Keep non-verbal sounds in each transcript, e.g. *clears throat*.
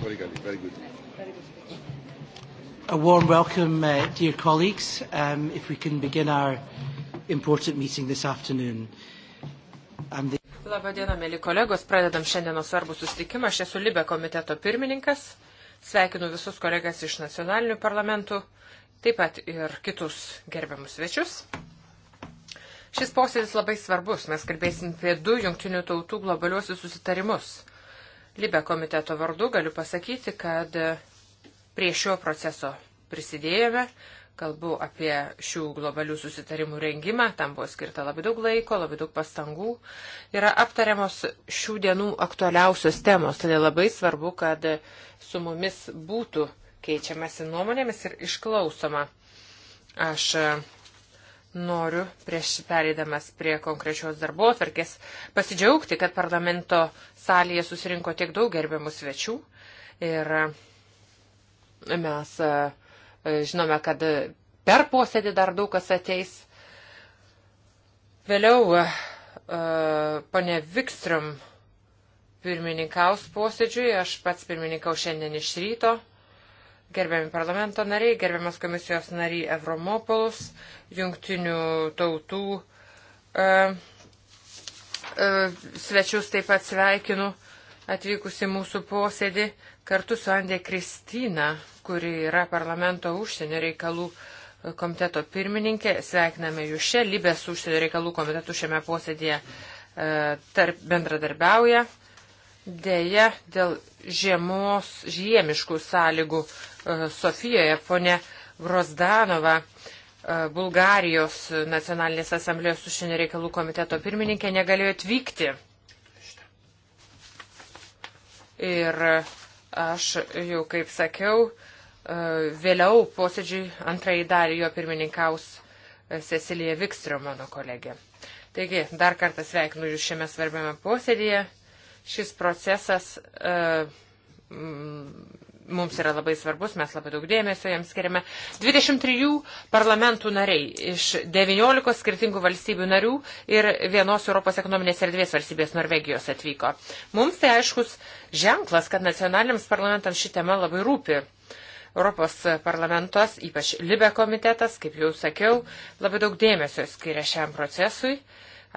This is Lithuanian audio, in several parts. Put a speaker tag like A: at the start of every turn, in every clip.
A: Very, very good.
B: A warm welcome, uh, dear colleagues. Um, if we can begin our important meeting this afternoon. I'm the... Labadiena, mėly kolegos, pradedam šiandienos svarbų susitikimą. Aš esu Libe komiteto pirmininkas. Sveikinu visus kolegas iš nacionalinių parlamentų, taip pat ir kitus gerbiamus svečius. Šis posėdis labai svarbus. Mes kalbėsim apie du jungtinių tautų globaliuosius susitarimus Libe komiteto vardu galiu pasakyti, kad prie šio proceso prisidėjome. Kalbu apie šių globalių susitarimų rengimą, tam buvo skirta labai daug laiko, labai daug pastangų. Yra aptariamos šių dienų aktualiausios temos, todėl labai svarbu, kad su mumis būtų keičiamasi nuomonėmis ir išklausoma. Aš Noriu, prieš pereidamas prie konkrečios darbo atverkės, pasidžiaugti, kad parlamento salėje susirinko tiek daug gerbiamų svečių. Ir mes e, žinome, kad per posėdį dar daug kas ateis. Vėliau e, e, ponė Vikstrom pirmininkaus posėdžiui, aš pats pirmininkau šiandien iš ryto, Gerbiami parlamento nariai, gerbiamas komisijos nariai Evromopolus, jungtinių tautų e, e, svečius taip pat sveikinu atvykusi mūsų posėdį kartu su Andė Kristina, kuri yra parlamento užsienio reikalų e, komiteto pirmininkė. Sveikiname jūs čia, Libės užsienio reikalų komitetų šiame posėdėje e, tarp bendradarbiauja. Deja, dėl žiemos žiemiškų sąlygų E, Sofijoje. Pone Grozdanova, e, Bulgarijos nacionalinės asamblėjos užsienio reikalų komiteto pirmininkė negalėjo atvykti. Ir aš jau, kaip sakiau, e, vėliau posėdžiui antrąjį dalį jo pirmininkaus Cecilija Vikstrio, mano kolegė. Taigi, dar kartą sveikinu Jūs šiame svarbiame posėdėje. Šis procesas uh, mm, mums yra labai svarbus, mes labai daug dėmesio jam skiriame. 23 parlamentų nariai iš 19 skirtingų valstybių narių ir vienos Europos ekonominės erdvės valstybės Norvegijos atvyko. Mums tai aiškus ženklas, kad nacionaliniams parlamentams ši tema labai rūpi. Europos parlamentos, ypač Libe komitetas, kaip jau sakiau, labai daug dėmesio skiria šiam procesui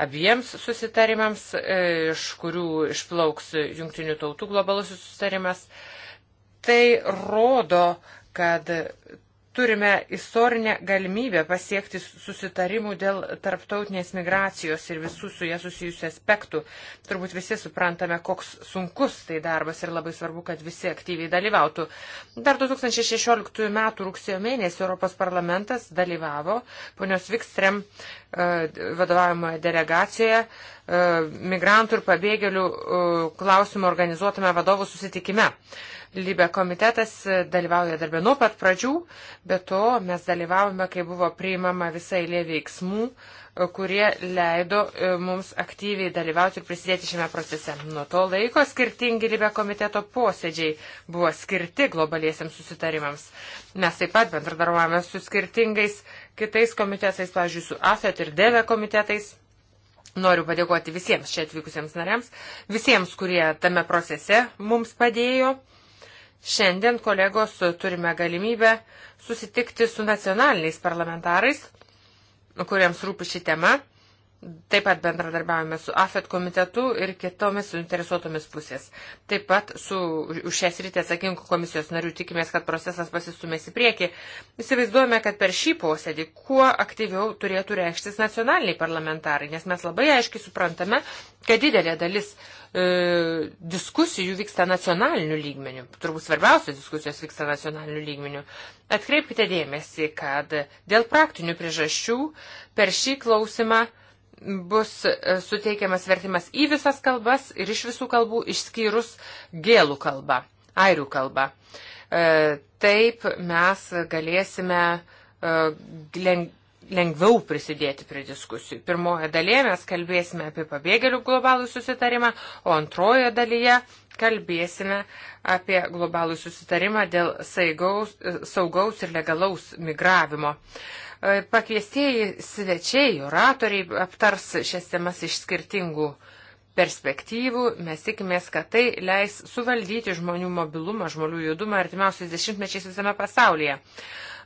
B: abiems susitarimams, e, iš kurių išplauks jungtinių tautų globalusis susitarimas. E, Tai rodo, kad turime istorinę galimybę pasiekti susitarimų dėl tarptautinės migracijos ir visų su jie susijusių aspektų. Turbūt visi suprantame, koks sunkus tai darbas ir labai svarbu, kad visi aktyviai dalyvautų. Dar 2016 m. rugsėjo mėnesį Europos parlamentas dalyvavo ponios Vikstrem e, vadovaujamoje delegacijoje e, migrantų ir pabėgėlių e, klausimų organizuotame vadovų susitikime. Libe komitetas dalyvauja darbė nuo pat pradžių, bet to mes dalyvavome, kai buvo priimama visai lė veiksmų, kurie leido e, mums aktyviai dalyvauti ir prisidėti šiame procese. Nuo to laiko skirtingi Libe komiteto posėdžiai buvo skirti globaliesiams susitarimams. Mes taip pat bendradarbiavome su skirtingais kitais komitetais, pavyzdžiui, su AFET ir DEVE komitetais. Noriu padėkoti visiems čia atvykusiems nariams, visiems, kurie tame procese mums padėjo Šiandien, kolegos, turime galimybę susitikti su nacionaliniais parlamentarais, kuriems rūpi ši tema. Taip pat bendradarbiavome su AFET komitetu ir kitomis suinteresuotomis pusės. Taip pat su už šias rytį atsakingų komisijos narių tikimės, kad procesas pasistumės į priekį. Įsivaizduojame, kad per šį posėdį kuo aktyviau turėtų reikštis nacionaliniai parlamentarai, nes mes labai aiškiai suprantame, kad didelė dalis uh, e, diskusijų vyksta nacionaliniu lygmeniu. Turbūt svarbiausios diskusijos vyksta nacionaliniu lygmeniu. Atkreipkite dėmesį, kad dėl praktinių priežasčių per šį klausimą bus e, suteikiamas vertimas į visas kalbas ir iš visų kalbų išskyrus gėlų kalbą, airių kalbą. E, taip mes galėsime e, lengviau prisidėti prie diskusijų. Pirmoje dalyje mes kalbėsime apie pabėgėlių globalų susitarimą, o antrojoje dalyje kalbėsime apie globalų susitarimą dėl saigaus, saugaus ir legalaus migravimo. E, pakviestieji svečiai, oratoriai aptars šias temas iš skirtingų perspektyvų. Mes tikimės, kad tai leis suvaldyti žmonių mobilumą, žmonių judumą artimiausiais dešimtmečiais visame pasaulyje.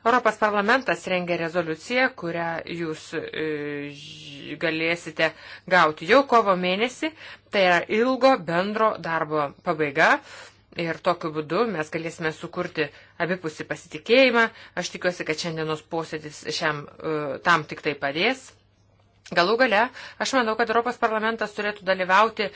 B: Europos parlamentas rengia rezoliuciją, kurią jūs e, galėsite gauti jau kovo mėnesį. Tai yra ilgo bendro darbo pabaiga. Ir tokiu būdu mes galėsime sukurti abipusį pasitikėjimą. Aš tikiuosi, kad šiandienos posėdis šiam e, tam tik tai padės. Galų gale, aš manau, kad Europos parlamentas turėtų dalyvauti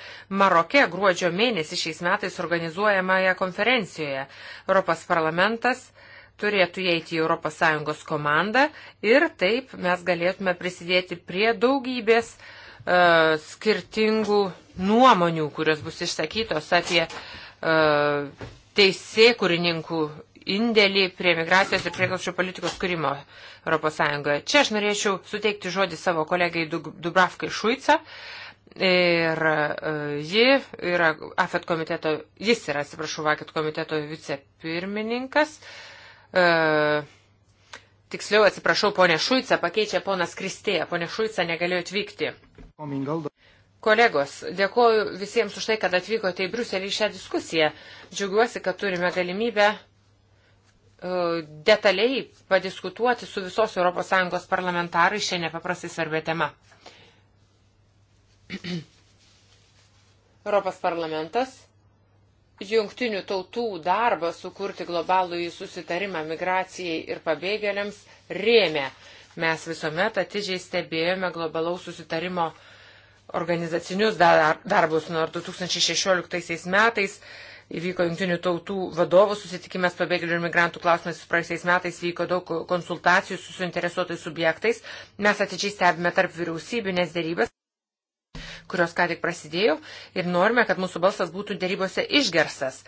B: Maroke gruodžio mėnesį šiais metais organizuojamoje konferencijoje. Europos parlamentas uh, turėtų įeiti į ES komandą ir taip mes galėtume prisidėti prie daugybės uh, skirtingų nuomonių, kurios bus išsakytos apie uh, e, teisėkurininkų indėlį prie migracijos ir prieglapščio politikos kūrimo ES. Čia aš norėčiau suteikti žodį savo kolegai Dubravkai Šuica. Ir e, ji yra AFET komiteto, jis yra, atsiprašau, AFET komiteto vicepirmininkas. Uh, E, tiksliau atsiprašau, ponė Šuica pakeičia ponas Kristėja. Ponė Šuica negalėjo atvykti. Kolegos, dėkoju visiems už tai, kad atvykote į Bruselį į šią diskusiją. Džiaugiuosi, kad turime galimybę e, detaliai padiskutuoti su visos ES parlamentarai šią nepaprastai svarbę temą. *clears throat* Europos parlamentas jungtinių tautų darbą sukurti globalų į susitarimą migracijai ir pabėgėliams rėmė. Mes visuomet atidžiai stebėjome globalaus susitarimo organizacinius darbus. Nuo 2016 metais įvyko jungtinių tautų vadovų susitikimas pabėgėlių ir migrantų klausimais. Praėjusiais metais vyko daug konsultacijų su suinteresuotais subjektais. Mes atidžiai stebime tarp vyriausybinės dėrybės kurios ką tik prasidėjo ir norime, kad mūsų balsas būtų dėrybose išgersas.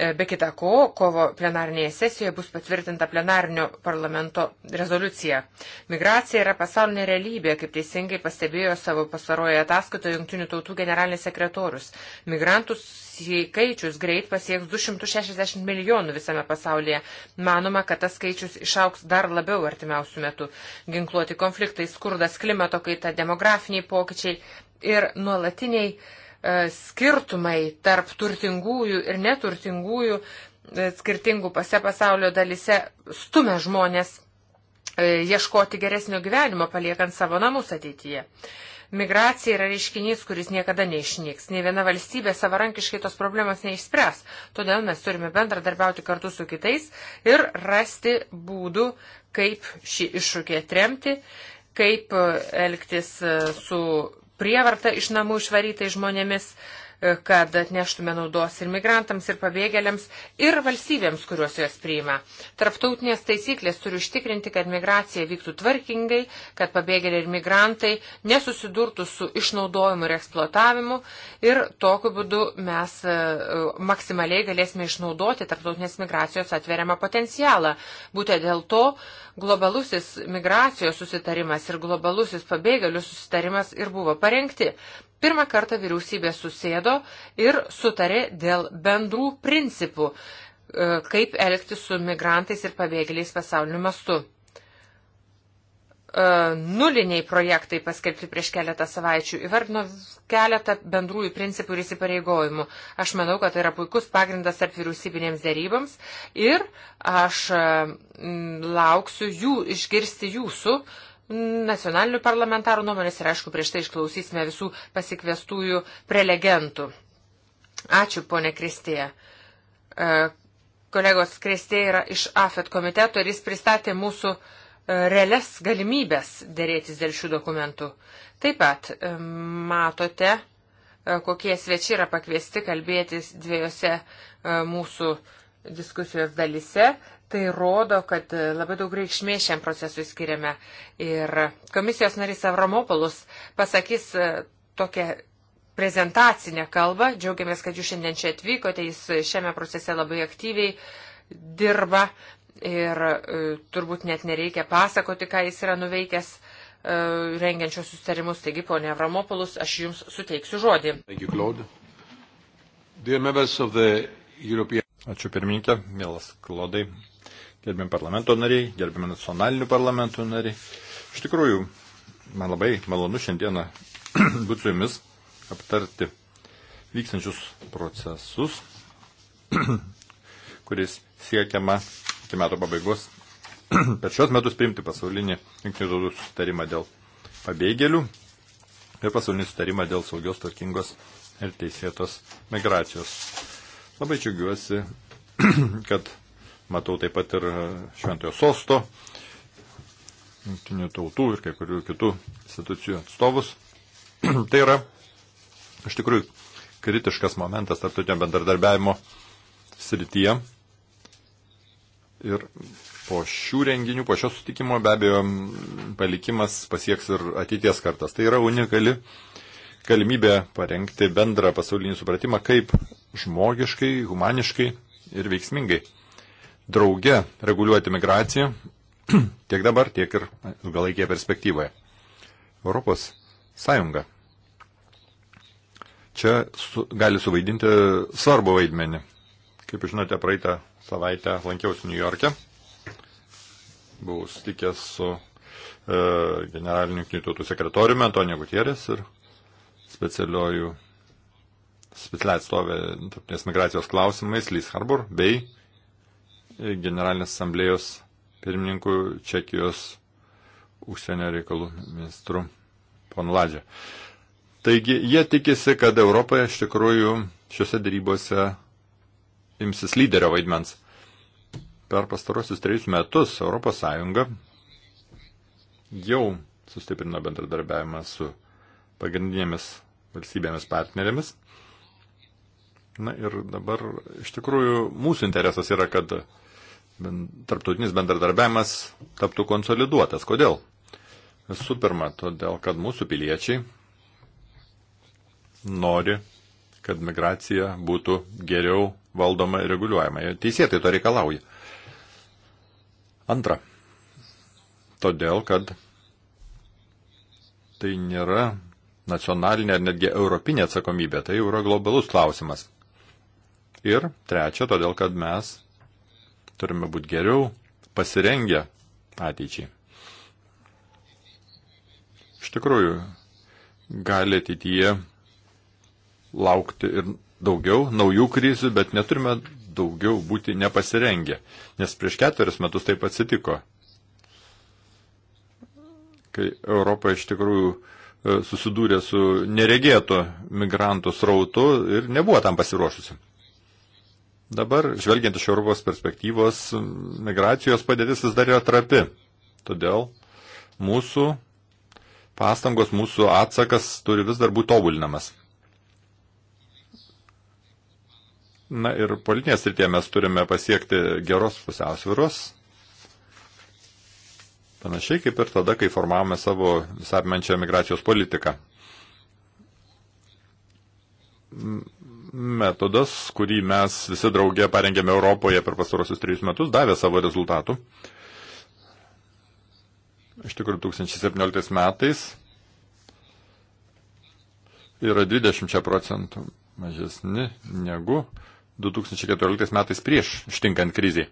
B: E, be kita ko, kovo plenarinėje sesijoje bus patvirtinta plenarinio parlamento rezoliucija. Migracija yra pasaulinė realybė, kaip teisingai pastebėjo savo pasaroje ataskaitoje Junktinių tautų generalinis sekretorius. Migrantų skaičius greit pasieks 260 milijonų visame pasaulyje. Manoma, kad tas skaičius išauks dar labiau artimiausių metų. Ginkluoti konfliktai, skurdas, klimato kaita, demografiniai pokyčiai ir nuolatiniai e, skirtumai tarp turtingųjų ir neturtingųjų e, skirtingų pase pasaulio dalise stumia žmonės e, ieškoti geresnio gyvenimo, paliekant savo namus ateityje. Migracija yra reiškinys, kuris niekada neišnyks. Ne viena valstybė savarankiškai tos problemos neišspręs. Todėl mes turime bendradarbiauti kartu su kitais ir rasti būdų, kaip šį iššūkį atremti, kaip elgtis su prievartą iš namų išvarytai žmonėmis. E, kad atneštume naudos ir migrantams, ir pabėgėliams, ir valstybėms, kuriuos juos priima. Tarptautinės taisyklės turi užtikrinti, kad migracija vyktų tvarkingai, kad pabėgėliai ir migrantai nesusidurtų su išnaudojimu ir eksploatavimu ir tokiu būdu mes e, maksimaliai galėsime išnaudoti tarptautinės migracijos atveriamą potencialą. Būtent dėl to globalusis migracijos susitarimas ir globalusis pabėgėlių susitarimas ir buvo parengti. Pirmą kartą vyriausybė susėdo ir sutarė dėl bendrų principų, e, kaip elgti su migrantais ir pabėgėliais pasauliniu mastu. E, nuliniai projektai paskelbti prieš keletą savaičių įvardino keletą bendrųjų principų ir įsipareigojimų. Aš manau, kad tai yra puikus pagrindas tarp vyriausybinėms dėryboms ir aš lauksiu jų išgirsti jūsų, nacionalinių parlamentarų nuomonės ir, aišku, prieš tai išklausysime visų pasikvestųjų prelegentų. Ačiū, ponė Kristėje. Kolegos Kristėje yra iš AFET komiteto ir jis pristatė mūsų e, realias galimybės dėrėtis dėl šių dokumentų. Taip pat e, matote, e, kokie svečiai yra pakviesti kalbėtis dviejose mūsų diskusijos dalise. Tai rodo, kad labai daug reikšmės šiam procesui skiriame. Ir komisijos narys Avramopolus pasakys e, tokią prezentacinę kalbą. Džiaugiamės, kad jūs šiandien čia atvykote. Jis šiame procese labai aktyviai dirba ir e, turbūt net nereikia pasakoti, ką jis yra nuveikęs e, rengiančios sustarimus. Taigi, ponė Avramopolus, aš jums suteiksiu žodį.
A: Ačiū pirmininkė, mielas Klodai, gerbiami parlamento nariai, gerbiami nacionalinių parlamentų nariai. Iš tikrųjų, man labai malonu šiandieną *clears throat* būti su jumis aptarti vykstančius procesus, *clears throat* kuris siekiama iki metų pabaigos *clears throat* per šios metus priimti pasaulinį jungtinių tautų sutarimą dėl pabėgėlių ir pasaulinį sutarimą dėl saugios, tvarkingos ir teisėtos migracijos. Labai džiugiuosi, kad matau taip pat ir Šventojo Sosto, Junktinių tautų ir kai kurių kitų institucijų atstovus. *clears throat* tai yra iš tikrųjų kritiškas momentas tarptautinio bendradarbiavimo srityje. Ir po šių renginių, po šio sutikimo be abejo palikimas pasieks ir ateities kartas. Tai yra unikali galimybė parengti bendrą pasaulinį supratimą, kaip žmogiškai, humaniškai ir veiksmingai drauge reguliuoti migraciją *clears throat* tiek dabar, tiek ir ilgalaikėje perspektyvoje. Europos Sąjunga čia su, gali suvaidinti svarbu vaidmenį. Kaip žinote, praeitą savaitę lankiausi New York'e, buvau sutikęs su e, generaliniu knytautų sekretoriumi Antonija Gutierės ir specialiojų specialiai atstovė tarptautinės migracijos klausimais Lys Harbor bei generalinės asamblėjos pirmininku Čekijos užsienio reikalų ministru ponu Ladžiu. Taigi jie tikisi, kad Europoje iš tikrųjų šiuose darybose imsis lyderio vaidmens. Per pastarosius trejus metus ES jau sustiprino bendradarbiavimą su pagrindinėmis valstybėmis partnerėmis. Na ir dabar iš tikrųjų mūsų interesas yra, kad tarptautinis bendradarbiavimas taptų konsoliduotas. Kodėl? Visų pirma, todėl, kad mūsų piliečiai nori, kad migracija būtų geriau valdoma ir reguliuojama. Teisėtai to reikalauja. Antra, todėl, kad tai nėra nacionalinė ar netgi europinė atsakomybė, tai jau yra globalus klausimas. Ir trečia, todėl, kad mes Turime būti geriau pasirengę ateičiai. Iš tikrųjų, gali ateityje laukti ir daugiau naujų krizių, bet neturime daugiau būti nepasirengę, nes prieš ketverius metus taip atsitiko, kai Europa iš tikrųjų e, susidūrė su neregėto migrantų srautu ir nebuvo tam pasiruošusi. Dabar, žvelgiant iš Europos perspektyvos, migracijos padėtis vis dar yra trapi. Todėl mūsų pastangos, mūsų atsakas turi vis dar būti tobulinamas. Na ir politinės rytėje mes turime pasiekti geros pusiausviros, panašiai kaip ir tada, kai formavome savo visapmenčią migracijos politiką metodas, kurį mes visi draugė parengėme Europoje per pastarosius trejus metus, davė savo rezultatų. Iš tikrųjų, 2017 metais yra 20 procentų mažesni negu 2014 metais prieš ištinkant krizį.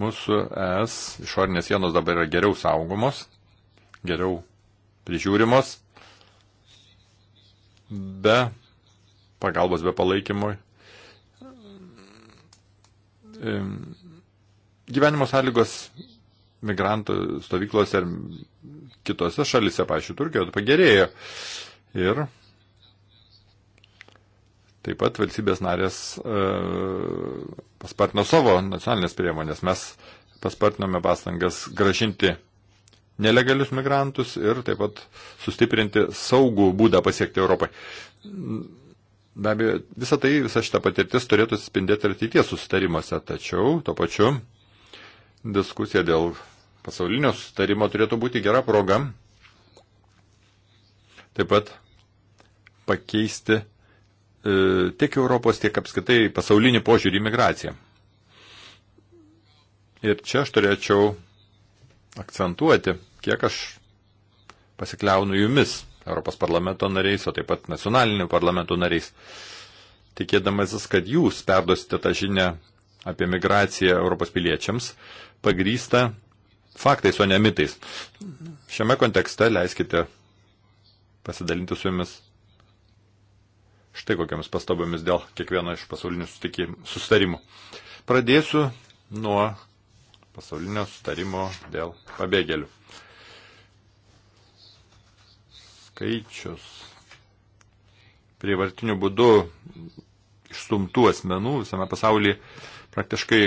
A: Mūsų es išorinės sienos dabar yra geriau saugomos, geriau prižiūrimos be pagalbos, be palaikymo gyvenimo sąlygos migrantų stovyklose ir kitose šalise, pažiūrėjau, Turkijoje pagerėjo. Ir taip pat valstybės narės e, paspartino savo nacionalinės priemonės. Mes paspartinome pastangas gražinti nelegalius migrantus ir taip pat sustiprinti saugų būdą pasiekti Europai. Be abejo, visa tai, visa šita patirtis turėtų spindėti ir ateities sustarimuose, tačiau tuo pačiu diskusija dėl pasaulinio sustarimo turėtų būti gera proga taip pat pakeisti e, tiek Europos, tiek apskaitai pasaulinį požiūrį į migraciją. Ir čia aš turėčiau akcentuoti, kiek aš pasikliaunu jumis, Europos parlamento nariais, o taip pat nacionalinių parlamentų nariais, tikėdamasis, kad jūs perduosite tą žinę apie migraciją Europos piliečiams, pagrįsta faktais, o ne mitais. Šiame kontekste leiskite pasidalinti su jumis štai kokiamis pastabomis dėl kiekvieno iš pasaulinių sustarimų. Pradėsiu nuo pasaulinio sutarimo dėl pabėgėlių. Skaičius prievartinių būdų išstumtų asmenų visame pasaulyje praktiškai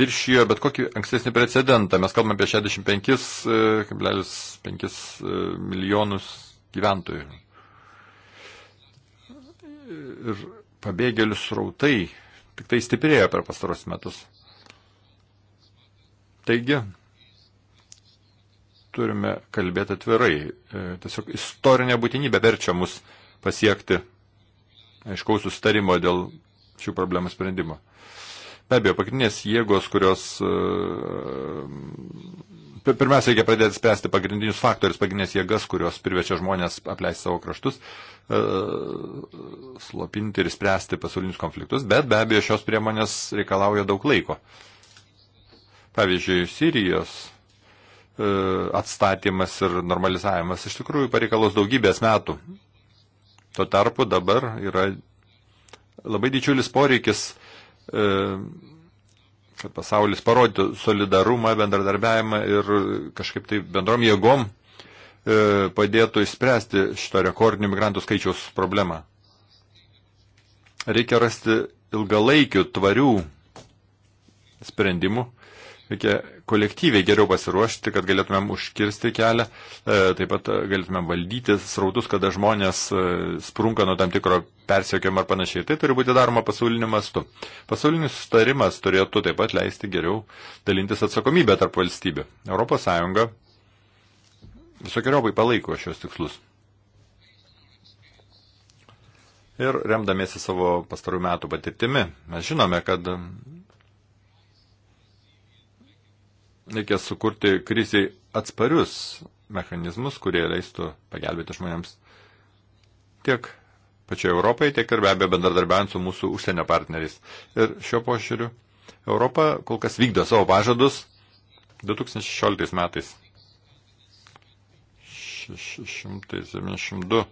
A: viršijo bet kokį ankstesnį precedentą. Mes kalbame apie 65,5 e, e, milijonus gyventojų. Ir pabėgėlių srautai tik tai stiprėjo per pastaros metus. Taigi, turime kalbėti atvirai. E, tiesiog istorinė būtinybė verčia mus pasiekti aiškaus sustarimo dėl šių problemų sprendimo. Be abejo, pagrindinės jėgos, kurios uh, pirmiausia, reikia pradėti spręsti pagrindinius faktorius, pagrindinės jėgas, kurios privečia žmonės apleisti savo kraštus, e, slopinti ir spręsti pasaulinius konfliktus, bet be abejo šios priemonės reikalauja daug laiko. Pavyzdžiui, Sirijos e, atstatymas ir normalizavimas iš tikrųjų pareikalos daugybės metų. Tuo tarpu dabar yra labai didžiulis poreikis e, kad pasaulis parodytų solidarumą, bendradarbiavimą ir kažkaip tai bendrom jėgom e, padėtų išspręsti šito rekordinių migrantų skaičiaus problemą. Reikia rasti ilgalaikių tvarių sprendimų, reikia kolektyviai geriau pasiruošti, kad galėtumėm užkirsti kelią, e, taip pat e, galėtumėm valdyti srautus, kada žmonės e, sprunka nuo tam tikro persiekiam ar panašiai. Tai turi būti daroma pasauliniu mastu. Pasaulinis sustarimas turėtų taip pat leisti geriau dalintis atsakomybę tarp valstybių. ES visokiojopai palaiko šios tikslus. Ir remdamiesi savo pastarų metų patirtimi, mes žinome, kad reikia sukurti kriziai atsparius mechanizmus, kurie leistų pagelbėti žmonėms tiek pačioje Europoje, tiek ir be abejo bendradarbiaujant su mūsų užsienio partneriais. Ir šiuo pošiūriu Europa kol kas vykdo savo pažadus 2016 metais. 672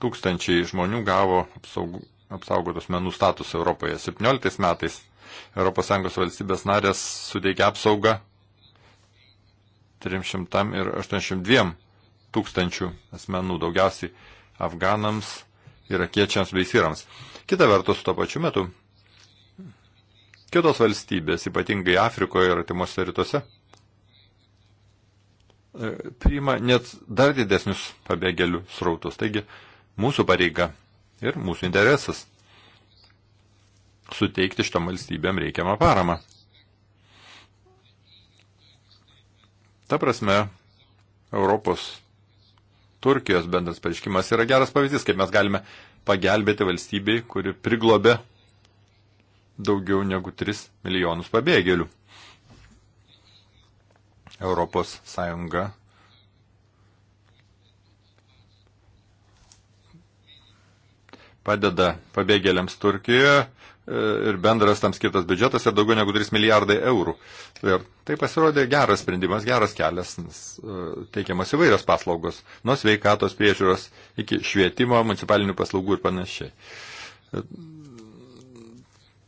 A: tūkstančiai žmonių gavo apsaugų, apsaugotos menų statusą Europoje. 17 metais ES valstybės narės suteikia apsaugą 300 ir 82 tūkstančių asmenų, daugiausiai afganams, irakiečiams bei sirams. Kita vertus, tuo pačiu metu kitos valstybės, ypatingai Afrikoje ir atimuose rytuose, e, priima net dar didesnius pabėgėlių srautus. Taigi, mūsų pareiga ir mūsų interesas suteikti šitom valstybėm reikiamą paramą. Ta prasme, Europos Turkijos bendras pareiškimas yra geras pavyzdys, kaip mes galime pagelbėti valstybei, kuri priglobė daugiau negu 3 milijonus pabėgėlių. Europos Sąjunga padeda pabėgėliams Turkijoje, ir bendras tam skirtas biudžetas ir daugiau negu 3 milijardai eurų. Ir tai, tai pasirodė geras sprendimas, geras kelias, nes e, teikiamas įvairios paslaugos, nuo sveikatos priežiūros iki švietimo, municipalinių paslaugų ir panašiai. E,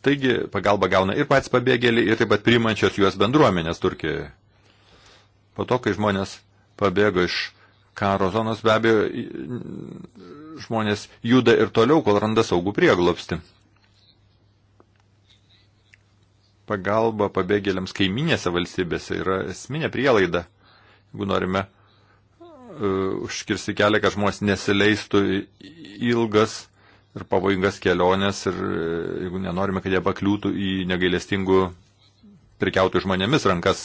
A: taigi pagalba gauna ir pats pabėgėliai, ir taip pat priimančios juos bendruomenės Turkijoje. Po to, kai žmonės pabėgo iš karo zonos, be abejo, žmonės juda ir toliau, kol randa saugų prieglopsti. pagalba pabėgėliams kaiminėse valstybėse yra esminė prielaida, jeigu norime uh, užkirsti kelią, kad žmonės nesileistų ilgas ir pavojingas keliones ir uh, jeigu nenorime, kad jie pakliūtų į negailestingų prikiautų žmonėmis rankas.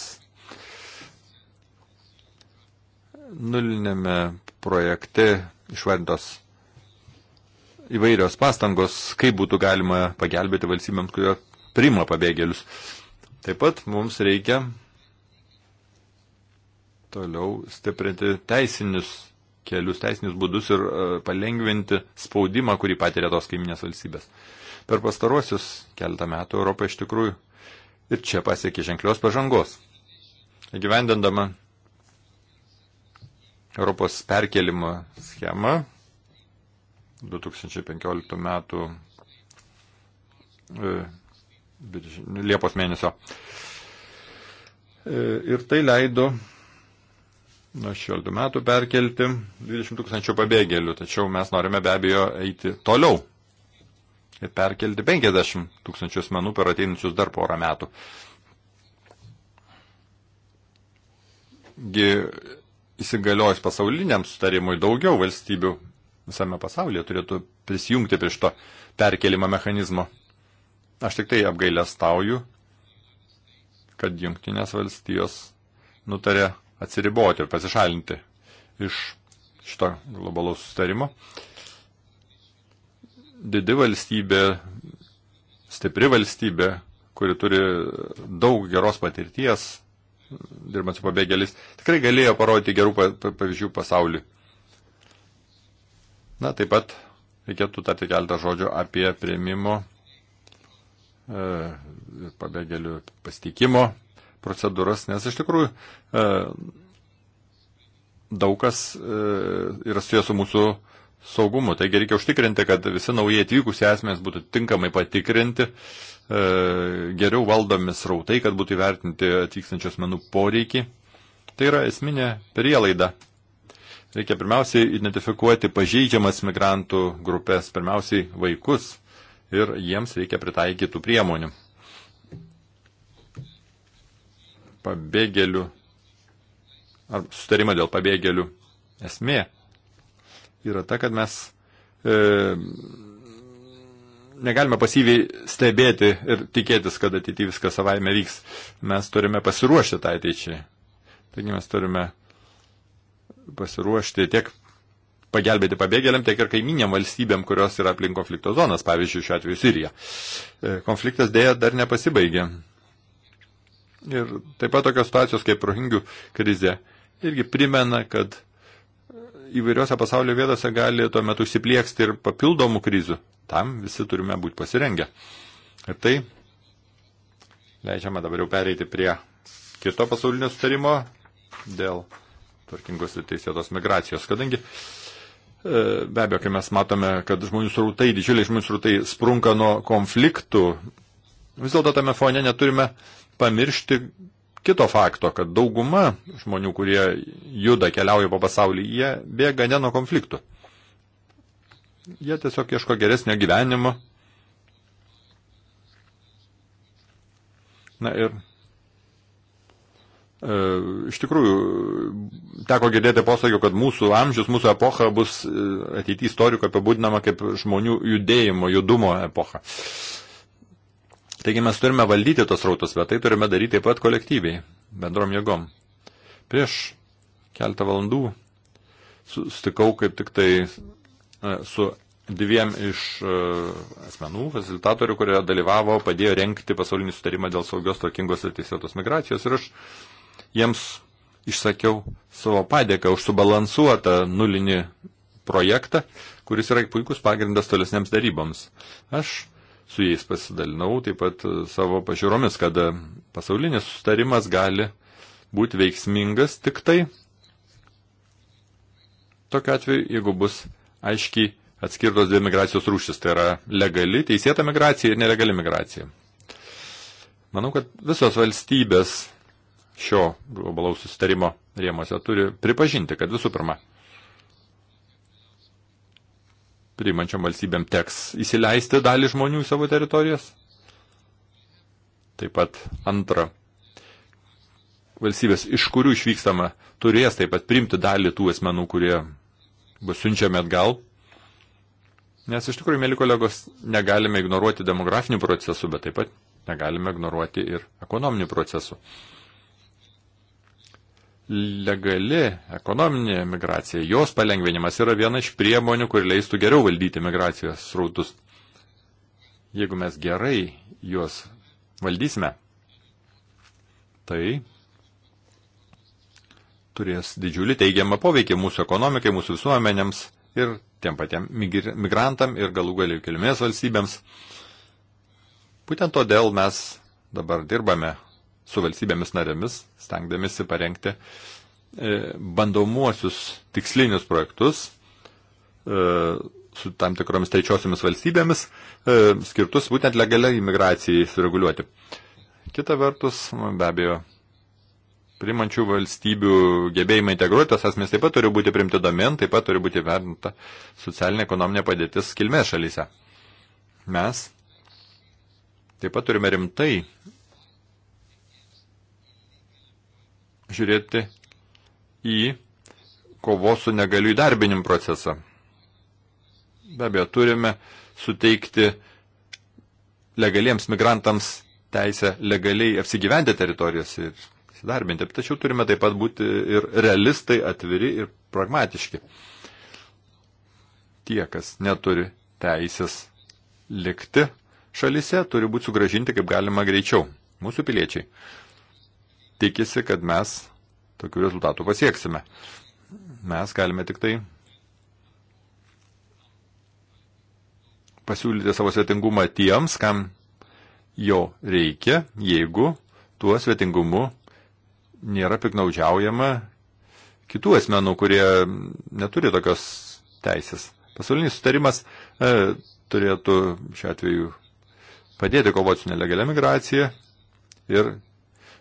A: Nulinėme projekte išvardytos įvairios pastangos, kaip būtų galima pagelbėti valstybėms, kurio priima pabėgėlius. Taip pat mums reikia toliau stiprinti teisinius kelius, teisinius būdus ir e, palengventi spaudimą, kurį patiria tos kaiminės valstybės. Per pastaruosius keletą metų Europą iš tikrųjų ir čia pasiekė ženklios pažangos. Įgyvendindama Europos perkelimo schemą 2015 metų e, Liepos mėnesio. E, ir tai leido nuo 16 metų perkelti 20 tūkstančių pabėgėlių, tačiau mes norime be abejo eiti toliau ir perkelti 50 tūkstančių asmenų per ateinančius dar porą metų. Gi įsigaliojus pasauliniam sutarimui daugiau valstybių visame pasaulyje turėtų prisijungti prie šito perkelimo mechanizmo. Aš tik tai apgailę stauju, kad jungtinės valstijos nutarė atsiriboti ir pasišalinti iš šito globalaus sustarimo. Didi valstybė, stipri valstybė, kuri turi daug geros patirties, dirbant su pabėgėlis, tikrai galėjo parodyti gerų pavyzdžių pasauliu. Na, taip pat reikėtų tarti keletą žodžių apie prieimimo E, pabėgėlių pasitikimo procedūras, nes iš tikrųjų e, daug kas e, yra susijęs su mūsų saugumu. Taigi reikia užtikrinti, kad visi naujai atvykusi asmenys būtų tinkamai patikrinti, geriau valdomi srautai, kad būtų įvertinti atvykstančių asmenų poreikiai. Tai yra esminė prielaida. Reikia pirmiausiai identifikuoti pažeidžiamas migrantų grupės, pirmiausiai vaikus ir jiems reikia pritaikytų priemonių. Pabėgėlių ar sutarimo dėl pabėgėlių esmė yra ta, kad mes e, negalime pasyviai stebėti ir tikėtis, kad ateityje viskas savaime vyks. Mes turime pasiruošti tą tai ateičiai. Taigi mes turime pasiruošti tiek pagelbėti pabėgėliam, tiek ir kaiminėm valstybėm, kurios yra aplink konflikto zonas, pavyzdžiui, šiuo atveju Sirija. E, konfliktas dėja dar nepasibaigė. Ir taip pat tokios situacijos kaip prohingių krizė irgi primena, kad įvairiose pasaulio vietose gali tuo metu įsiplieksti ir papildomų krizių. Tam visi turime būti pasirengę. Ir tai leidžiama dabar jau pereiti prie kito pasaulinio sutarimo dėl tvarkingos ir teisėtos migracijos, kadangi E, be abejo, kai mes matome, kad žmonių srautai, didžiuliai žmonių srautai sprunka nuo konfliktų, vis dėlto tame fone neturime pamiršti kito fakto, kad dauguma žmonių, kurie juda, keliauja po pasaulį, jie bėga ne nuo konfliktų. Jie tiesiog ieško geresnio gyvenimo. Na ir E, iš tikrųjų, teko girdėti posakio, kad mūsų amžius, mūsų epocha bus e, ateityje istorikų apibūdinama kaip žmonių judėjimo, judumo epocha. Taigi mes turime valdyti tos rautus, bet tai turime daryti taip pat kolektyviai, bendrom jėgom. Prieš keltą valandų sustikau kaip tik tai e, su dviem iš asmenų, facilitatorių, kurie dalyvavo, padėjo renkti pasaulinį sutarimą dėl saugios, tvarkingos ir teisėtos migracijos. Ir aš jiems išsakiau savo padėką už subalansuotą nulinį projektą, kuris yra puikus pagrindas tolesniams daryboms. Aš su jais pasidalinau taip pat e, savo pažiūromis, kad e, pasaulinis sustarimas gali būti veiksmingas tik tai tokiu atveju, jeigu bus aiškiai atskirtos dvi migracijos rūšis, tai yra legali, teisėta migracija ir nelegali migracija. Manau, kad visos valstybės šio globalaus sustarimo rėmose turi pripažinti, kad visų pirma, priimančiam valstybėm teks įsileisti dalį žmonių į savo teritorijas. Taip pat antra, valstybės, iš kurių išvykstama, turės taip pat priimti dalį tų asmenų, kurie bus siunčiami atgal. Nes iš tikrųjų, mėly kolegos, negalime ignoruoti demografinių procesų, bet taip pat negalime ignoruoti ir ekonominių procesų legali ekonominė migracija, jos palengvinimas yra viena iš priemonių, kur leistų geriau valdyti migracijos srautus. Jeigu mes gerai juos valdysime, tai turės didžiulį teigiamą poveikį mūsų ekonomikai, mūsų visuomenėms ir tiem patiem migrantam ir galų galių kilmės valstybėms. Būtent todėl mes dabar dirbame su valstybėmis narėmis, stengdamėsi parengti e, bandomuosius tikslinius projektus e, su tam tikromis trečiosiomis valstybėmis, e, skirtus būtent legaliai imigracijai sureguliuoti. Kita vertus, be abejo, primančių valstybių gebėjimai integruotis asmenys taip pat turi būti primti domen, taip pat turi būti vertinta socialinė ekonominė padėtis kilmės šalyse. Mes taip pat turime rimtai žiūrėti į kovos su negaliu įdarbinimu procesą. Be abejo, turime suteikti legaliems migrantams teisę legaliai apsigyventi teritorijas ir įsidarbinti. Tačiau turime taip pat būti ir realistai, atviri ir pragmatiški. Tie, kas neturi teisės likti šalise, turi būti sugražinti kaip galima greičiau. Mūsų piliečiai tikisi, kad mes tokių rezultatų pasieksime. Mes galime tik tai pasiūlyti savo svetingumą tiems, kam jo reikia, jeigu tuo svetingumu nėra piknaudžiaujama kitų asmenų, kurie neturi tokios teisės. Pasaulinis sutarimas e, turėtų šiuo atveju padėti kovoti su nelegalia migracija ir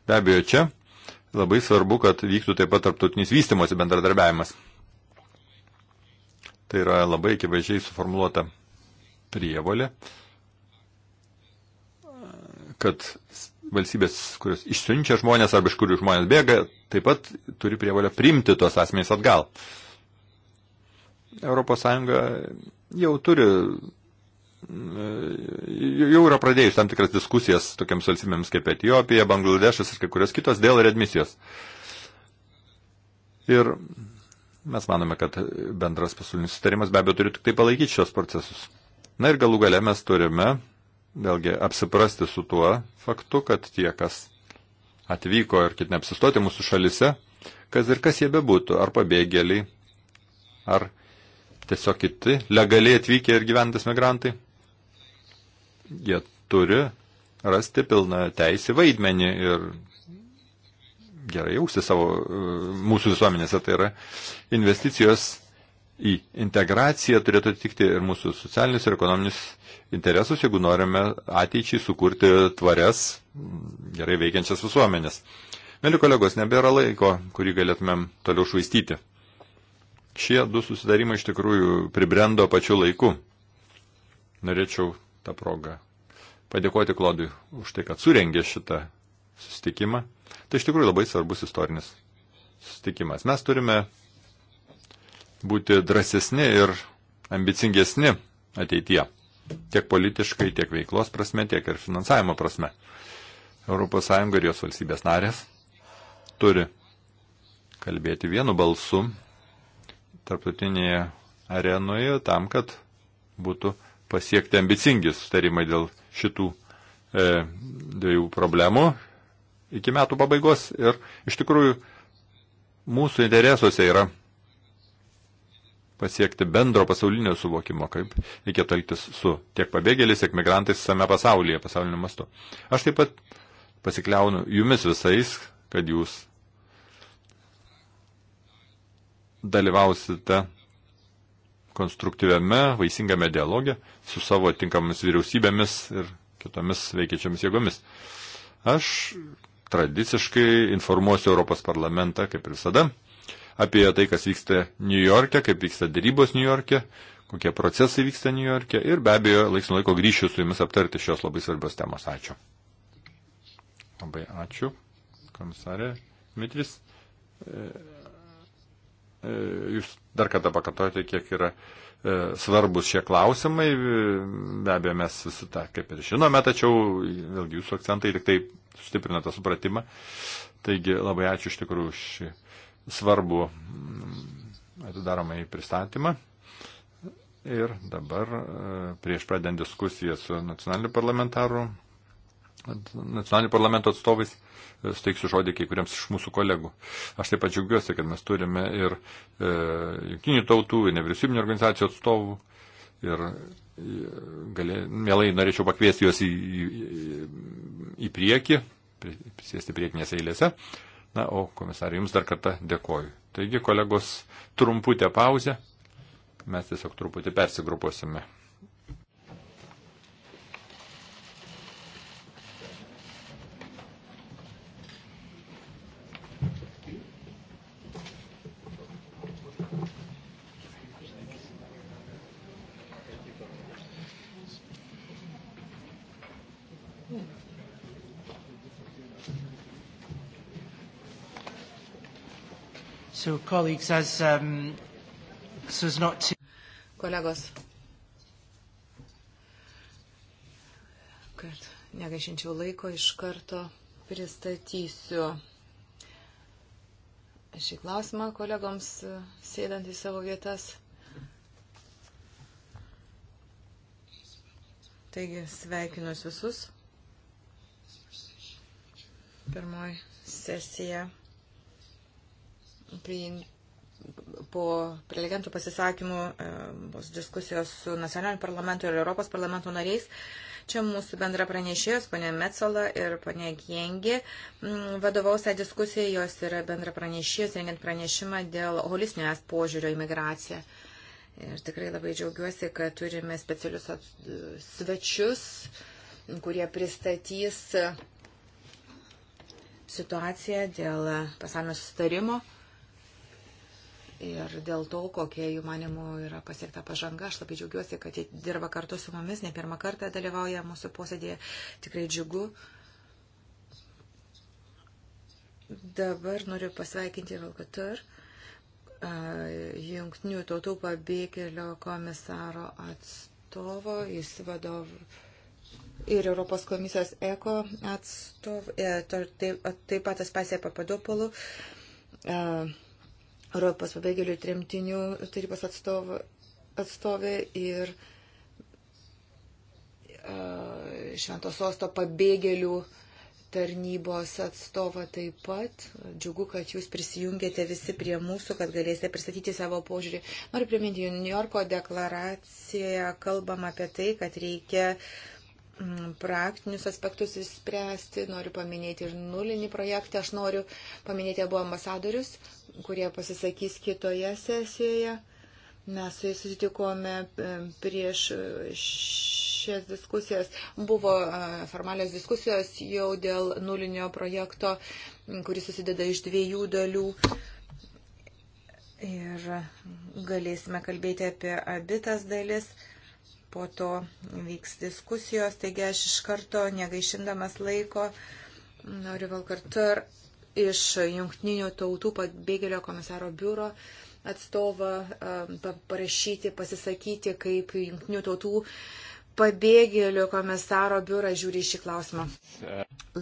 A: Be abejo, čia labai svarbu, kad vyktų taip pat tarptautinis vystimosi bendradarbiavimas. Tai yra labai akivaizdžiai suformuoluota prievolė, kad valstybės, kurios išsiunčia žmonės arba iš kurių žmonės bėga, taip pat turi prievolę priimti tos asmenys atgal. ES jau turi jau yra pradėjus tam tikras diskusijas tokiams valstybėms kaip Etijopija, Bangladešas ir kai kurios kitos dėl redmisijos. Ir mes manome, kad bendras pasaulinis sutarimas be abejo turi tik tai palaikyti šios procesus. Na ir galų gale mes turime vėlgi apsiprasti su tuo faktu, kad tie, kas atvyko ir kit neapsistoti mūsų šalise, kas ir kas jie bebūtų, ar pabėgėliai, ar tiesiog kiti legaliai atvykę ir gyventis migrantai, jie turi rasti pilną teisį vaidmenį ir gerai jausti savo e, mūsų visuomenėse. Tai yra investicijos į integraciją turėtų atitikti ir mūsų socialinius ir ekonominius interesus, jeigu norime ateičiai sukurti tvarias, gerai veikiančias visuomenės. Mėly kolegos, nebėra laiko, kurį galėtumėm toliau švaistyti. Šie du susidarimai iš tikrųjų pribrendo pačiu laiku. Norėčiau tą progą padėkoti Klodui už tai, kad surengė šitą susitikimą. Tai iš tikrųjų labai svarbus istorinis susitikimas. Mes turime būti drąsesni ir ambicingesni ateityje. Tiek politiškai, tiek veiklos prasme, tiek ir finansavimo prasme. ES ir jos valstybės narės turi kalbėti vienu balsu tarptautinėje arenoje tam, kad būtų pasiekti ambicingi sustarimai dėl šitų e, dviejų problemų iki metų pabaigos ir iš tikrųjų mūsų interesuose yra pasiekti bendro pasaulinio suvokimo, kaip reikėtų elgtis su tiek pabėgėliais, tiek migrantais visame pasaulyje, pasaulinio mastu. Aš taip pat pasikliaunu jumis visais, kad jūs dalyvausite konstruktyviame, vaisingame dialoge su savo tinkamomis vyriausybėmis ir kitomis veikiačiamis jėgomis. Aš tradiciškai informuosiu Europos parlamentą, kaip ir visada, apie tai, kas vyksta New York'e, kaip vyksta dėrybos New York'e, kokie procesai vyksta New York'e ir be abejo laiks nuo laiko grįšiu su jumis aptarti šios labai svarbios temos. Ačiū. Labai ačiū, komisarė Mitris. E... E, jūs dar kartą pakartojate, kiek yra e, svarbus šie klausimai. E, be abejo, mes visi tą kaip ir žinome, tačiau vėlgi jūsų akcentai tik tai sustiprina tą supratimą. Taigi labai ačiū iš tikrųjų už šį svarbų mm, atidaromą į pristatymą. Ir dabar prieš pradedant diskusiją su nacionaliniu parlamentaru nacionalinių parlamento atstovais, e, steiksiu žodį kai kuriems iš mūsų kolegų. Aš taip pat džiaugiuosi, kad mes turime ir e, jungtinių tautų, ir nevyriausybinio organizacijų atstovų. Ir e, galė, mielai norėčiau pakviesti juos į, į, į priekį, prisėsti priekinėse eilėse. Na, o komisarė, jums dar kartą dėkoju. Taigi, kolegos, trumputė pauzė. Mes tiesiog truputį persigrupuosime.
C: So, colleagues, as, um, so as not to... Kolegos, kad negaišinčiau laiko, iš karto pristatysiu šį klausimą kolegoms sėdant į savo vietas. Taigi sveikinus visus. Pirmoji sesija po prelegentų pasisakymų e, bus diskusijos su nacionaliniu parlamentu ir Europos parlamento nariais. Čia mūsų bendra pranešėjos, ponė Metzola ir ponė Giengi, vadovaus tą diskusiją, jos yra bendra pranešėjos, rengiant pranešimą dėl holistinio es požiūrio į migraciją. Ir tikrai labai džiaugiuosi, kad turime specialius svečius, kurie pristatys situaciją dėl pasaulio sustarimo ir dėl to, kokia jų manimų yra pasiekta pažanga. Aš labai džiaugiuosi, kad jie dirba kartu su mumis, ne pirmą kartą dalyvauja mūsų posėdėje, tikrai džiugu. Dabar noriu pasveikinti Valkatur, jungtinių tautų pabėgėlio komisaro atstovo, jis vadovų ir Europos komisijos eko atstovų, e, taip, taip pat Aspasija Papadopolų. Uh, Europos pabėgėlių tremtinių tarybos atstovų, atstovė ir Šventos Osto pabėgėlių tarnybos atstovą taip pat. Džiugu, kad jūs prisijungėte visi prie mūsų, kad galėsite pristatyti savo požiūrį. Noriu priminti, New Yorko deklaracijoje kalbam apie tai, kad reikia mm, praktinius aspektus įspręsti. Noriu paminėti ir nulinį projektą. Aš noriu paminėti abu ambasadorius, kurie pasisakys kitoje sesijoje. Mes su jais susitikome e, prieš e, šias diskusijas. Buvo e, formalios diskusijos jau dėl nulinio projekto, kuris susideda iš dviejų dalių. Ir galėsime kalbėti apie abitas dalis. Po to vyks diskusijos, taigi aš iš karto negaišindamas laiko noriu vėl kartu iš jungtinių tautų pabėgėlio komisaro biuro atstovą um, parašyti, pasisakyti, kaip jungtinių tautų pabėgėlių komisaro biuras žiūri šį klausimą.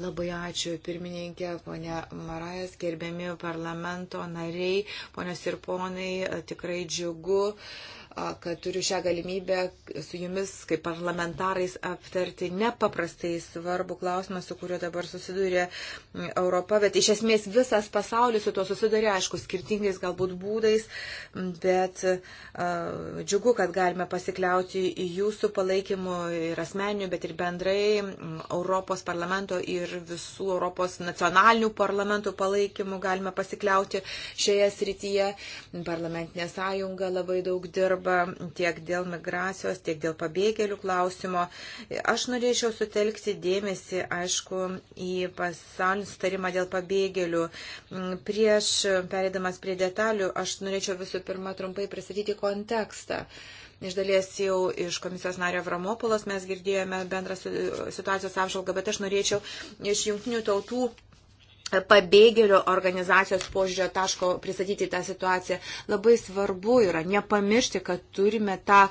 C: Labai ačiū, pirmininkė, ponė Marajas, gerbiami parlamento nariai, ponios ir ponai, tikrai džiugu. Uh, kad turiu šią galimybę su jumis kaip parlamentarais aptarti nepaprastai svarbų klausimą, su kuriuo dabar susidūrė Europa, bet iš esmės visas pasaulis su tuo susidūrė, aišku, skirtingais galbūt būdais, bet uh, džiugu, kad galime pasikliauti jūsų palaikymu ir asmeniniu, bet ir bendrai Europos parlamento ir visų Europos nacionalinių parlamentų palaikymu galime pasikliauti šioje srityje. Parlamentinė sąjunga labai daug dirba darbą tiek dėl migracijos, tiek dėl pabėgėlių klausimo. Aš norėčiau sutelkti dėmesį, aišku, į pasaulį starimą dėl pabėgėlių. Mm, Prieš perėdamas prie detalių, aš norėčiau visų pirma trumpai pristatyti kontekstą. Iš dalies jau iš komisijos nario Vramopolos mes girdėjome bendrą situacijos apžvalgą, bet aš norėčiau iš jungtinių tautų pabėgėlio organizacijos požiūrio taško pristatyti tą situaciją. Labai svarbu yra nepamiršti, kad turime tą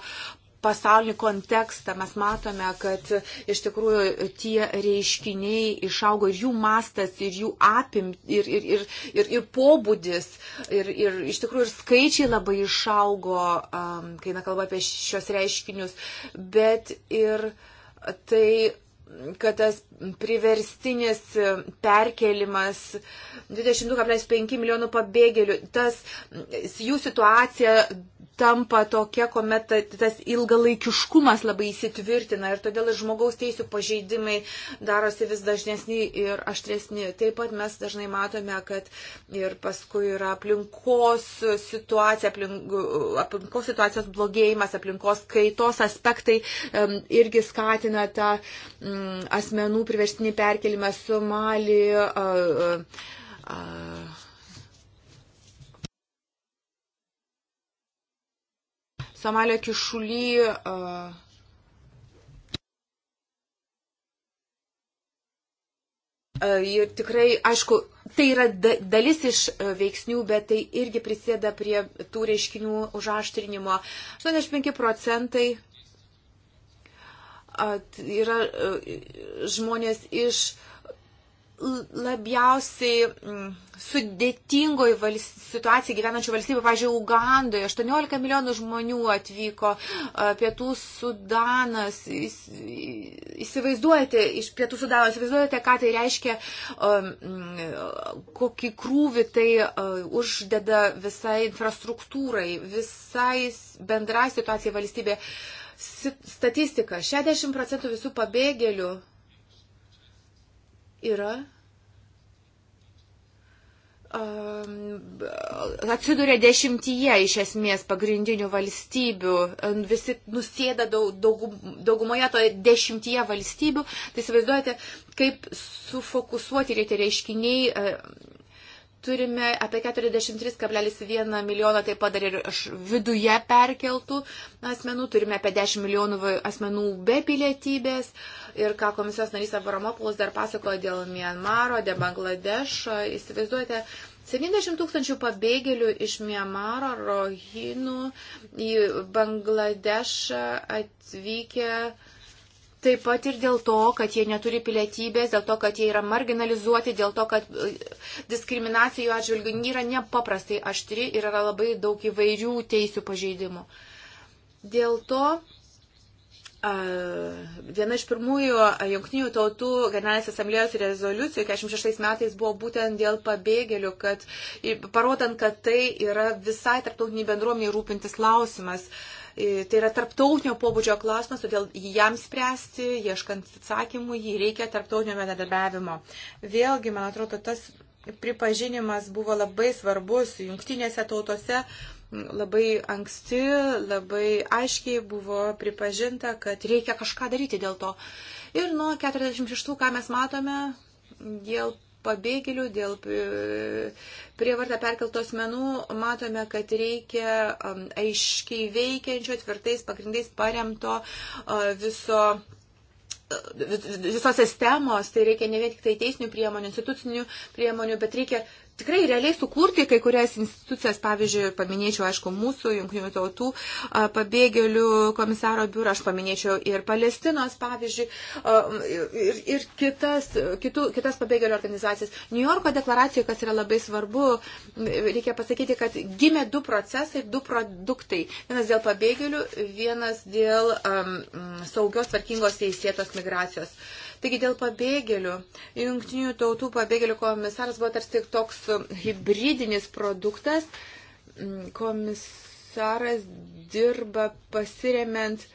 C: pasaulinį kontekstą. Mes matome, kad iš tikrųjų tie reiškiniai išaugo ir jų mastas, ir jų apim, ir, ir, ir, ir, ir pobūdis, ir, ir iš tikrųjų ir skaičiai labai išaugo, um, kai nekalba apie šios reiškinius, bet ir tai kad tas priverstinis perkelimas 22,5 milijonų pabėgėlių, tas jų situacija tampa tokia, kuomet tas ilgalaikiškumas labai įsitvirtina ir todėl ir žmogaus teisų pažeidimai darosi vis dažnesni ir aštresni. Taip pat mes dažnai matome, kad ir paskui yra aplinkos situacija, aplink, aplinkos situacijos blogėjimas, aplinkos kaitos aspektai irgi skatina tą. Mm, Mm, asmenų priverstinį perkelimą Somalį. A, a, a, Somalio kišuly. Ir tikrai, aišku, tai yra dalis iš veiksnių, bet tai irgi prisėda prie tų reiškinių užaštrinimo. 85 procentai at, yra e, žmonės iš labiausiai mm, sudėtingoje vals... situacijoje gyvenančių valstybių, pavyzdžiui, Ugandoje 18 milijonų žmonių atvyko, e, pietų Sudanas, įsivaizduojate, iš pietų Sudano, įsivaizduojate, ką tai reiškia, e, mm, kokį krūvį tai uždeda visai infrastruktūrai, visai bendrai situacijai valstybėje Statistika. 60 procentų visų pabėgėlių yra um, atsiduria dešimtyje iš esmės pagrindinių valstybių, visi nusėda daug, daugum, daugumoje to dešimtyje valstybių, tai įsivaizduojate, kaip sufokusuoti reikia reiškiniai e, turime apie 43,1 milijoną taip pat dar ir viduje perkeltų asmenų, turime apie 10 milijonų asmenų be pilietybės ir ką komisijos narys Avramopulos dar pasakojo dėl Mianmaro, dėl Bangladešo, įsivaizduojate, 70 tūkstančių pabėgėlių iš Mianmaro, Rohinų į Bangladešą atvykę Taip pat ir dėl to, kad jie neturi pilietybės, dėl to, kad jie yra marginalizuoti, dėl to, kad e, diskriminacijų atžvilgių yra nepaprastai aštri ir yra labai daug įvairių teisių pažeidimų. Dėl to Viena iš pirmųjų jungtinių tautų generalinės asamblėjos rezoliucijų 46 metais buvo būtent dėl pabėgėlių, kad, parodant, kad tai yra visai tarptautiniai bendruomeniai rūpintis klausimas. Uh, E, tai yra tarptautinio pobūdžio klausimas, todėl jam spręsti, ieškant atsakymų, jį reikia tarptautinio bendradarbiavimo. Vėlgi, man atrodo, tas pripažinimas buvo labai svarbus jungtinėse tautose. Labai anksti, labai aiškiai buvo pripažinta, kad reikia kažką daryti dėl to. Ir nuo 46, ką mes matome, dėl pabėgėlių, dėl e, prievartą perkeltos menų, matome, kad reikia aiškiai veikiančio, tvirtais pagrindais paremto viso visos sistemos, tai reikia ne vien tik tai teisinių priemonių, institucinių priemonių, bet reikia tikrai realiai sukurti kai kurias institucijas, pavyzdžiui, paminėčiau, aišku, mūsų jungtinių tautų pabėgėlių komisaro biurą, aš paminėčiau ir Palestinos, pavyzdžiui, ir, ir kitas, kitų, kitas pabėgėlių organizacijas. New Yorko deklaracijoje, kas yra labai svarbu, reikia pasakyti, kad gimė du procesai, du produktai. Vienas dėl pabėgėlių, vienas dėl um, saugios, tvarkingos teisėtos migracijos. Uh, Taigi dėl pabėgėlių, jungtinių tautų pabėgėlių komisaras buvo tarsi toks hybridinis produktas. Mm, komisaras dirba pasiremiant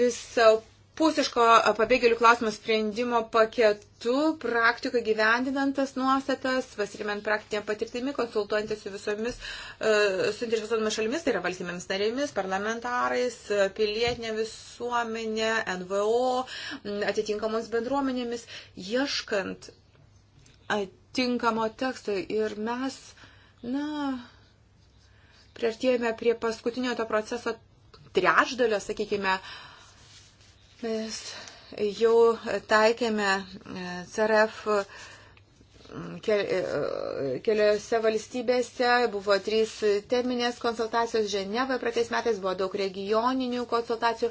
C: visą pusiško pabėgėlių klausimo sprendimo paketu, praktiką gyvendinantas nuostatas, pasirimant praktinę patirtimį, konsultuojantis su visomis e, suinteresuotomis šalimis, tai yra valstybėmis narėmis, parlamentarais, pilietinė visuomenė, NVO, atitinkamoms bendruomenėmis, ieškant tinkamo teksto. Ir mes, na, priartėjome prie paskutinio to proceso trečdalio, sakykime, uh, Mes jau taikėme e, CRF E, e, keliose valstybėse buvo trys teminės konsultacijos Ženevoje, praeitais metais buvo daug regioninių konsultacijų.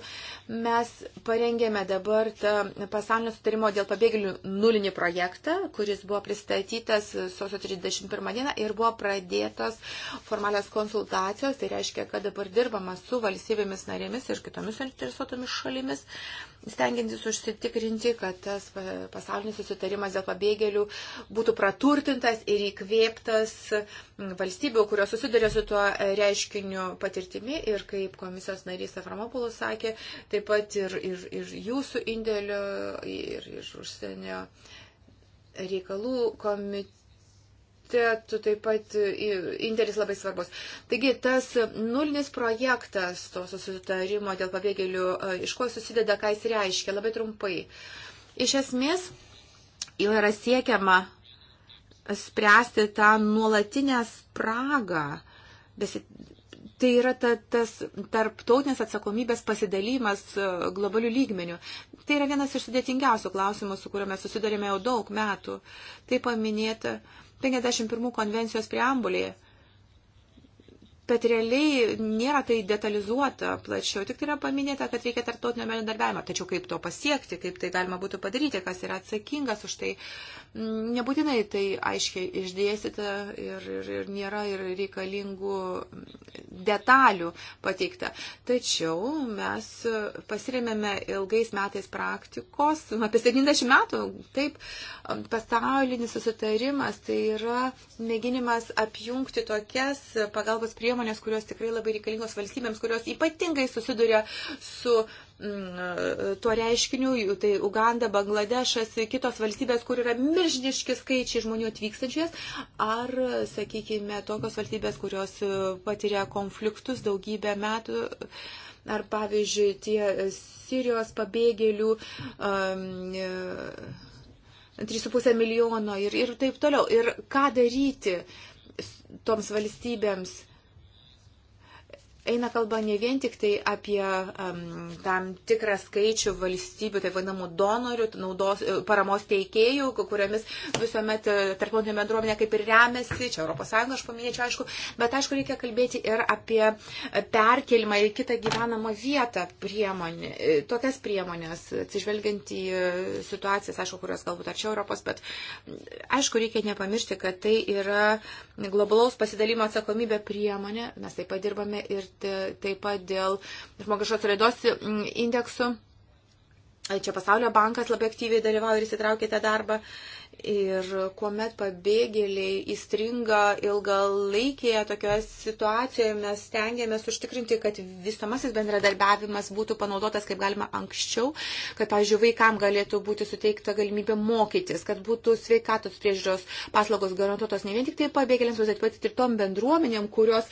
C: Mes parengėme dabar tą pasaulinio sutarimo dėl pabėgėlių nulinį projektą, kuris buvo pristatytas sausio 31 dieną ir buvo pradėtos formalios konsultacijos. Tai reiškia, kad dabar dirbama su valstybėmis narėmis ir kitomis interesuotomis šalimis, stengiantis užsitikrinti, kad tas pasaulinis susitarimas dėl pabėgėlių būtų būtų praturtintas ir įkvėptas valstybių, kurios susiduria su tuo reiškiniu patirtimi ir kaip komisijos narys Aframopoulos sakė, taip pat ir, ir, ir jūsų indėlio, ir, ir užsienio reikalų komiteto universitetų taip pat indėlis labai svarbus. Taigi tas nulinis projektas to susitarimo dėl pabėgėlių, e, iš ko susideda, ką jis reiškia, labai trumpai. Iš esmės, jau yra siekiama spręsti tą nuolatinę spragą. Besi... Tai yra ta, tas tarptautinės atsakomybės pasidalymas e, globalių lygmenių. Tai yra vienas iš sudėtingiausių klausimų, su kuriuo mes susidarėme jau daug metų. Tai paminėta 51 konvencijos preambulėje bet realiai nėra tai detalizuota plačiau. Tik tai yra paminėta, kad reikia tarptautinio bendradarbiavimo. Tačiau kaip to pasiekti, kaip tai galima būtų padaryti, kas yra atsakingas už tai, mm, nebūtinai tai aiškiai išdėstyta ir, ir, ir nėra ir reikalingų detalių pateikta. Tačiau mes pasiremėme ilgais metais praktikos, *laughs* apie 70 metų, taip, pasaulinis susitarimas, tai yra mėginimas apjungti tokias pagalbos priemonės, priemonės, kurios tikrai labai reikalingos valstybėms, kurios ypatingai susiduria su mm, tuo reiškiniu, tai Uganda, Bangladešas, kitos valstybės, kur yra milžiniški skaičiai žmonių atvykstančias, ar, sakykime, tokios valstybės, kurios e, patiria konfliktus daugybę metų, ar, pavyzdžiui, tie Sirijos pabėgėlių. Um, 3,5 e, milijono ir, ir taip toliau. Ir ką daryti toms valstybėms, eina kalba ne vien tik tai apie um, tam tikrą skaičių valstybių, tai vadinamų donorių, naudos, e, paramos teikėjų, kuriomis visuomet e, tarptautinė bendruomenė kaip ir remiasi, čia ES aš paminėčiau, aišku, bet aišku, reikia kalbėti ir apie e, perkelimą į kitą gyvenamą vietą priemonė, tokias priemonės, atsižvelgiant į situacijas, aišku, kurios galbūt arčiau Europos, bet mm, aišku, reikia nepamiršti, kad tai yra globalaus pasidalimo atsakomybė priemonė, mes taip pat dirbame ir taip pat dėl žmogašos raidos mm, indeksų. Čia pasaulio bankas labai aktyviai dalyvauja ir įsitraukia į tą darbą. Ir kuomet pabėgėliai įstringa ilgalaikėje tokioje situacijoje, mes stengiamės užtikrinti, kad visamasis bendradarbiavimas būtų panaudotas kaip galima anksčiau, kad, pavyzdžiui, vaikam galėtų būti suteikta galimybė mokytis, kad būtų sveikatos priežiūros paslaugos garantuotos ne vien tik tai pabėgėliams, bet taip pat ir tom bendruomenėm, kurios,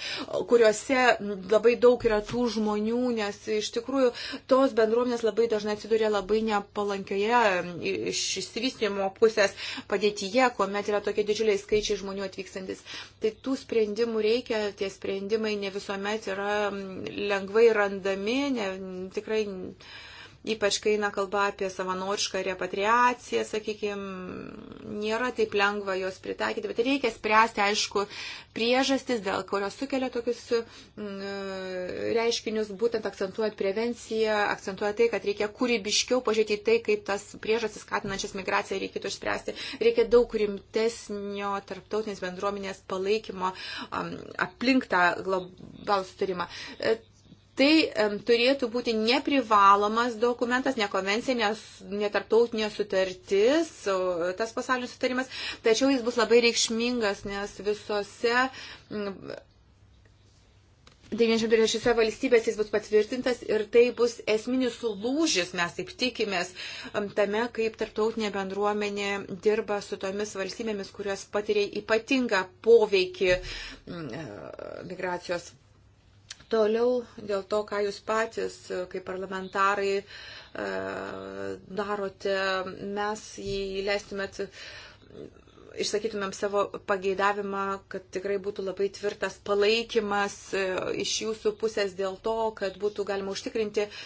C: kuriuose labai daug yra tų žmonių, nes iš tikrųjų tos bendruomenės labai dažnai atsiduria labai nepalankioje iš išsivystymo pusės padėtyje, kuomet yra tokie didžiuliai skaičiai žmonių atvykstantis. Tai tų sprendimų reikia, tie sprendimai ne visuomet yra mm, lengvai randami, ne, tikrai ypač kai eina kalba apie savanorišką repatriaciją, sakykime, nėra taip lengva jos pritaikyti, bet reikia spręsti, aišku, priežastis, dėl kurios sukelia tokius mm, e, reiškinius, būtent akcentuojant prevenciją, akcentuojant tai, kad reikia kūrybiškiau pažiūrėti į tai, kaip tas priežastis skatinančias migraciją reikėtų išspręsti. Reikia daug rimtesnio tarptautinės bendruomenės palaikymo aplink tą globalų sutarimą. E, Tai um, turėtų būti neprivalomas dokumentas, ne konvencija, ne, ne tarptautinė sutartis, tas pasaulinis sutarimas, tačiau jis bus labai reikšmingas, nes visose um, 96 valstybės jis bus patvirtintas ir tai bus esminis lūžis, mes taip tikimės, tame, kaip tarptautinė bendruomenė dirba su tomis valstybėmis, kurios patiria ypatingą poveikį e, migracijos Toliau dėl to, ką jūs patys, e, kaip parlamentarai, e, darote, mes jį leistumėt išsakytumėm savo pageidavimą, kad tikrai būtų labai tvirtas palaikymas e, iš jūsų pusės dėl to, kad būtų galima užtikrinti uh,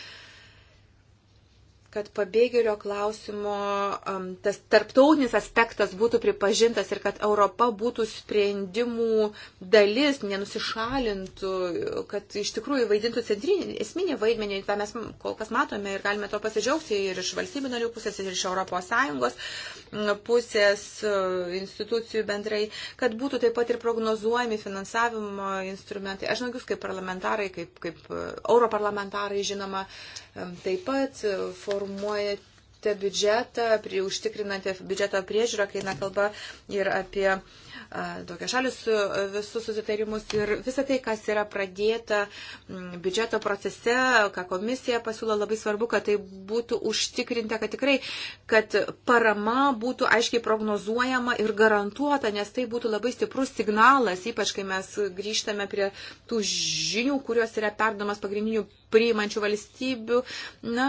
C: kad pabėgėlio klausimo um, tas tarptautinis aspektas būtų pripažintas ir kad Europa būtų sprendimų dalis, nenusišalintų, kad iš tikrųjų vaidintų centrinį esminį vaidmenį, tą mes kol kas matome ir galime to pasidžiaugti ir iš valstybių narių pusės, ir iš ES pusės e, institucijų bendrai, kad būtų taip pat ir prognozuojami finansavimo instrumentai. Aš žinau, jūs kaip parlamentarai, kaip, kaip europarlamentarai, žinoma, e, taip pat e, for formuojate biudžetą, prie, užtikrinate biudžeto priežiūrą, kai eina kalba ir apie tokia šalis su visus susitarimus ir visą tai, kas yra pradėta biudžeto procese, ką komisija pasiūlo, labai svarbu, kad tai būtų užtikrinta, kad tikrai, kad parama būtų aiškiai prognozuojama ir garantuota, nes tai būtų labai stiprus signalas, ypač kai mes grįžtame prie tų žinių, kurios yra perdamas pagrindinių priimančių valstybių. Na,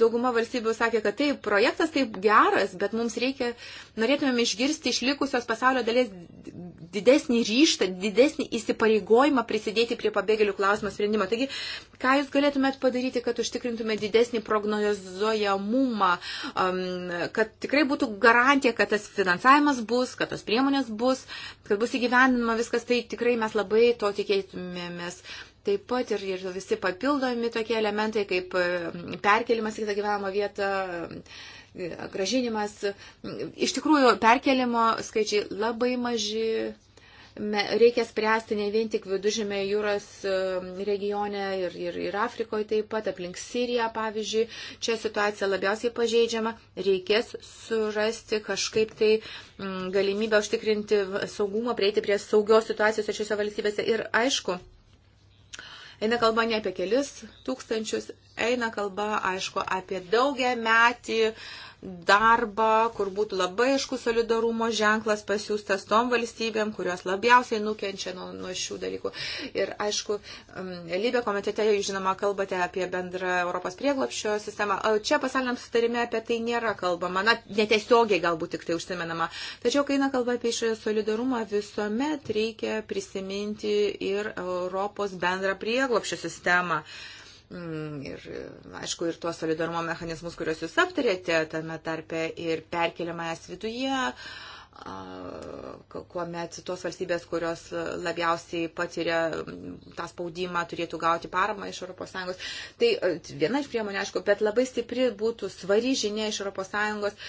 C: dauguma valstybių sakė, kad taip, projektas taip geras, bet mums reikia, norėtumėm išgirsti išlikusios pasaulio dalies didesnį ryštą, didesnį įsipareigojimą prisidėti prie pabėgėlių klausimo sprendimo. Taigi, ką jūs galėtumėt padaryti, kad užtikrintumėt didesnį prognozuojamumą, um, kad tikrai būtų garantija, kad tas finansavimas bus, kad tos priemonės bus, kad bus įgyvendinama viskas, tai tikrai mes labai to tikėtumėmės. Taip pat ir, ir visi papildomi tokie elementai, kaip e, perkelimas į kitą gyvenamą vietą, e, gražinimas. Iš tikrųjų, perkelimo skaičiai labai maži. Reikia spręsti ne vien tik viduržėmė jūros e, regione ir, ir, ir Afrikoje taip pat, aplink Siriją pavyzdžiui, čia situacija labiausiai pažeidžiama, reikės surasti kažkaip tai mm, galimybę užtikrinti saugumą, prieiti prie saugios situacijos šiuose valstybėse ir aišku, Eina kalba ne apie kelis tūkstančius, eina kalba, aišku, apie daugia metį uh, darbą, kur būtų labai aiškus solidarumo ženklas pasiūstas tom valstybėm, kurios labiausiai nukenčia nuo, nuo šių dalykų. Ir aišku, um, lybė komitete, jūs žinoma, kalbate apie bendrą Europos prieglapščio sistemą. Čia pasauliniam sustarime apie tai nėra kalbama, na, netiesiogiai galbūt tik tai užsimenama. Tačiau, kai eina kalba apie šį solidarumą, visuomet reikia prisiminti ir Europos bendrą prieglapščio sistemą. Uh, Mm, ir, aišku, ir tuos solidarumo mechanizmus, kuriuos jūs aptarėte tame tarpe ir perkeliamąjas viduje kuomet tos valstybės, kurios labiausiai patiria mm, tą spaudimą, turėtų gauti paramą iš ES. Tai viena iš priemonių, aišku, bet labai stipri būtų svari žinia iš ES,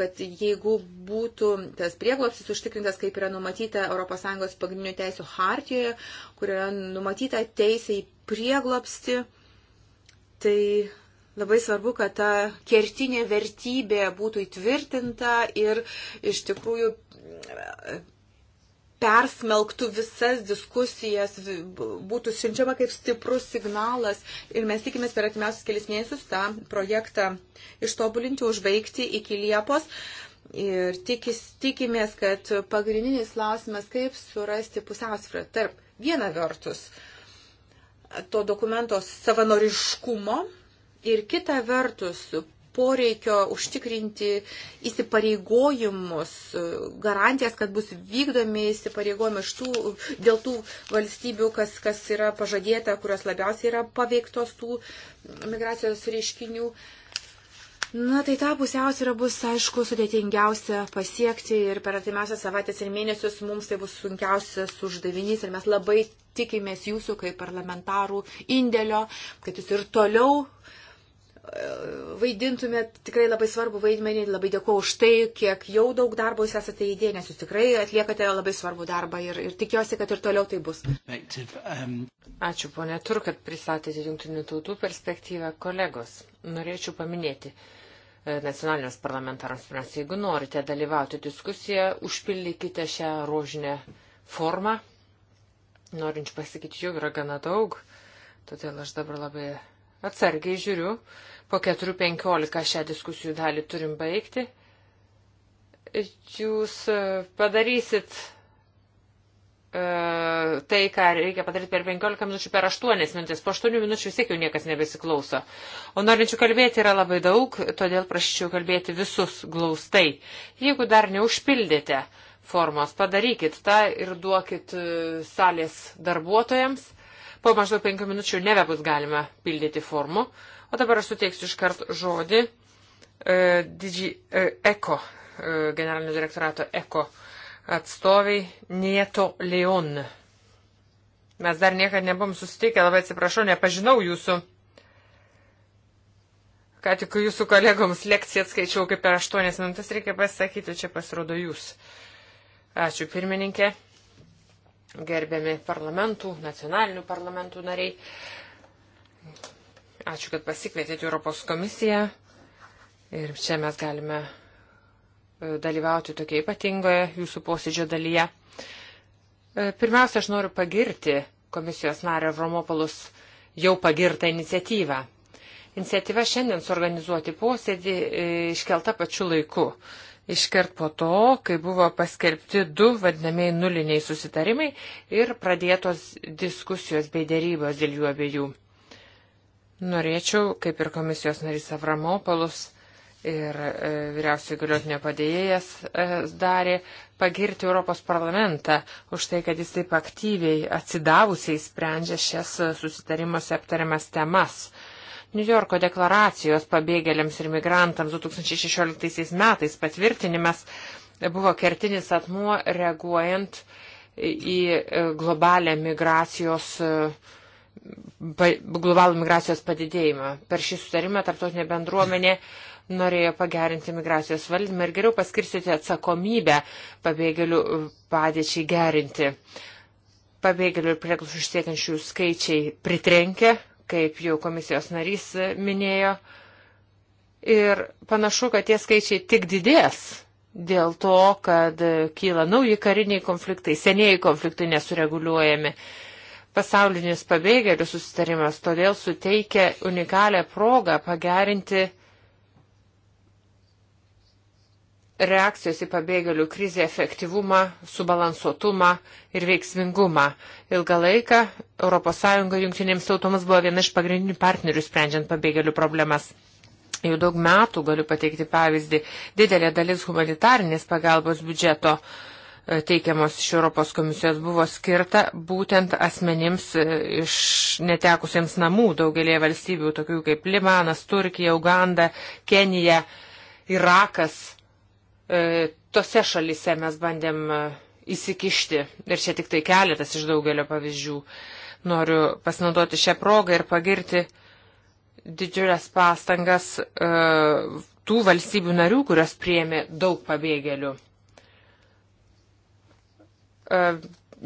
C: kad jeigu būtų tas prieglopsis užtikrintas, kaip yra numatyta ES pagrindinių teisų hartijoje, kurioje numatyta teisė į prieglopsti, tai labai svarbu, kad ta kertinė vertybė būtų įtvirtinta ir iš tikrųjų e, persmelktų visas diskusijas, būtų siunčiama kaip stiprus signalas. Ir mes tikimės per atimiausius kelias mėnesius tą projektą ištobulinti, užbaigti iki Liepos. Ir tikis, tikimės, kad pagrindinis klausimas, kaip surasti pusiausvyrą tarp viena vertus uh, to dokumento savanoriškumo ir kita vertus poreikio užtikrinti įsipareigojimus, garantijas, kad bus vykdomi įsipareigojimai iš tų, dėl tų valstybių, kas, kas yra pažadėta, kurios labiausiai yra paveiktos tų migracijos reiškinių. Uh, Na, tai tą pusiausvyrą bus, aišku, sudėtingiausia pasiekti ir per artimiausias savaitės ir mėnesius mums tai bus sunkiausias uždavinys ir mes labai tikimės jūsų kaip parlamentarų indėlio, kad jūs ir toliau e, vaidintumėt tikrai labai svarbu vaidmenį, labai dėkuoju už tai, kiek jau daug darbo jūs esate įdėję, nes jūs tikrai atliekate labai svarbu darbą ir, ir tikiuosi, kad
B: ir toliau tai bus. Um, Ačiū, ponė Tur, kad pristatėte Junktinių tautų perspektyvą kolegos. Norėčiau paminėti, E, nacionaliniams parlamentarams. Mes, jeigu norite dalyvauti diskusiją, užpildykite šią rožinę formą. Norinčių pasakyti jau yra gana daug, todėl aš dabar labai atsargiai žiūriu. Po 4.15 šią diskusijų dalį turim baigti. Jūs padarysit E, tai, ką reikia padaryti per 15 minučių, per 8 minutės, po 8 minučių vis tiek jau niekas nebesiklauso. O norinčių kalbėti yra labai daug, todėl prašyčiau kalbėti visus glaustai. Jeigu dar neužpildėte formos, padarykit tą ir duokit e, salės darbuotojams. Po maždaug 5 minučių nebebus galima pildyti formų. O dabar aš suteiksiu iškart žodį uh, Digi uh, Eko, uh, generalinio direktorato Eko uh, atstoviai Nieto Leon. Mes dar niekad nebom susitikę, labai atsiprašau, nepažinau jūsų. Ką tik jūsų kolegoms lekciją atskaičiau, kaip per aštuonias minutės reikia pasakyti, čia pasirodo jūs. Ačiū pirmininkė, gerbiami parlamentų, nacionalinių parlamentų nariai. Ačiū, kad pasikvietėte Europos komisiją. Ir čia mes galime dalyvauti tokia ypatingoje jūsų posėdžio dalyje. E, pirmiausia, aš noriu pagirti komisijos narę Romopolus jau pagirtą iniciatyvą. Iniciatyva šiandien suorganizuoti posėdį e, iškelta pačiu laiku. Iškart po to, kai buvo paskelbti du vadinamieji nuliniai susitarimai ir pradėtos diskusijos bei dėrybos dėl jų abiejų. Norėčiau, kaip ir komisijos narys Avramopolus, ir e, vyriausiai galiotinio padėjėjas e, darė pagirti Europos parlamentą už tai, kad jis taip aktyviai atsidavusiai sprendžia šias susitarimuose aptariamas temas. New Yorko deklaracijos pabėgėliams ir migrantams 2016 metais patvirtinimas buvo kertinis atmuo reaguojant į e, globalę migracijos globalų migracijos padidėjimą. Per šį sutarimą tarptautinė bendruomenė uh, norėjo pagerinti migracijos valdymą ir geriau paskirstyti atsakomybę pabėgėlių padėčiai gerinti. Pabėgėlių ir prieglus užsiekiančių skaičiai pritrenkia, kaip jau komisijos narys minėjo. Ir panašu, kad tie skaičiai tik didės dėl to, kad kyla nauji kariniai konfliktai, senieji konfliktai nesureguliuojami. Pasaulinis pabėgėlių susitarimas todėl suteikia unikalią progą pagerinti reakcijos į pabėgėlių krizę efektyvumą, subalansuotumą ir veiksmingumą. Ilgą laiką ES jungtinėms tautoms buvo viena iš pagrindinių partnerių sprendžiant pabėgėlių problemas. Jau daug metų galiu pateikti pavyzdį. Didelė dalis humanitarnės pagalbos biudžeto e, teikiamos iš Europos komisijos buvo skirta būtent asmenims e, iš netekusiems namų daugelie valstybių, tokių kaip Limanas, Turkija, Uganda, Kenija, Irakas E, tose šalise mes bandėm e, įsikišti ir čia tik tai keletas iš daugelio pavyzdžių. Noriu pasinaudoti šią progą ir pagirti didžiulės pastangas e, tų valstybių narių, kurios priemė daug pabėgėlių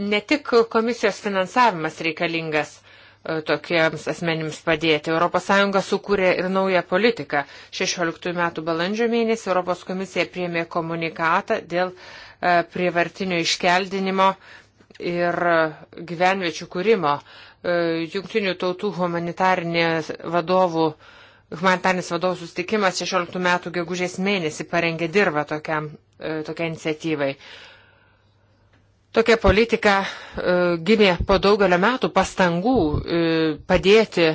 B: ne tik komisijos finansavimas reikalingas, E, tokiems asmenims padėti. ES sukūrė ir naują politiką. 16 metų balandžio mėnesį Europos komisija priėmė komunikatą dėl e, prievartinio iškeldinimo ir gyvenviečių kūrimo. E, Junktinių tautų humanitarinės vadovų Humanitarinis vadovų sustikimas 16 metų gegužės mėnesį parengė dirbą tokiam, tokia iniciatyvai. Tokia politika e, gimė po daugelio metų pastangų e, padėti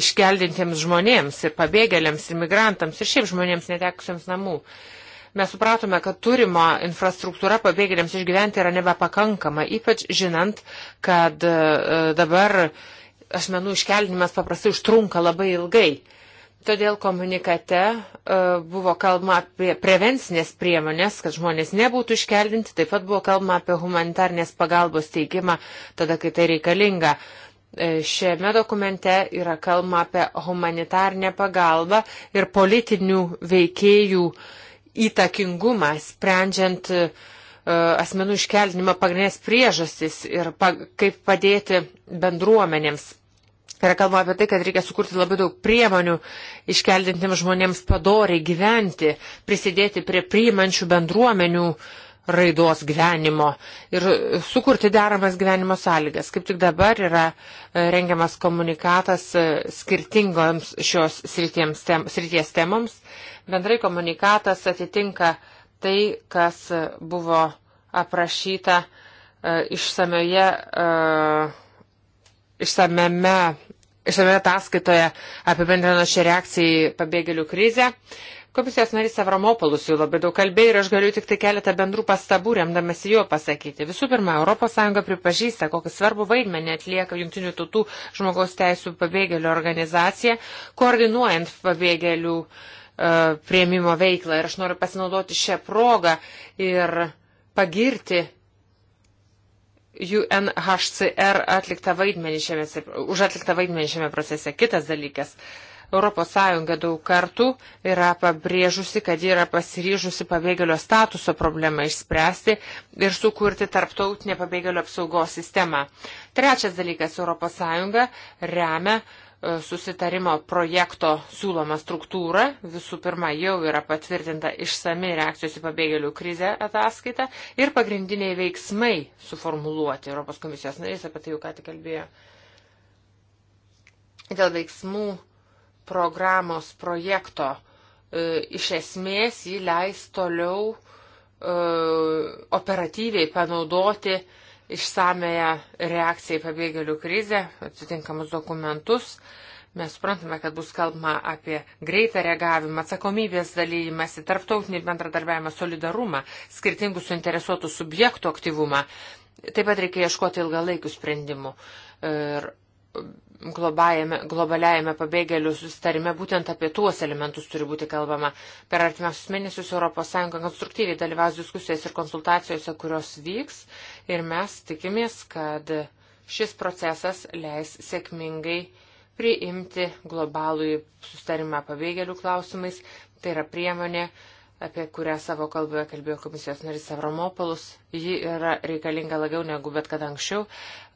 B: iškeldintiems žmonėms ir pabėgėliams, imigrantams ir šiaip žmonėms netekusiems namų. Mes supratome, kad turima infrastruktūra pabėgėliams išgyventi yra nebepakankama, ypač žinant, kad e, dabar asmenų iškeldinimas paprastai užtrunka labai ilgai. Todėl komunikate e, buvo kalbama apie prevencinės priemonės, kad žmonės nebūtų iškeldinti, taip pat buvo kalbama apie humanitarnės pagalbos teikimą tada, kai tai reikalinga. E, šiame dokumente yra kalbama apie humanitarnę pagalbą ir politinių veikėjų įtakingumą, sprendžiant e, asmenų iškeldinimą pagrindinės priežastis ir kaip padėti bendruomenėms Yra kalbama apie tai, kad reikia sukurti labai daug priemonių iškeldintiems žmonėms padoriai gyventi, prisidėti prie priimančių bendruomenių raidos gyvenimo ir sukurti deramas gyvenimo sąlygas. Kaip tik dabar yra e, rengiamas komunikatas e, skirtingoms šios tem, srities temoms. Bendrai komunikatas atitinka tai, kas e, buvo aprašyta e, išsamioje. E, Išsameme Išsame ataskaitoje apibendrino šią reakciją į pabėgėlių krizę. Komisijos narys Avramopolus jau labai daug kalbėjo ir aš galiu tik tai keletą bendrų pastabų remdamasi jo pasakyti. Visų pirma, ES pripažįsta, kokį svarbų vaidmenį atlieka Junktinių tautų žmogaus teisų pabėgėlių organizacija, koordinuojant pabėgėlių e, prieimimo veiklą. Ir aš noriu pasinaudoti šią progą ir pagirti UNHCR atliktą vaidmenį šiame, už atliktą vaidmenį šiame procese. Kitas dalykas. ES daug kartų yra pabrėžusi, kad yra pasiryžusi pabėgėlio statuso problemą išspręsti ir sukurti tarptautinę pabėgėlio apsaugos sistemą. Trečias dalykas. ES remia uh, E, susitarimo projekto siūloma struktūra. Visų pirma, jau yra patvirtinta išsami reakcijos į pabėgėlių krizę ataskaita ir pagrindiniai veiksmai suformuluoti. Europos komisijos narys apie tai jau ką tik kalbėjo. Dėl veiksmų programos projekto e, iš esmės jį leis toliau e, operatyviai panaudoti uh, išsameją reakciją į pabėgėlių krizę, atitinkamus dokumentus. Mes suprantame, kad bus kalbama apie greitą reagavimą, atsakomybės dalymąsi, tarptautinį bendradarbiavimą, solidarumą, skirtingų suinteresuotų subjektų aktyvumą. Taip pat reikia ieškoti ilgalaikių sprendimų. Ir globaliajame pabėgėlių sustarime būtent apie tuos elementus turi būti kalbama. Per artimiausius mėnesius ES konstruktyviai dalyvaus diskusijos ir konsultacijose, kurios vyks ir mes tikimės, kad šis procesas leis sėkmingai priimti globalųjį sustarimą pabėgėlių klausimais. Tai yra priemonė, uh, apie kurią savo kalboje kalbėjo komisijos narys Savromopolus. Ji yra reikalinga labiau negu bet kada anksčiau.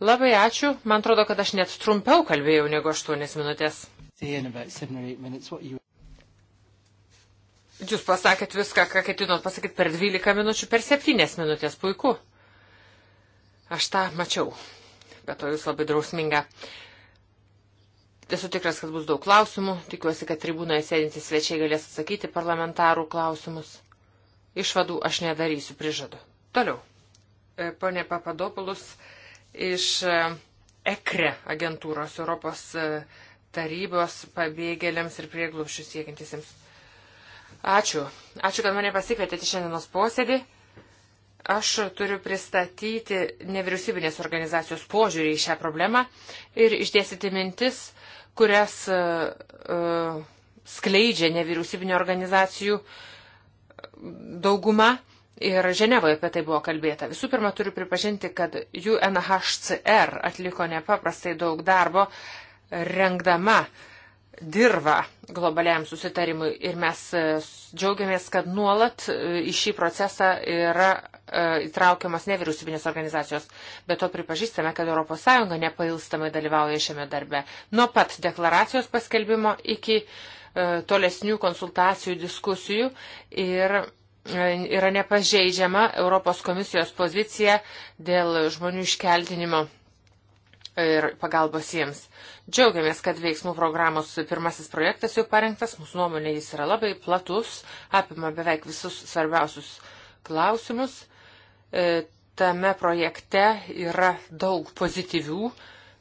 B: Labai ačiū. Man atrodo, kad aš net trumpiau kalbėjau negu 8 minutės. Jūs pasakėt viską, ką ketinot pasakyti per 12 minučių, per 7 minutės. Puiku. Aš tą mačiau. Bet to jūs labai drausminga. Esu tikras, kad bus daug klausimų. Tikiuosi, kad tribūnoje sėdintys svečiai galės atsakyti parlamentarų klausimus. Išvadų aš nedarysiu, prižadu. Toliau. E, Pone Papadopoulos iš ECRE agentūros Europos e, tarybos pabėgėliams ir prieglupščių siekintisiems. Ačiū. Ačiū, kad mane pasikvietėte šiandienos posėdį. Aš turiu pristatyti nevyriausybinės organizacijos požiūrį į šią problemą ir išdėstyti mintis, kurias uh, skleidžia nevyriausybinio organizacijų dauguma. Ir Ženevoje apie tai buvo kalbėta. Visų pirma, turiu pripažinti, kad UNHCR atliko nepaprastai daug darbo rengdama dirbą globaliam susitarimui ir mes e, džiaugiamės, kad nuolat į šį procesą yra E, įtraukiamas nevyriausybinės organizacijos, bet to pripažįstame, kad ES nepailstamai dalyvauja šiame darbe. Nuo pat deklaracijos paskelbimo iki e, tolesnių konsultacijų, diskusijų ir e, yra nepažeidžiama Europos komisijos pozicija dėl žmonių iškeldinimo ir pagalbos jiems. Džiaugiamės, kad veiksmų programos pirmasis projektas jau parengtas, mūsų nuomonė jis yra labai platus, apima beveik visus svarbiausius klausimus. E, tame projekte yra daug pozityvių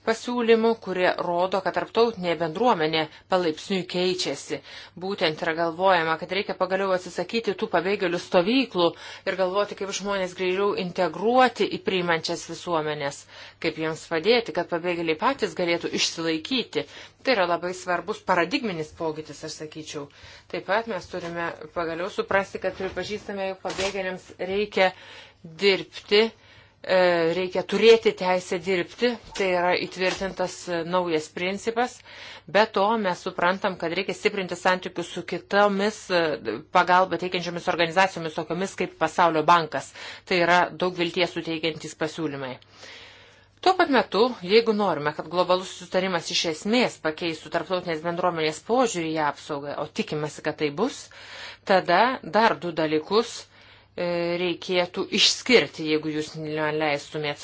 B: pasiūlymų, kurie rodo, kad tarptautinė bendruomenė palaipsniui keičiasi. Būtent yra galvojama, kad reikia pagaliau atsisakyti tų pabėgėlių stovyklų ir galvoti, kaip žmonės greičiau integruoti į priimančias visuomenės, kaip jiems padėti, kad pabėgėliai patys galėtų išsilaikyti. Tai yra labai svarbus paradigminis pokytis, aš sakyčiau. Taip pat mes turime pagaliau suprasti, kad pripažįstame, jog pabėgėliams reikia dirbti, e, reikia turėti teisę dirbti, tai yra įtvirtintas e, naujas principas. Be to mes suprantam, kad reikia stiprinti santykius su kitomis e, pagalba teikiančiomis organizacijomis, tokiamis kaip Pasaulio bankas. Tai yra daug vilties suteikiantis pasiūlymai. Tuo pat metu, jeigu norime, kad globalus sutarimas iš esmės pakeistų tarptautinės bendruomenės požiūrį į apsaugą, o tikimasi, kad tai bus, tada dar du dalykus E, reikėtų išskirti, jeigu jūs leistumėt.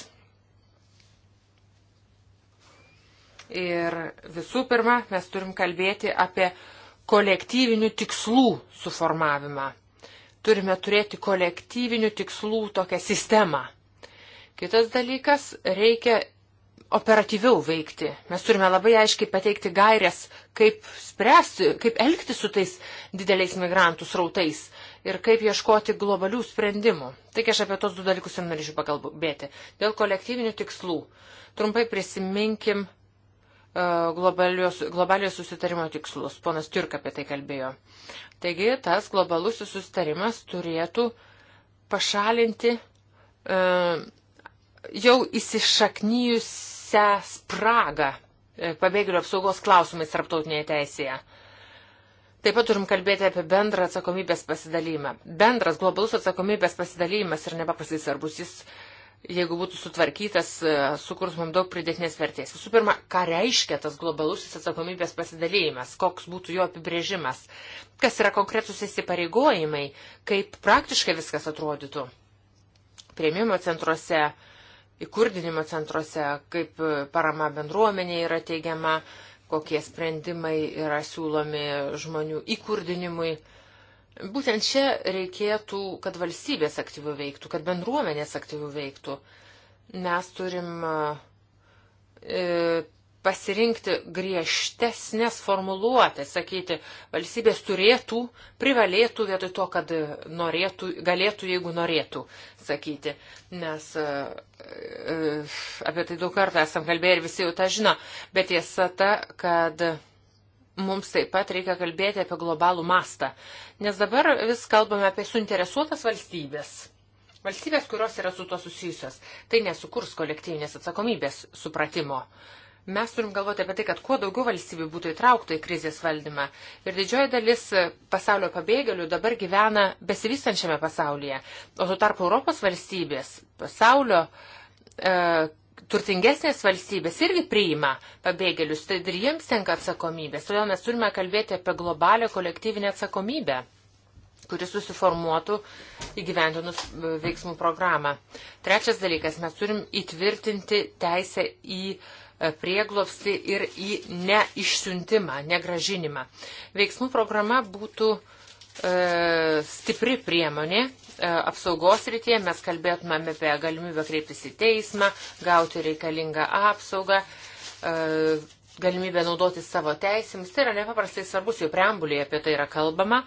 B: Ir visų pirma, mes turim kalbėti apie kolektyvinių tikslų suformavimą. Turime turėti kolektyvinių tikslų tokią sistemą. Kitas dalykas, reikia operatyviau veikti. Mes turime labai aiškiai pateikti gairias, kaip spręsti, kaip elgti su tais dideliais migrantų srautais ir kaip ieškoti globalių sprendimų. Tik aš apie tos du dalykus ir norėčiau pakalbėti. Dėl kolektyvinių tikslų. Trumpai prisiminkim e, globaliojo susitarimo tikslus. Ponas Turk apie tai kalbėjo. Taigi tas globalusis susitarimas turėtų pašalinti uh, jau įsišaknyjusią spragą e, pabėgėlių apsaugos klausimais tarptautinėje teisėje. Uh, Taip pat turim kalbėti apie bendrą atsakomybės pasidalymą. Bendras globalus atsakomybės pasidalymas yra nepaprastai svarbus. Jis, jeigu būtų sutvarkytas, e, sukurs mums daug pridėtinės vertės. Visų pirma, ką reiškia tas globalus atsakomybės pasidalymas, koks būtų jo apibrėžimas, kas yra konkretus įsipareigojimai, kaip praktiškai viskas atrodytų. Prieimimo centruose, įkurdinimo centruose, kaip e, parama bendruomenė yra teigiama kokie sprendimai yra siūlomi žmonių įkurdinimui. Būtent čia reikėtų, kad valstybės aktyviau veiktų, kad bendruomenės aktyviau veiktų. Mes turim e, pasirinkti griežtesnės formuluotės, sakyti, valstybės turėtų, privalėtų vietoj to, kad norėtų, galėtų, jeigu norėtų, sakyti. Nes e, e, apie tai daug kartų esam kalbėję ir visi jau tą žino, bet tiesa ta, kad mums taip pat reikia kalbėti apie globalų mastą. Nes dabar vis kalbame apie suinteresuotas valstybės. Valstybės, kurios yra su to susijusios, tai nesukurs kolektyvinės atsakomybės supratimo. Uh, Mes turim galvoti apie tai, kad kuo daugiau valstybių būtų įtraukta į krizės valdymą. Ir didžioji dalis pasaulio pabėgėlių dabar gyvena besivystančiame pasaulyje. O tuo tarpu Europos valstybės, pasaulio e, turtingesnės valstybės irgi priima pabėgėlius, tai ir jiems tenka atsakomybės. Todėl mes turime kalbėti apie globalią kolektyvinę atsakomybę, kuris susiformuotų įgyvendinus e, veiksmų programą. Trečias dalykas, mes turim įtvirtinti teisę į uh, prieglopsti ir į neišsiuntimą, negražinimą. Veiksmų programa būtų e, stipri priemonė e, apsaugos rytyje. Mes kalbėtumėme apie galimybę kreiptis į teismą, gauti reikalingą apsaugą, e, galimybę naudoti savo teisėmis. Tai yra nepaprastai svarbus, jau preambulėje apie tai yra kalbama.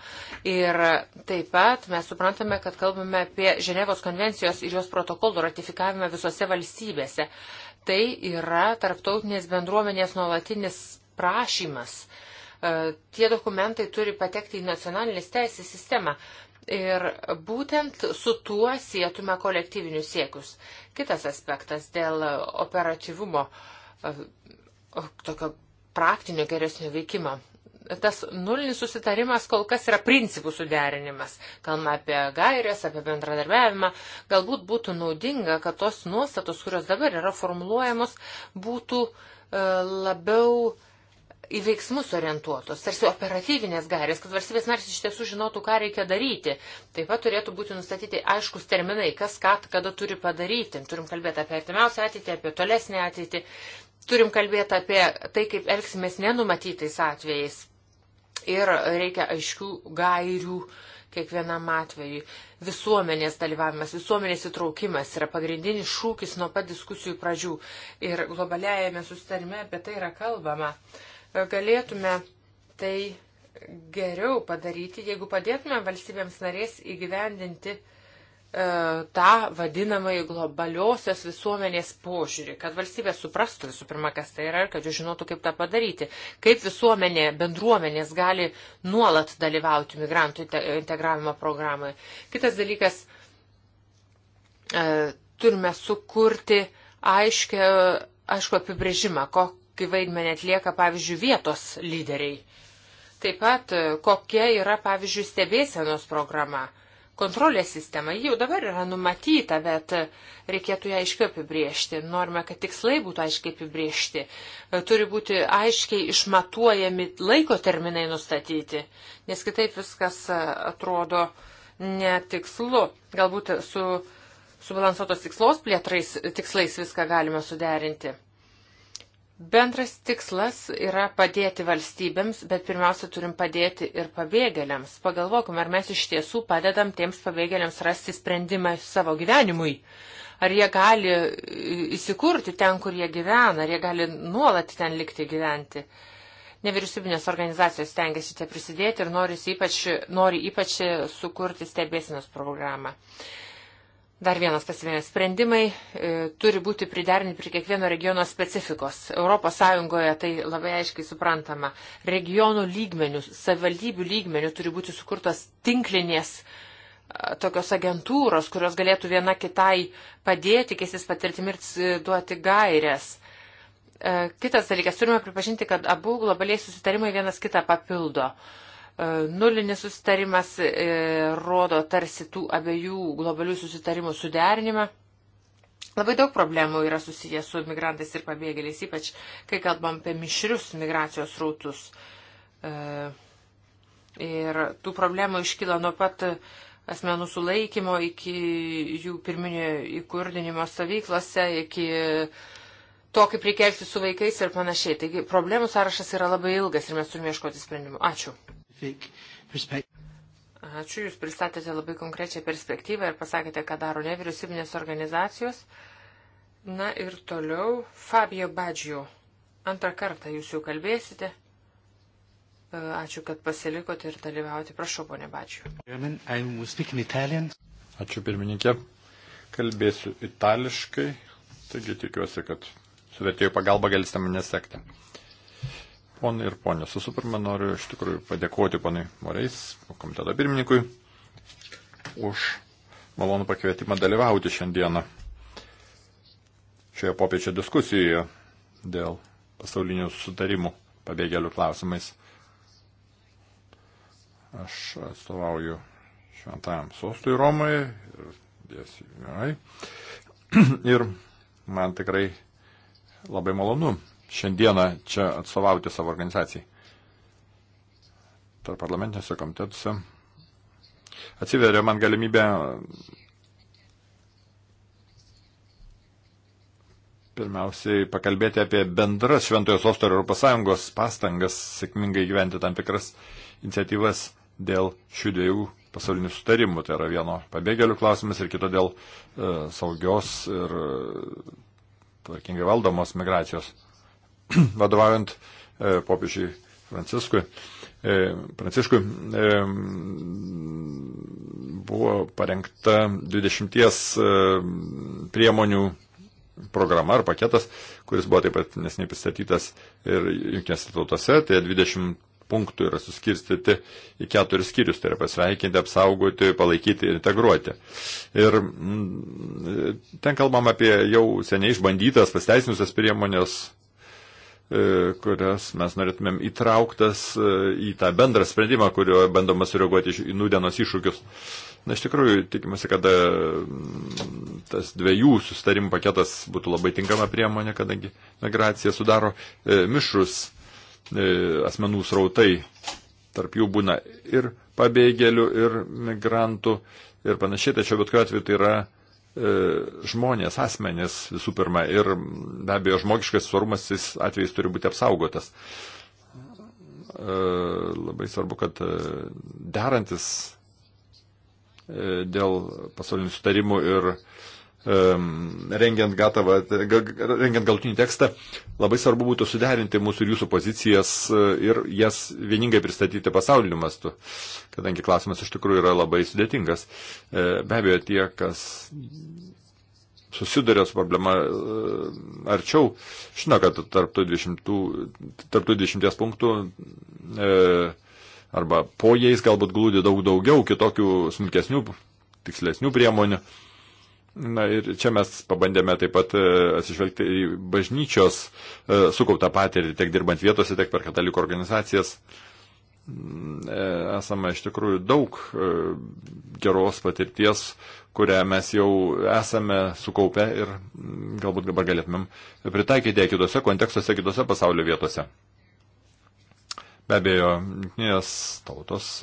B: Ir taip pat mes suprantame, kad kalbame apie Ženevos konvencijos ir jos protokolų ratifikavimą visose valstybėse. E, tai yra tarptautinės bendruomenės nuolatinis prašymas. E, tie dokumentai turi patekti į nacionalinės teisės sistemą. Ir būtent su tuo sėtume kolektyvinius siekius. Kitas aspektas dėl operatyvumo, e, tokio praktinio geresnio veikimo tas nulinis susitarimas kol kas yra principų suderinimas. Kalbame apie gairias, apie bendradarbiavimą. Galbūt būtų naudinga, kad tos nuostatos, kurios dabar yra formuluojamos, būtų e, labiau į veiksmus orientuotos, tarsi operatyvinės gairės, kad valstybės narys iš tiesų žinotų, ką reikia daryti. Taip pat turėtų būti nustatyti aiškus terminai, kas ką kada turi padaryti. Turim kalbėti apie artimiausią ateitį, apie tolesnį ateitį turim kalbėti apie tai, kaip elgsimės nenumatytais atvejais ir reikia aiškių gairių kiekvienam atvejui. Visuomenės dalyvavimas, visuomenės įtraukimas yra pagrindinis šūkis nuo pat diskusijų pradžių ir globaliajame sustarime apie tai yra kalbama. Galėtume tai geriau padaryti, jeigu padėtume valstybėms narės įgyvendinti uh, E, tą vadinamąjį globaliosios visuomenės požiūrį, kad valstybė suprastų visų pirma, kas tai yra ir kad jūs žinotų, kaip tą padaryti, kaip visuomenė, bendruomenės gali nuolat dalyvauti migrantų integravimo programoje. Kitas dalykas, e, turime sukurti aiškę, aišku apibrėžimą, kokį vaidmenį atlieka, pavyzdžiui, vietos lyderiai. Taip pat, e, kokia yra, pavyzdžiui, stebėsenos programa kontrolės sistema jau dabar yra numatyta, bet reikėtų ją aiškiai apibriežti. Norime, kad tikslai būtų aiškiai apibriežti. E, turi būti aiškiai išmatuojami laiko terminai nustatyti, nes kitaip viskas e, atrodo netikslu. Galbūt su subalansuotos tikslos plėtrais tikslais viską galima suderinti. Bendras tikslas yra padėti valstybėms, bet pirmiausia turim padėti ir pabėgėliams. Pagalvokime, ar mes iš tiesų padedam tiems pabėgėliams rasti sprendimą savo gyvenimui. Ar jie gali įsikurti ten, kur jie gyvena, ar jie gali nuolat ten likti gyventi. Nevyriausybinės organizacijos tengiasi čia prisidėti ir nori ypač, nori ypač sukurti stebėsinos programą. Uh, Dar vienas pasivienis. Sprendimai e, turi būti priderinti prie kiekvieno regiono specifikos. ES tai labai aiškiai suprantama. Regionų lygmenių, savivaldybių lygmenių turi būti sukurtos tinklinės e, tokios agentūros, kurios galėtų viena kitai padėti, keisis patirtimi ir duoti gairias. E, kitas dalykas, turime pripažinti, kad abu globaliai susitarimai vienas kitą papildo. E, Nulinis susitarimas e, rodo tarsi tų abiejų globalių susitarimų suderinimą. Labai daug problemų yra susijęs su migrantais ir pabėgėliais, ypač kai kalbam apie mišrius migracijos rautus. E, ir tų problemų iškyla nuo pat asmenų sulaikymo iki jų pirminio įkurdinimo stovyklose, iki to, kaip reikia elgtis su vaikais ir panašiai. Taigi problemų sąrašas yra labai ilgas ir mes turime ieškoti sprendimų. Ačiū.
A: Ačiū,
B: Jūs pristatėte labai konkrečią perspektyvą ir pasakėte, ką daro nevyriausybinės organizacijos. Na ir toliau Fabio Badžio. Antrą kartą Jūs jau kalbėsite. E, ačiū, kad pasilikote ir dalyvauti. Prašau, ponė Badžio.
A: Ačiū, pirmininkė. Kalbėsiu itališkai, taigi tikiuosi, kad su vertėjų pagalba galite mane sekti ponai ir ponios. Visų pirma, noriu iš tikrųjų padėkoti ponai Moreis, komiteto pirmininkui, už malonų pakvietimą dalyvauti šiandieną šioje popiečio diskusijoje dėl pasaulinių sutarimų pabėgėlių klausimais. Aš atstovauju šventajam sostui Romoje ir dėsiu. *clears throat* Ir man tikrai labai malonu šiandieną čia atstovauti savo organizacijai. Tarp parlamentinėse komitetuose atsiveria man galimybė pirmiausiai pakalbėti apie bendras Šventojo Sosto ir Europos Sąjungos pastangas sėkmingai gyventi tam tikras iniciatyvas dėl šių dviejų pasaulinių sutarimų. Tai yra vieno pabėgėlių klausimas ir kito dėl e, saugios ir e, tvarkingai valdomos migracijos. *clears throat* vadovaujant e, popiežiui Franciskui. Pranciškui e, e, buvo parengta 20 priemonių programa ar paketas, kuris buvo taip pat nesnei pristatytas ir jungtinėse tautose. Tai 20 punktų yra suskirstyti į keturis skyrius, tai yra pasveikinti, apsaugoti, palaikyti ir integruoti. Ir mm, ten kalbam apie jau seniai išbandytas, pasteisinusias priemonės E, kurias mes norėtumėm įtrauktas e, į tą bendrą sprendimą, kurio bandoma sureaguoti į nudenos iššūkius. Na, iš tikrųjų, tikimasi, kad e, tas dviejų sustarimų paketas būtų labai tinkama priemonė, kadangi migracija sudaro mišrus asmenų srautai. Tarp jų būna ir pabėgėlių, ir migrantų, ir panašiai. Tačiau bet kuriuo atveju tai yra E, žmonės, asmenės visų pirma ir be abejo žmogiškas svarumas jis atvejais turi būti apsaugotas. E, labai svarbu, kad e, derantis dėl pasaulinių sutarimų ir uh, rengiant, gatavą, rengiant galtinį tekstą, labai svarbu būtų suderinti mūsų ir jūsų pozicijas e, ir jas vieningai pristatyti pasauliniu mastu, kadangi klausimas iš tikrųjų yra labai sudėtingas. E, be abejo, tie, kas susiduria su problema e, arčiau, žino, kad tarptų 20, tarp 20 punktų arba po jais galbūt glūdi daug daugiau kitokių smulkesnių, tikslesnių priemonių. Na ir čia mes pabandėme taip pat e, atsižvelgti į bažnyčios e, sukauptą patirtį tiek dirbant vietose, tiek per katalikų organizacijas. Mm, e, esame iš tikrųjų daug geros patirties, kurią mes jau esame sukaupę ir mm, galbūt dabar galėtumėm pritaikyti kitose kontekstuose, kitose pasaulio vietose. Be abejo, nes tautos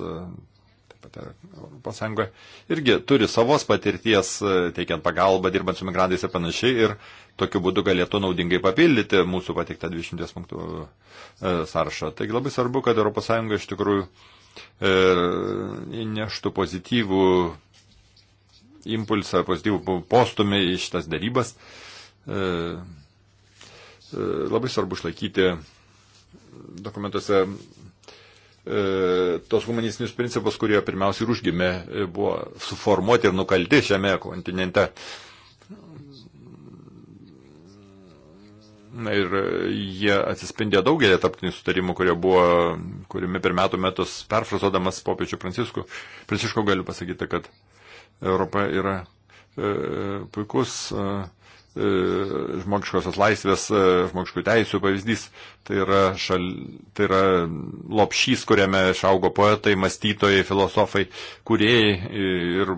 A: pati Europos Sąjunga irgi turi savos patirties e, teikiant pagalbą, dirbant su migrantais ir panašiai, ir tokiu būdu galėtų naudingai papildyti mūsų pateiktą 20 punktų e, sąrašą. Taigi labai svarbu, kad Europos Sąjunga iš tikrųjų e, įneštų pozityvų impulsą, pozityvų postumį į šitas darybas. Labai svarbu išlaikyti dokumentuose E, tos humanistinius principus, kurie pirmiausiai ir užgimė, e, buvo suformuoti ir nukalti šiame kontinente. Na ir jie atsispindė daugelį tarptinių sutarimų, kurie buvo, kuriami per metų metus perfrazuodamas popiečių Pranciškų. Pranciško galiu pasakyti, kad Europa yra e, puikus e, E, žmogiškosios laisvės, e, žmogiškų teisų pavyzdys. Tai yra, šal, tai yra lopšys, kuriame išaugo poetai, mąstytojai, filosofai, kuriejai ir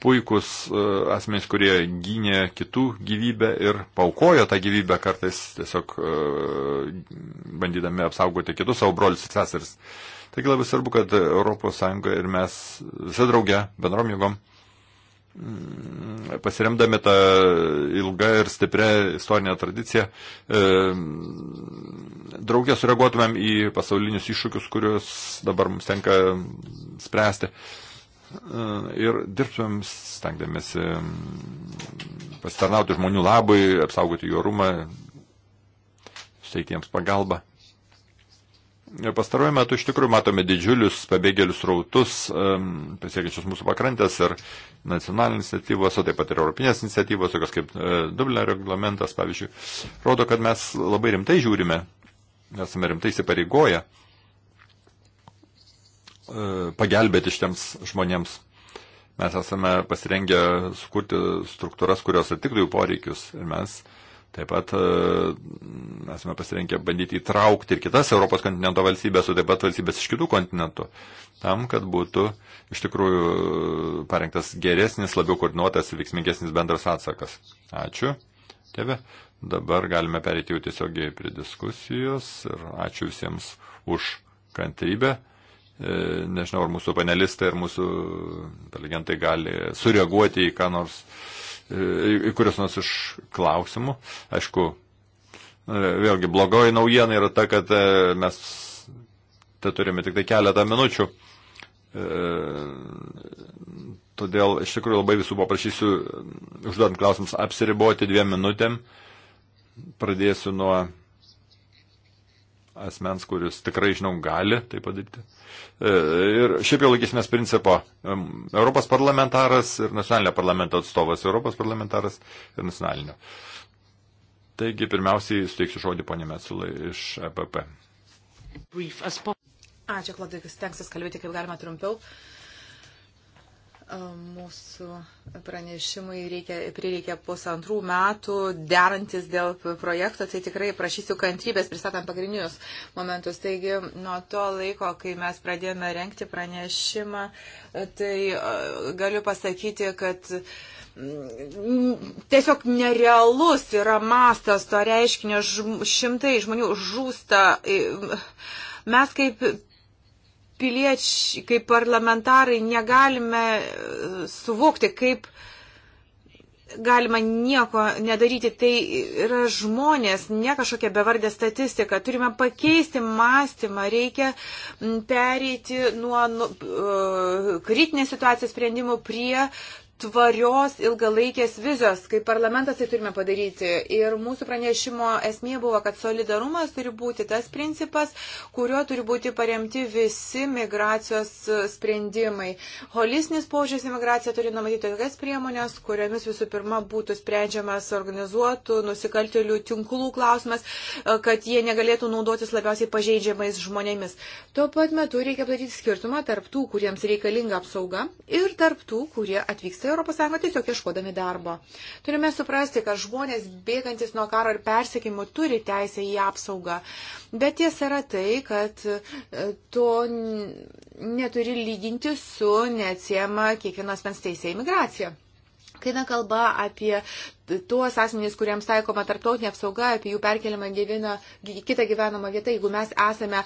A: puikus e, asmenys, kurie gynė kitų gyvybę ir paukojo tą gyvybę kartais tiesiog bandydami apsaugoti kitus savo brolius ir seseris. Taigi labai svarbu, kad ES ir mes visi drauge, bendrom jėgom, Mm, pasiremdami tą ilgą ir stiprią istorinę tradiciją, e, draugė sureaguotumėm į pasaulinius iššūkius, kuriuos dabar mums tenka spręsti. E, ir dirbtumėm stengdamėsi pasitarnauti žmonių labui, apsaugoti jų orumą, suteikti jiems pagalbą. Pastaruoju metu iš tikrųjų matome didžiulius pabėgėlių srautus um, pasiekiančius mūsų pakrantės ir nacionalinės iniciatyvos, o taip pat ir europinės iniciatyvos, tokios kaip e, Dublino reglamentas, pavyzdžiui, rodo, kad mes labai rimtai žiūrime, esame rimtai įsipareigoję e, pagelbėti šitiems žmonėms. Mes esame pasirengę sukurti struktūras, kurios atitiktų jų poreikius ir mes e, Taip pat e, esame pasirinkę bandyti įtraukti ir kitas Europos kontinento valstybės, o taip pat valstybės iš kitų kontinentų, tam, kad būtų iš tikrųjų e, parengtas geresnis, labiau koordinuotas ir veiksmingesnis bendras atsakas. Ačiū. Tėve, dabar galime perėti jau tiesiogiai prie diskusijos ir ačiū visiems už kantrybę e, nežinau, ar mūsų panelistai, ar mūsų inteligentai gali sureaguoti į ką nors į kurias nors iš klausimų. Aišku, vėlgi blogoji naujiena yra ta, kad e, mes tai turime tik tai keletą minučių. E, todėl iš tikrųjų labai visų paprašysiu, užduodant klausimus, apsiriboti dviem minutėm. Pradėsiu nuo asmens, kuris tikrai, žinau, gali tai padaryti. E, ir šiaip jau laikysimės principo, Europos parlamentaras ir nacionalinio parlamento atstovas, Europos parlamentaras ir nacionalinio. Taigi, pirmiausiai, suteiksiu žodį ponė Metsulai iš EPP.
C: Ačiū, Klaudai, kas tenksis kalbėti kaip galima trumpiau. Uh, Mūsų pranešimui reikia, prireikia pusantrų metų derantis dėl projekto, tai tikrai prašysiu kantrybės pristatant pagrindinius momentus. Taigi, nuo to laiko, kai mes pradėjome renkti pranešimą, tai e, galiu pasakyti, kad mm, tiesiog nerealus yra mastas to reiškinio, šimtai žmonių žūsta. Mes kaip piliečiai, kaip parlamentarai negalime e, suvokti, kaip galima nieko nedaryti. Tai yra žmonės, ne kažkokia bevardė statistika. Turime pakeisti mąstymą, reikia pereiti nuo uh, kritinės situacijos sprendimų prie tvarios ilgalaikės vizijos, kaip parlamentas tai turime padaryti. Ir mūsų pranešimo esmė buvo, kad solidarumas turi būti tas principas, kuriuo turi būti paremti visi migracijos sprendimai. Holisnis požiūris į migraciją turi numatyti tokias priemonės, kuriomis visų pirma būtų sprendžiamas organizuotų nusikaltėlių tinklų klausimas, kad jie negalėtų naudotis labiausiai pažeidžiamais žmonėmis. Tuo pat metu reikia platyti skirtumą tarp tų, kuriems reikalinga apsauga ir tarp tų, kurie atvyksta į ES tiesiog ieškodami darbo. Turime suprasti, kad žmonės bėgantis nuo karo ir persekimų turi teisę į apsaugą. Bet tiesa yra tai, kad e, to neturi lyginti su neatsiema kiekvienos mens teisė imigracija. Kai na kalba apie tuos asmenys, kuriems taikoma tarptautinė apsauga, apie jų perkeliamą gyvina, kitą gyvenamą vietą, jeigu mes esame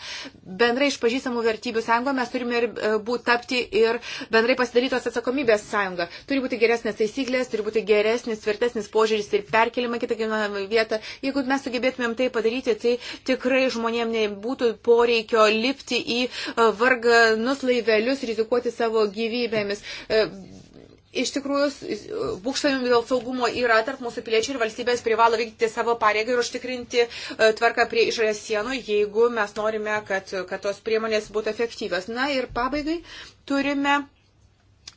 C: bendrai išpažįstamų vertybių sąjunga, mes turime ir e, būti tapti ir bendrai pasidalytos atsakomybės sąjunga. Turi būti geresnės taisyklės, turi būti geresnis, tvirtesnis požiūris ir perkeliamą kitą gyvenamą vietą. Jeigu mes sugebėtumėm tai padaryti, tai tikrai žmonėm nebūtų poreikio lipti į e, varganus laivelius, rizikuoti savo gyvybėmis. E, iš tikrųjų būkštavimų dėl saugumo yra tarp mūsų piliečių ir valstybės privalo vykdyti savo pareigą ir užtikrinti e, tvarką prie išorės sienų, jeigu mes norime, kad, kad tos priemonės būtų efektyvios. Na ir pabaigai turime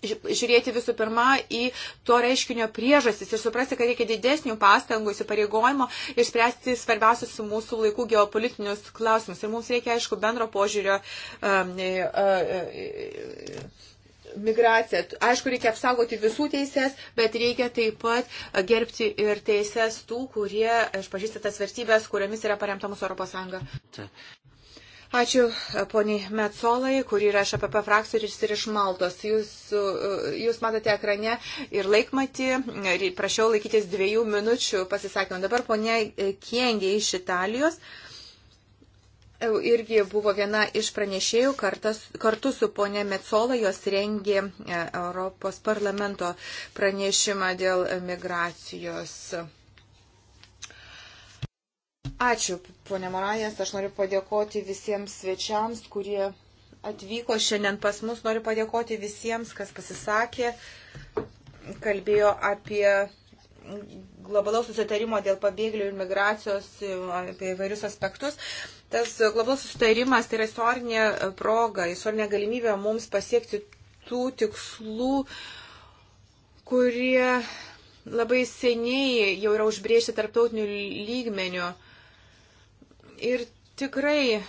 C: žiūrėti visų pirma į to reiškinio priežastis ir suprasti, kad reikia didesnių pastangų, įsipareigojimo ir spręsti svarbiausius mūsų laikų geopolitinius klausimus. Ir mums reikia, aišku, bendro požiūrio. Um, uh, uh, uh, migraciją. Aišku, reikia apsaugoti visų teises, bet reikia taip pat gerbti ir teises tų, kurie išpažįsta tas vertybės, kuriomis yra paremta mūsų Europos Sąjunga. Ačiū poniai Metsolai, kuri yra iš APP frakcijų ir iš Maltos. Jūs, jūs matote ekrane ir laikmatį. Prašiau laikytis dviejų minučių pasisakymą. Dabar ponia Kiengė iš Italijos. Uh, irgi buvo viena iš pranešėjų kartas, kartu su ponė Metsola, jos rengė e, Europos parlamento pranešimą dėl migracijos. Ačiū, ponė Morajas, aš noriu padėkoti visiems svečiams, kurie atvyko šiandien pas mus, noriu padėkoti visiems, kas pasisakė, kalbėjo apie globalaus susitarimo dėl pabėgėlių ir migracijos, apie įvairius aspektus. Tas globos sustarimas tai yra istorinė proga, istorinė galimybė mums pasiekti tų tikslų, kurie labai seniai jau yra užbriežti tarptautinių lygmenių. Ir tikrai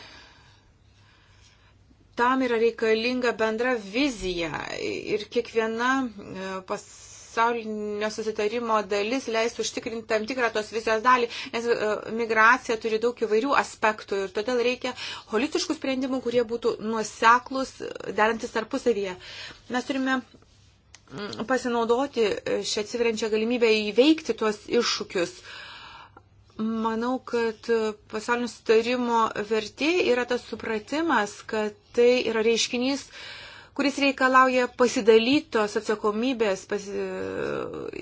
C: tam yra reikalinga bendra vizija ir kiekviena e, pas pasaulinio susitarimo dalis leis užtikrinti tam tikrą tos vizijos dalį, nes e, migracija turi daug įvairių aspektų ir todėl reikia holistiškų sprendimų, kurie būtų nuoseklus, e, derantis tarpusavyje. Mes turime
A: mm,
C: pasinaudoti e, šią atsiveriančią galimybę įveikti tuos iššūkius. Manau, kad pasaulinio sutarimo vertė yra tas supratimas, kad tai yra reiškinys, uh, kuris reikalauja pasidalytos atsakomybės pasi...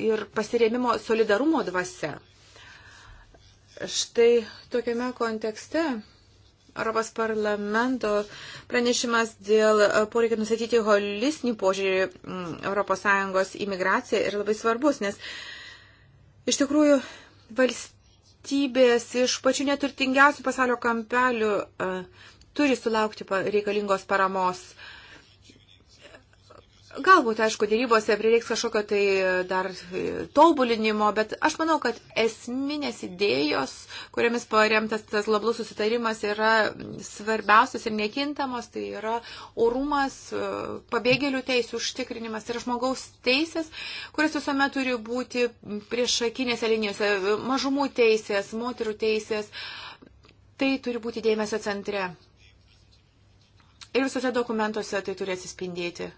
C: ir pasiremimo solidarumo dvasia. Štai tokiame kontekste Europos parlamento pranešimas dėl e, poreikio nusatyti holistinį požiūrį ES imigraciją yra labai svarbus, nes iš tikrųjų valstybės iš pačių neturtingiausių pasaulio kampelių e, turi sulaukti reikalingos paramos. Uh, Galbūt, aišku, dėrybose prireiks kažkokio tai dar e, tobulinimo, bet aš manau, kad esminės idėjos, kuriamis paremtas tas lablus susitarimas, yra svarbiausios ir nekintamos, tai yra orumas, e, pabėgėlių teisų užtikrinimas ir žmogaus teisės, kurias visuomet turi būti priešakinėse linijose, e, mažumų teisės, moterų teisės, tai turi būti dėmesio centre. Ir visose dokumentuose tai turi atsispindėti.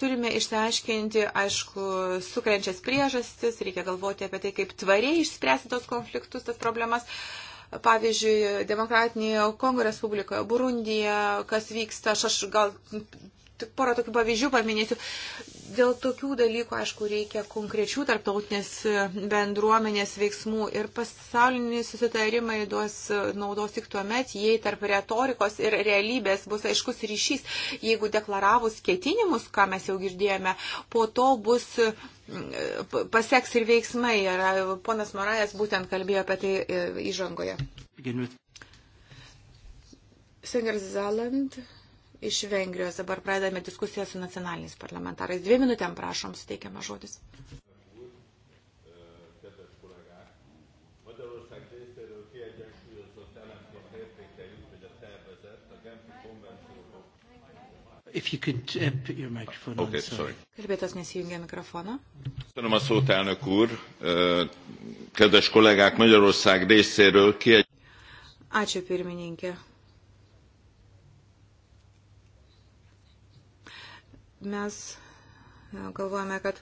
C: Turime išsiaiškinti, aišku, sukrenčias priežastis, reikia galvoti apie tai, kaip tvariai išspręsti tos konfliktus, tas problemas. Pavyzdžiui, Demokratinėje Kongo Respublikoje, Burundija, kas vyksta, aš, aš gal tik porą tokių pavyzdžių paminėsiu. Dėl tokių dalykų, aišku, reikia konkrečių tarptautinės bendruomenės veiksmų ir pasauliniai susitarimai duos naudos tik tuo met, jei tarp retorikos ir realybės bus aiškus ryšys. Jeigu deklaravus ketinimus, ką mes jau girdėjome, po to bus mm, paseks ir veiksmai. Ir ponas Morajas būtent kalbėjo apie tai e, įžangoje. Sengar Zaland iš Vengrijos. Dabar pradedame diskusiją su nacionaliniais parlamentarais. Dvi minutėm prašom, suteikiama žodis. Could, uh, okay, sorry. Kalbėtas nesijungia mikrofoną.
A: Köszönöm a szót, elnök úr. Kedves kollégák, Magyarország részéről ki egy...
C: Ačiū pirmininkė. mes galvojame, kad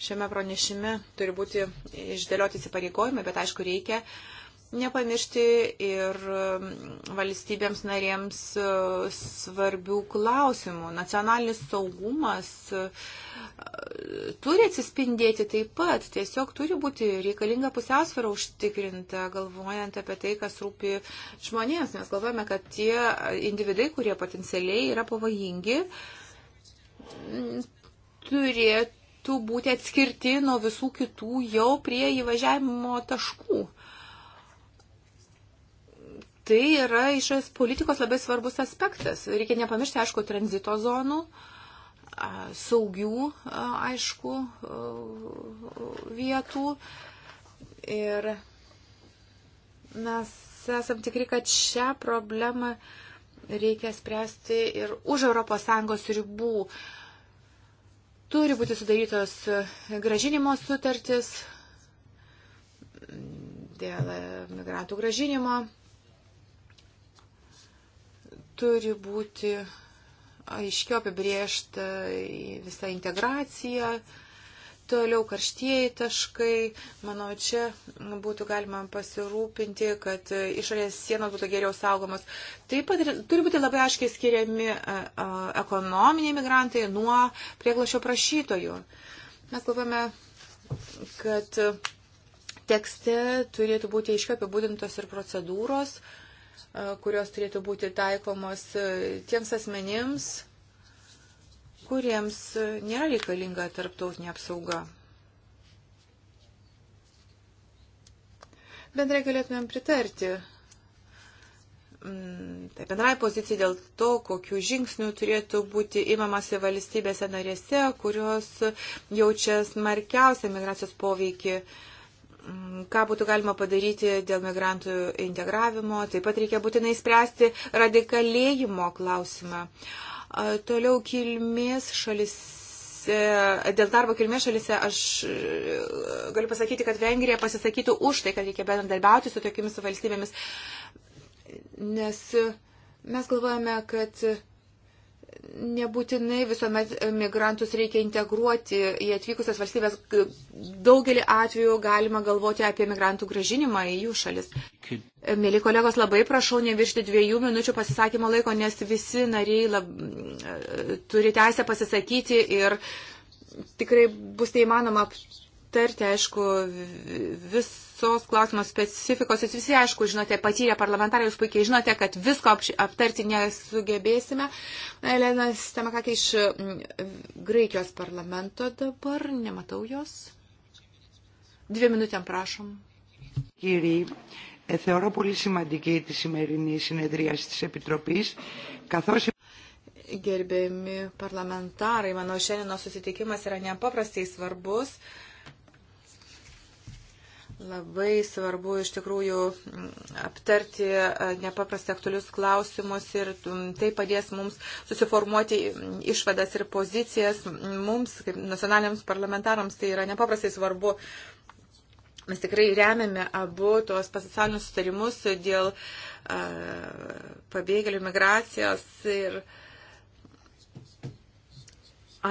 C: šiame pranešime turi būti išdėlioti įsipareigojimai, bet aišku reikia uh, nepamiršti ir um, valstybėms narėms uh, svarbių klausimų. Nacionalinis saugumas uh, turi atsispindėti taip pat, tiesiog turi būti reikalinga pusiausvėra užtikrinta, galvojant apie tai, kas rūpi žmonėms. Mes galvojame, kad tie individai, kurie potencialiai yra pavojingi, turėtų būti atskirti nuo visų kitų jau prie įvažiavimo taškų tai yra išorės politikos labai svarbus aspektas. Reikia nepamiršti, aišku, tranzito zonų, saugių, aišku, vietų. Ir mes esam tikri, kad šią problemą reikia spręsti ir už ES ribų. Turi būti sudarytos gražinimo sutartis dėl migrantų gražinimo turi būti aiškiau apibriešta visa integracija, toliau karštieji taškai. Manau, čia būtų galima pasirūpinti, kad išorės sienos būtų geriau saugomos. Taip pat turi būti labai aiškiai skiriami ekonominiai migrantai nuo prieglašio prašytojų. Mes kalbame, kad tekste turėtų būti aiškiai apibūdintos ir procedūros, uh, E, kurios turėtų būti taikomos e, tiems asmenims, kuriems e, nėra reikalinga tarptautinė apsauga. Bendrai galėtumėm pritarti mm, tai bendrai pozicija dėl to, kokiu žingsniu turėtų būti imamasi valstybėse narėse, kurios jaučia smarkiausią migracijos poveikį uh, ką būtų galima padaryti dėl migrantų integravimo, taip pat reikia būtinai spręsti radikalėjimo klausimą. Toliau kilmės šalis. Dėl darbo kilmės šalise aš e, galiu pasakyti, kad Vengrija pasisakytų už tai, kad reikia bendradarbiauti su tokiamis valstybėmis, nes mes galvojame, kad nebūtinai visuomet migrantus reikia integruoti į atvykusias valstybės. Daugelį atvejų galima galvoti apie migrantų gražinimą į jų šalis. Mėly kolegos, labai prašau neviršti dviejų minučių pasisakymo laiko, nes visi nariai lab, e, turi teisę pasisakyti ir tikrai bus neįmanoma aptarti, aišku, vis visos klausimo specifikos, jūs visi aišku žinote, patyrę parlamentarai, jūs puikiai žinote, kad visko aptarti nesugebėsime. Elena Stamakakė iš mm, Graikijos parlamento dabar, nematau jos. Dvi minutėm prašom.
B: Kyriai, θεωρώ πολύ σημαντική τη σημερινή συνεδρίαση της Επιτροπής, καθώς...
C: Gerbiami parlamentarai, manau, šiandienos susitikimas yra nepaprastai svarbus. Uh, Labai svarbu iš tikrųjų mm, aptarti e, nepaprastai aktualius klausimus ir mm, tai padės mums susiformuoti mm, išvadas ir pozicijas. Mums, kaip nacionaliniams parlamentarams, tai yra nepaprastai svarbu. Mes tikrai remiame abu tuos pasisavinius sutarimus dėl uh, pabėgėlių migracijos ir uh,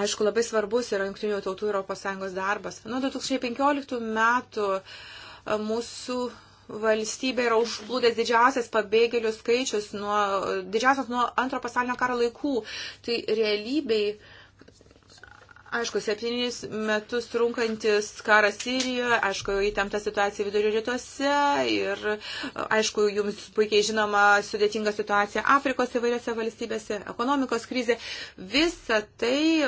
C: Aišku, labai svarbus yra Junktinių tautų Europos Sąjungos darbas. Nuo 2015 metų mūsų valstybė yra užplūdęs didžiausias pabėgėlių skaičius, nuo, didžiausias nuo antro pasaulinio karo laikų. Tai realybei, aišku, septynis metus trunkantis karas Sirijoje, aišku, įtempta situacija vidurio rytuose ir, aišku, jums puikiai žinoma sudėtinga situacija Afrikos įvairiose valstybėse, ekonomikos krizė. Visa tai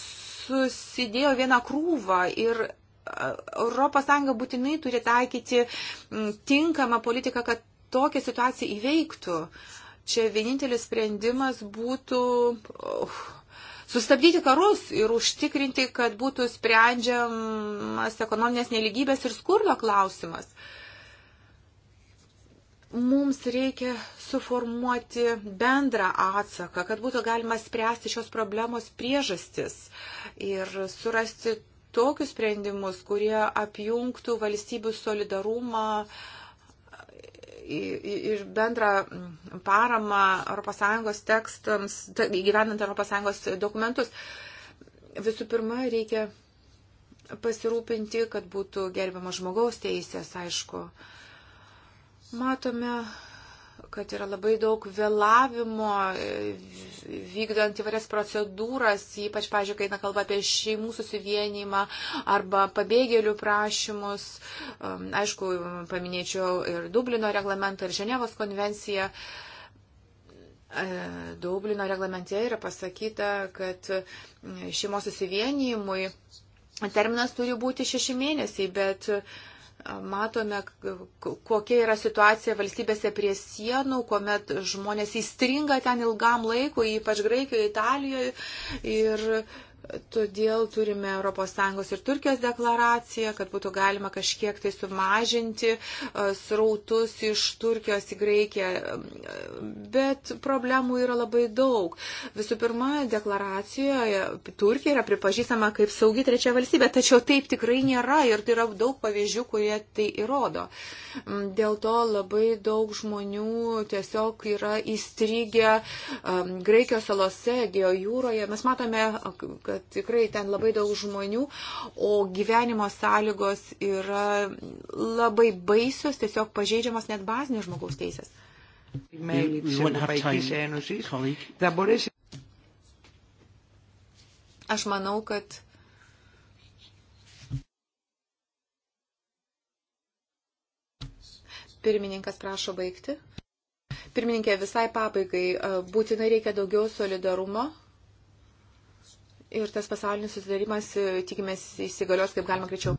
C: susidėjo vieną krūvą ir ES būtinai turi taikyti mm, tinkamą politiką, kad tokią situaciją įveiktų. Čia vienintelis sprendimas būtų. Uh, sustabdyti karus ir užtikrinti, kad būtų sprendžiamas ekonominės neligybės ir skurdo klausimas. Mums reikia suformuoti bendrą atsaką, kad būtų galima spręsti šios problemos priežastis ir surasti tokius sprendimus, kurie apjungtų valstybių solidarumą ir bendrą mm, paramą ES tekstams, gyvenant ES dokumentus. Visų pirma, reikia pasirūpinti, kad būtų gerbiamas žmogaus teisės, aišku. Matome kad yra labai daug vėlavimo e, vykdant įvairias procedūras, ypač, pažiūrėjau, kai eina kalba apie šeimų susivienimą arba pabėgėlių prašymus. Um, aišku, paminėčiau ir Dublino reglamentą, ir Ženevos konvenciją. E, Dublino reglamente yra pasakyta, kad mm, šeimos susivienimui terminas turi būti šeši mėnesiai, bet uh, matome, kokia yra situacija valstybėse prie sienų, kuomet žmonės įstringa ten ilgam laikui, ypač Graikijoje, Italijoje. Ir Todėl turime ES ir Turkijos deklaraciją, kad būtų galima kažkiek tai sumažinti e, srautus iš Turkijos į Graikiją. Bet problemų yra labai daug. Visų pirma, deklaracijoje Turkija yra pripažįstama kaip saugi trečia valstybė, tačiau taip tikrai nėra ir tai yra daug pavyzdžių, kurie tai įrodo. Mm, dėl to labai daug žmonių tiesiog yra įstrigę Graikijos salose, Geo jūroje. Mes matome, kad tikrai ten labai daug žmonių, o gyvenimo sąlygos yra labai baisios, tiesiog pažeidžiamas net bazinės žmogaus teisės. Aš manau, kad Pirmininkas prašo baigti. Pirmininkė, visai pabaigai būtinai reikia daugiau solidarumo Ir tas pasaulinis susidarimas, e, tikimės, įsigalios kaip galima greičiau.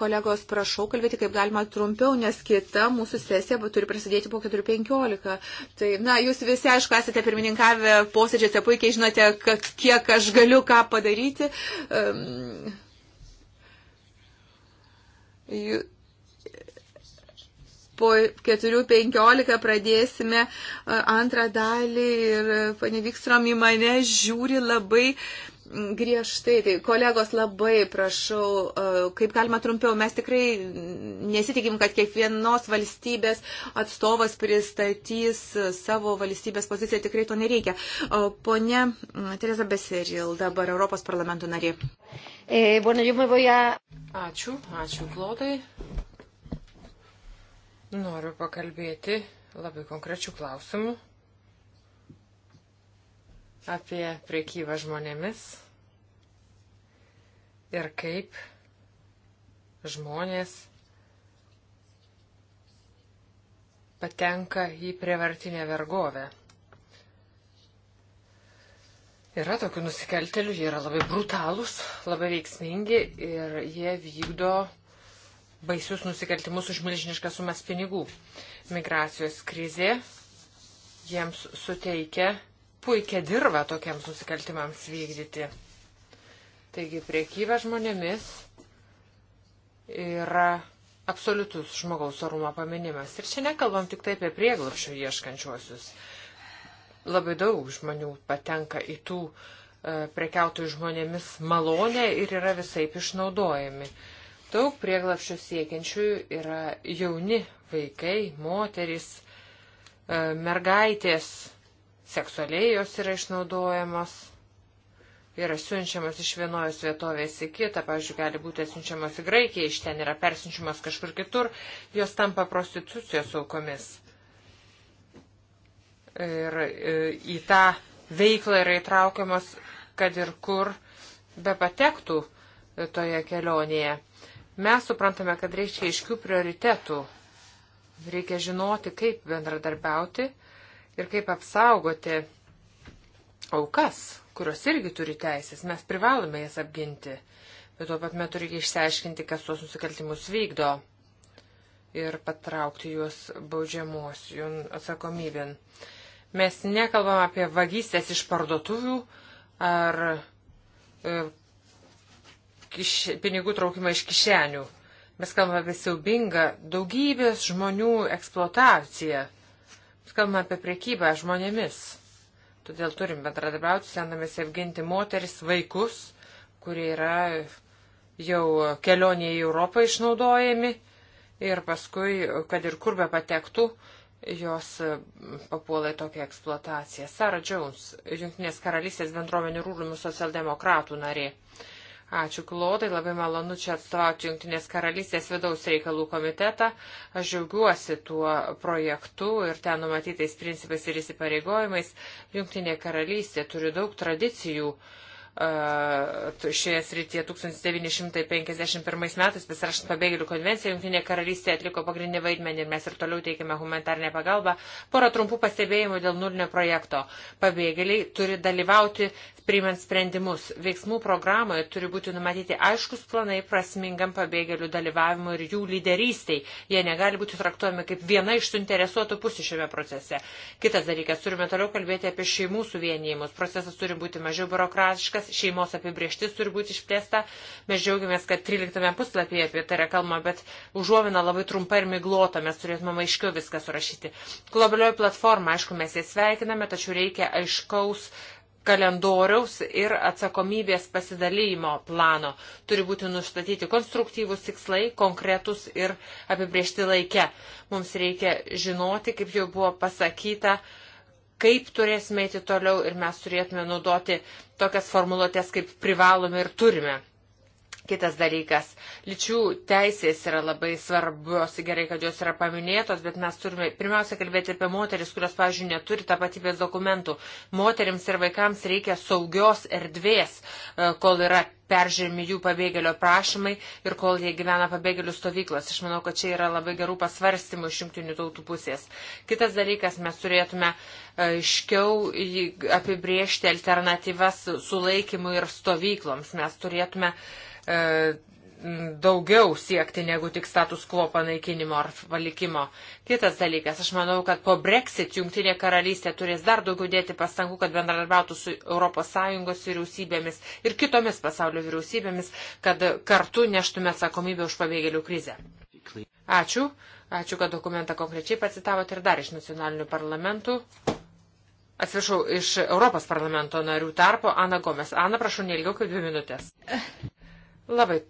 C: Kolegos, prašau kalbėti kaip galima trumpiau, nes kita mūsų sesija turi prasidėti po 4.15. Tai, na, jūs visi, aišku, esate pirmininkavę posėdžiuose, puikiai žinote, kad, kiek aš galiu ką padaryti. Um, jų po 4.15 pradėsime e, antrą dalį ir e, pane Vikstrom į mane žiūri labai griežtai. Tai kolegos, labai prašau, e, kaip galima trumpiau, mes tikrai nesitikim, kad kiekvienos valstybės atstovas pristatys savo valstybės poziciją, tikrai to nereikia. E, Pone Teresa Beseril, dabar Europos parlamento narė. E, bueno, a...
B: Ačiū, ačiū, Klodai. Noriu pakalbėti labai konkrečių klausimų apie priekybą žmonėmis ir kaip žmonės patenka į prievartinę vergovę. Yra tokių nusikaltelių, jie yra labai brutalūs, labai veiksmingi ir jie vykdo baisius nusikaltimus už milžiniškas sumas pinigų. Migracijos krizė jiems suteikia puikia dirba tokiems nusikaltimams vykdyti. Taigi priekyba žmonėmis yra absoliutus žmogaus orumo paminimas. Ir čia nekalbam tik tai apie prieglapšio ieškančiuosius. Labai daug žmonių patenka į tų e, prekiautojų žmonėmis malonę ir yra visai išnaudojami. Daug prieglapšio siekiančiųjų yra jauni vaikai, moterys, e, mergaitės, seksualiai jos yra išnaudojamos, yra siunčiamas iš vienojos vietovės į kitą, pavyzdžiui, gali būti siunčiamas į Graikiją, iš ten yra persiunčiamas kažkur kitur, jos tampa prostitucijos aukomis. Ir e, į tą veiklą yra įtraukiamas, kad ir kur be patektų e, toje kelionėje. Mes suprantame, kad reikia iškių prioritetų. Reikia žinoti, kaip bendradarbiauti ir kaip apsaugoti aukas, kurios irgi turi teisės. Mes privalome jas apginti, bet tuo pat metu reikia išsiaiškinti, kas tuos nusikaltimus vykdo ir patraukti juos baudžiamos jų atsakomybėn. Mes nekalbam apie vagystės iš parduotuvių ar e, kiš, pinigų traukimą iš kišenių. Mes kalbame apie siaubingą daugybės žmonių eksploataciją Kalbame apie priekybą žmonėmis. Todėl turim bendradarbiauti, sendamės apginti moteris, vaikus, kurie yra jau kelionėje į Europą išnaudojami ir paskui, kad ir kur be patektų, jos papuola į tokią eksploataciją. Sara Jones, Junktinės karalystės bendruomenių rūmų socialdemokratų narė. Ačiū Klodai, labai malonu čia atstovauti Junktinės karalystės vidaus reikalų komitetą. Aš džiaugiuosi tuo projektu ir ten numatytais principais ir įsipareigojimais. Junktinė karalystė turi daug tradicijų uh, šioje srityje 1951 metais pasirašant pabėgėlių konvenciją, Junktinė karalystė atliko pagrindinį vaidmenį ir mes ir toliau teikiame humanitarnę pagalbą. Porą trumpų pastebėjimų dėl nulinio projekto. Pabėgėliai turi dalyvauti priimant sprendimus. Veiksmų programoje turi būti numatyti aiškus planai prasmingam pabėgėlių dalyvavimui ir jų lyderystiai. Jie negali būti traktuojami kaip viena iš suinteresuotų pusių šiame procese. Kitas dalykas, turime toliau kalbėti apie šeimų suvienijimus. Procesas turi būti mažiau biurokratiškas šeimos apibrieštis turi būti išplėsta. Mes džiaugiamės, kad 13 puslapyje apie tai yra kalbama, bet užuomina labai trumpa ir miglota, mes turėtume aiškiau viską surašyti. Globalioji platforma, aišku, mes ją sveikiname, tačiau reikia aiškaus kalendoriaus ir atsakomybės pasidalymo plano. Turi būti nustatyti konstruktyvūs tikslai, konkretus ir apibriešti laike. Mums reikia žinoti, kaip jau buvo pasakyta, uh, kaip turėsime eiti toliau ir mes turėtume naudoti tokias formuluotės, kaip privalome ir turime. Kitas dalykas, lyčių teisės yra labai svarbios, gerai, kad jos yra paminėtos, bet mes turime pirmiausia kalbėti apie moteris, kurios, pavyzdžiui, neturi tapatybės dokumentų. Moterims ir vaikams reikia saugios erdvės, e, kol yra peržiūrimi jų pabėgėlio prašymai ir kol jie gyvena pabėgėlių stovyklas. Aš manau, kad čia yra labai gerų pasvarstymų iš jungtinių tautų pusės. Kitas dalykas, mes turėtume e, aiškiau apibriežti alternatyvas sulaikymui ir stovykloms. Mes turėtume uh, E, daugiau siekti negu tik status quo panaikinimo ar palikimo. Kitas dalykas, aš manau, kad po Brexit Junktinė karalystė turės dar daugiau dėti pastangų, kad bendradarbiautų su ES vyriausybėmis ir kitomis pasaulio vyriausybėmis, kad kartu neštume atsakomybę už pabėgėlių krizę. Ačiū. Ačiū, kad dokumentą konkrečiai pacitavote ir dar iš nacionalinių parlamentų. Atsiprašau, iš Europos parlamento narių tarpo Ana Gomes. Ana, prašau, neilgiau kaip dvi minutės. Eh, Labai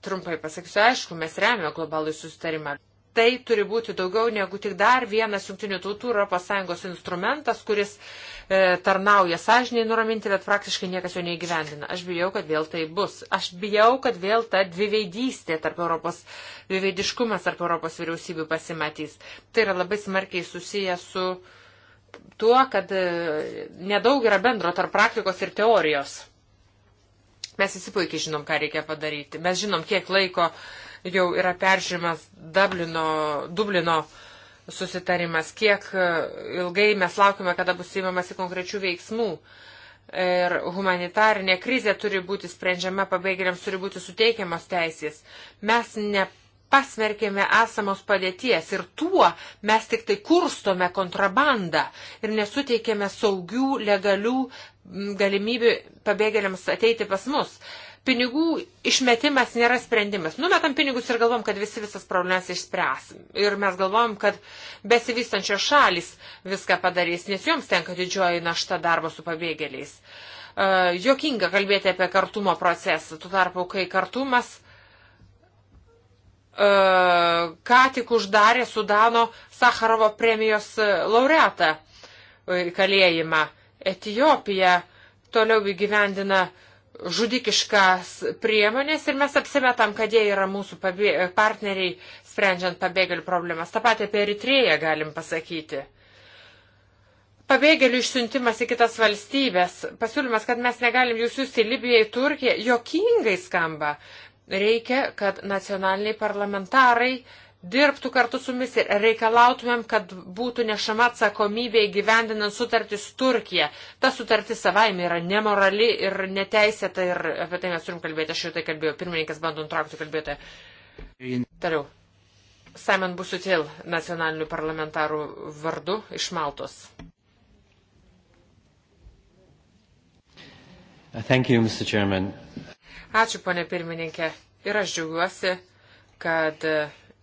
B: trumpai pasakysiu, aišku, mes remiame globalų sustarimą. Tai turi būti daugiau negu tik dar vienas Junktinių tautų Europos Sąjungos instrumentas, kuris e, tarnauja sąžiniai nuraminti, bet praktiškai niekas jo neįgyvendina. Aš bijau, kad vėl tai bus. Aš bijau, kad vėl ta dviveidystė tarp Europos, dviveidiškumas tarp Europos vyriausybių pasimatys. Tai yra labai smarkiai susiję su tuo, kad e, nedaug yra bendro tarp praktikos ir teorijos. Mes visi puikiai žinom, ką reikia padaryti. Mes žinom, kiek laiko jau yra peržiūrimas Dublino, Dublino susitarimas, kiek e, ilgai mes laukime, kada bus įmamasi konkrečių veiksmų. Ir humanitarinė krizė turi būti sprendžiama, pabėgėliams turi būti suteikiamos teisės. Mes ne pasmerkėme esamos padėties ir tuo mes tik tai kurstome kontrabandą ir nesuteikėme saugių, legalių galimybių pabėgėliams ateiti pas mus. Pinigų išmetimas nėra sprendimas. Numetam pinigus ir galvom, kad visi visas problemas išspręs. Ir mes galvom, kad besivystančios šalis viską padarys, nes joms tenka didžioji našta darbo su pabėgėliais. Uh, jokinga kalbėti apie kartumo procesą. Tuo tarpu, kai kartumas E, ką tik uždarė Sudano Sakarovo premijos e, laureatą e, kalėjimą. Etijopija toliau įgyvendina žudikiškas priemonės ir mes apsimetam, kad jie yra mūsų partneriai sprendžiant pabėgėlių problemas. Ta pati apie Eritrėją galim pasakyti. Pabėgėlių išsiuntimas į kitas valstybės, pasiūlymas, kad mes negalim jų siūsti į Libiją, į Turkiją, jokingai skamba. Reikia, kad nacionaliniai parlamentarai dirbtų kartu su mumis ir reikalautumėm, kad būtų nešama atsakomybė įgyvendinant sutartį su Turkija. Ta sutartis savaime yra nemorali ir neteisėta ir apie tai mes turim kalbėti. Aš jau tai kalbėjau. Pirmininkas bando nutraukti kalbėtoją. Toliau. Simon Busutil, nacionalinių parlamentarų vardu iš Maltos.
A: Thank you, Mr. Chairman.
B: Ačiū, ponė pirmininkė. Ir aš džiaugiuosi, kad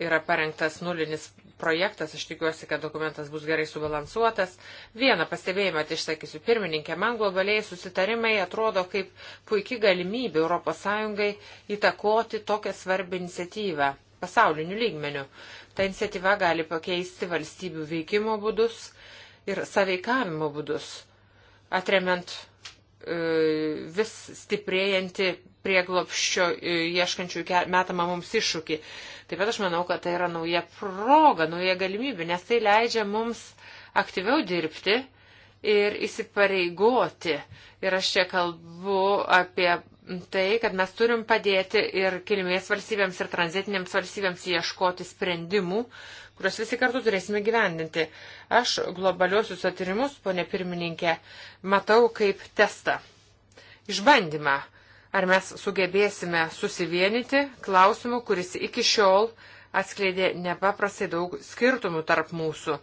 B: yra parengtas nulinis projektas. Aš tikiuosi, kad dokumentas bus gerai subalansuotas. Vieną pastebėjimą tai išsakysiu pirmininkė. Man globaliai susitarimai atrodo kaip puikia galimybė ES įtakoti tokią svarbią iniciatyvą pasauliniu lygmeniu. Ta iniciatyva gali pakeisti valstybių veikimo būdus ir saveikavimo būdus, atremiant e, vis stiprėjantį prieglopščio e, ieškančių metamą mums iššūkį. Taip pat aš manau, kad tai yra nauja proga, nauja galimybė, nes tai leidžia mums aktyviau dirbti ir įsipareigoti. Ir aš čia kalbu apie tai, kad mes turim padėti ir kilmės valstybėms, ir tranzitinėms valstybėms ieškoti sprendimų, kuriuos visi kartu turėsime gyvendinti. Aš globaliuosius atyrimus, ponė pirmininkė, matau kaip testą. Išbandymą ar mes sugebėsime susivienyti klausimu, kuris iki šiol atskleidė nepaprastai daug skirtumų tarp mūsų.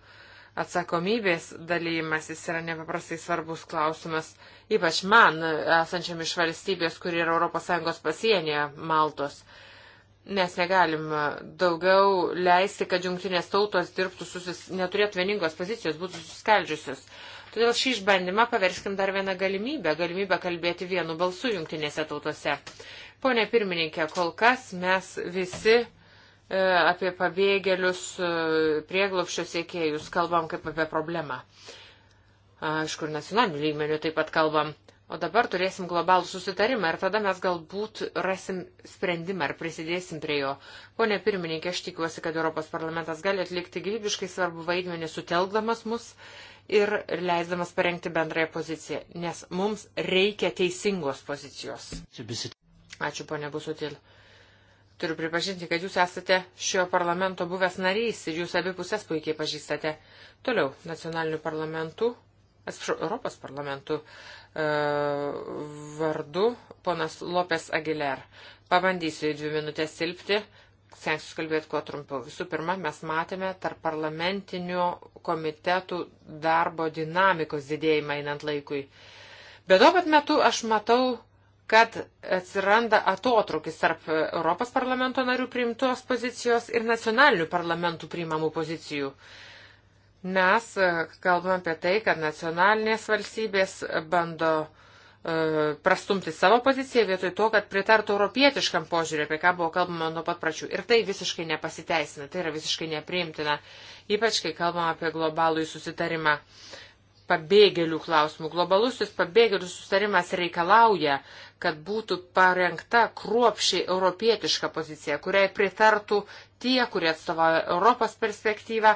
B: Atsakomybės dalymasis yra nepaprastai svarbus klausimas, ypač man, esančiam iš valstybės, kuri yra ES pasienėje Maltos. Nes negalim daugiau leisti, kad jungtinės tautos dirbtų, susis... neturėtų vieningos pozicijos, būtų susiskaldžiusios. Todėl šį išbandymą paverskim dar vieną galimybę, galimybę kalbėti vienu balsu jungtinėse tautose. Pone pirmininkė, kol kas mes visi e, apie pabėgėlius, e, prieglopščio siekėjus kalbam kaip apie problemą. Aišku, ir nacionalinių lygmenių taip pat kalbam. O dabar turėsim globalų susitarimą ir tada mes galbūt rasim sprendimą ar prisidėsim prie jo. Pone pirmininkė, aš tikiuosi, kad Europos parlamentas gali atlikti gyvybiškai svarbu vaidmenį sutelkdamas mus ir leisdamas parengti bendrąją poziciją, nes mums reikia teisingos pozicijos. Ačiū, ponė Busutil. Turiu pripažinti, kad jūs esate šio parlamento buvęs narys ir jūs abi pusės puikiai pažįstate. Toliau, nacionalinių parlamentų, atsiprašau, Europos parlamentų E, vardu ponas Lopes Aguiler. Pabandysiu į dvi minutės silpti, stengsiu kalbėti kuo trumpiau. Visų pirma, mes matėme tarp parlamentinių komitetų darbo dinamikos didėjimą einant laikui. Bet tuo pat metu aš matau, kad atsiranda atotrukis tarp Europos parlamento narių priimtos pozicijos ir nacionalinių parlamentų priimamų pozicijų. Uh, Mes e, kalbame apie tai, kad nacionalinės valstybės bando e, prastumti savo poziciją vietoj to, kad pritartų europietiškam požiūriu, apie ką buvo kalbama nuo pat pračių. Ir tai visiškai nepasiteisina, tai yra visiškai nepriimtina, ypač kai kalbama apie globalų susitarimą pabėgėlių klausimų. Globalusis pabėgėlių susitarimas reikalauja, kad būtų parengta kruopšiai europietiška pozicija, kuriai pritartų tie, kurie atstovauja Europos perspektyvą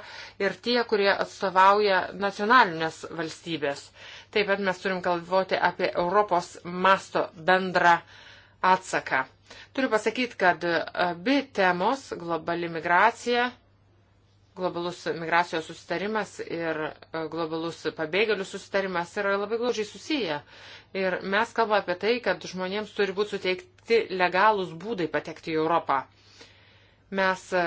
B: ir tie, kurie atstovauja nacionalinės valstybės. Taip pat mes turim kalbėti apie Europos masto bendrą atsaką. Turiu pasakyti, kad abi temos - globali migracija, globalus migracijos sustarimas ir e, globalus pabėgėlių sustarimas yra labai glaudžiai susiję. Ir mes kalbame apie tai, kad žmonėms turi būti suteikti legalūs būdai patekti į Europą. Mes e,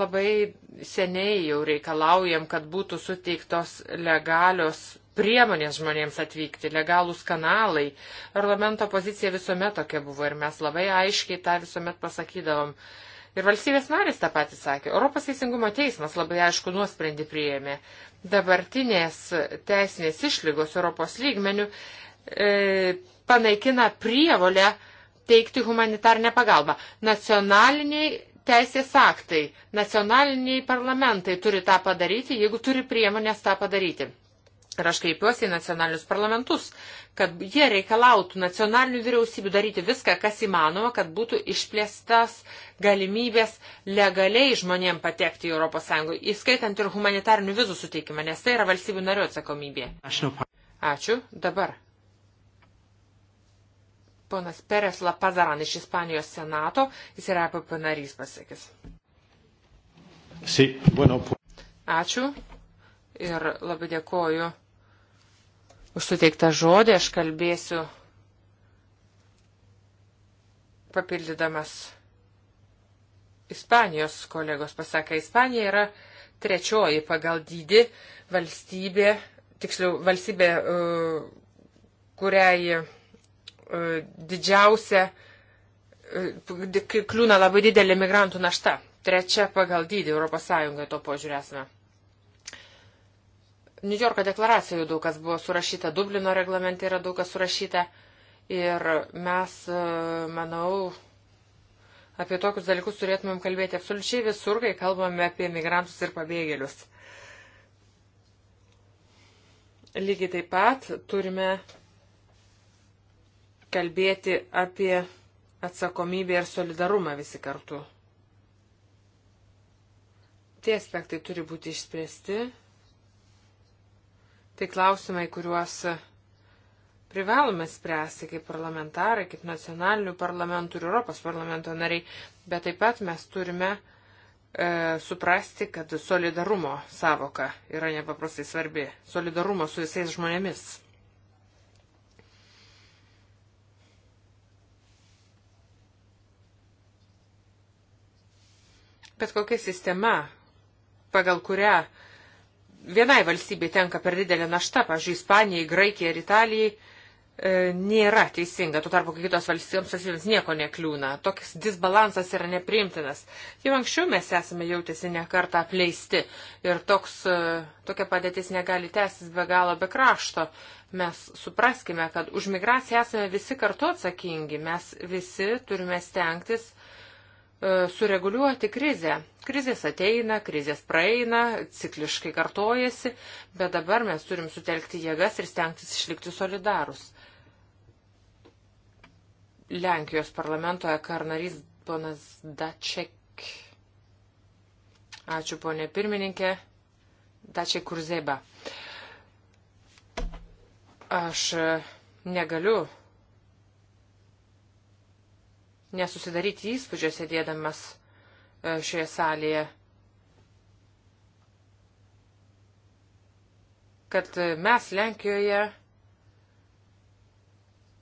B: labai seniai jau reikalaujam, kad būtų suteiktos legalios priemonės žmonėms atvykti, legalūs kanalai. Parlamento pozicija visuomet tokia buvo ir mes labai aiškiai tą visuomet pasakydavom. Ir valstybės narės tą patį sakė. Europos teisingumo teismas labai aišku nuosprendį priėmė. Dabartinės teisinės išlygos Europos lygmenių e, panaikina prievolę teikti humanitarnę pagalbą. Nacionaliniai teisės aktai. Nacionaliniai parlamentai turi tą padaryti, jeigu turi priemonės tą padaryti. Ir aš kreipiuosi į nacionalinius parlamentus, kad jie reikalautų nacionalinių vyriausybių daryti viską, kas įmanoma, kad būtų išplėstas galimybės legaliai žmonėm patekti į ES, įskaitant ir humanitarinių vizų suteikimą, nes tai yra valstybių narių atsakomybė. Ačiū. Dabar Ponas Peres Lapazaran iš Ispanijos senato, jis yra APP narys, pasakys.
A: Sí, bueno, pues...
B: Ačiū ir labai dėkoju už suteiktą žodį. Aš kalbėsiu papildydamas Ispanijos kolegos pasakė, Ispanija yra trečioji pagal dydį valstybė, tiksliau valstybė, uh, kuriai E, didžiausia, e, kliūna labai didelė migrantų našta. Trečia pagal dydį ES to požiūrį esame. New Yorko deklaracijoje daug kas buvo surašyta, Dublino reglamente yra daug kas surašyta. Ir mes, e, manau, apie tokius dalykus turėtumėm kalbėti absoliučiai visur, kai kalbame apie migrantus ir pabėgėlius. Lygiai taip pat turime kalbėti apie atsakomybę ir solidarumą visi kartu. Tie aspektai turi būti išspręsti. Tai klausimai, kuriuos privalome spręsti kaip parlamentarai, kaip nacionalinių parlamentų ir Europos parlamento nariai, bet taip pat mes turime e, suprasti, kad solidarumo savoka yra nepaprastai svarbi. Solidarumo su visais žmonėmis. Bet kokia sistema, pagal kurią vienai valstybei tenka per didelė našta, pavyzdžiui, Ispanijai, Graikijai ir Italijai, e, nėra teisinga, tuo tarpu kitos valstybėms valstybėms nieko nekliūna. Toks disbalansas yra nepriimtinas. Jau anksčiau mes esame jautėsi nekartą apleisti ir toks, e, tokia padėtis negali tęstis be galo be krašto. Mes supraskime, kad už migraciją esame visi kartu atsakingi, mes visi turime stengtis E, sureguliuoti krizę. Krizės ateina, krizės praeina, cikliškai kartojasi, bet dabar mes turim sutelkti jėgas ir stengtis išlikti solidarus. Lenkijos parlamentoje karnarys ponas Daček. Ačiū ponė pirmininkė. Daček Kurzeba. Aš negaliu nesusidaryti įspūdžio sėdėdamas e, šioje salėje, kad e, mes Lenkijoje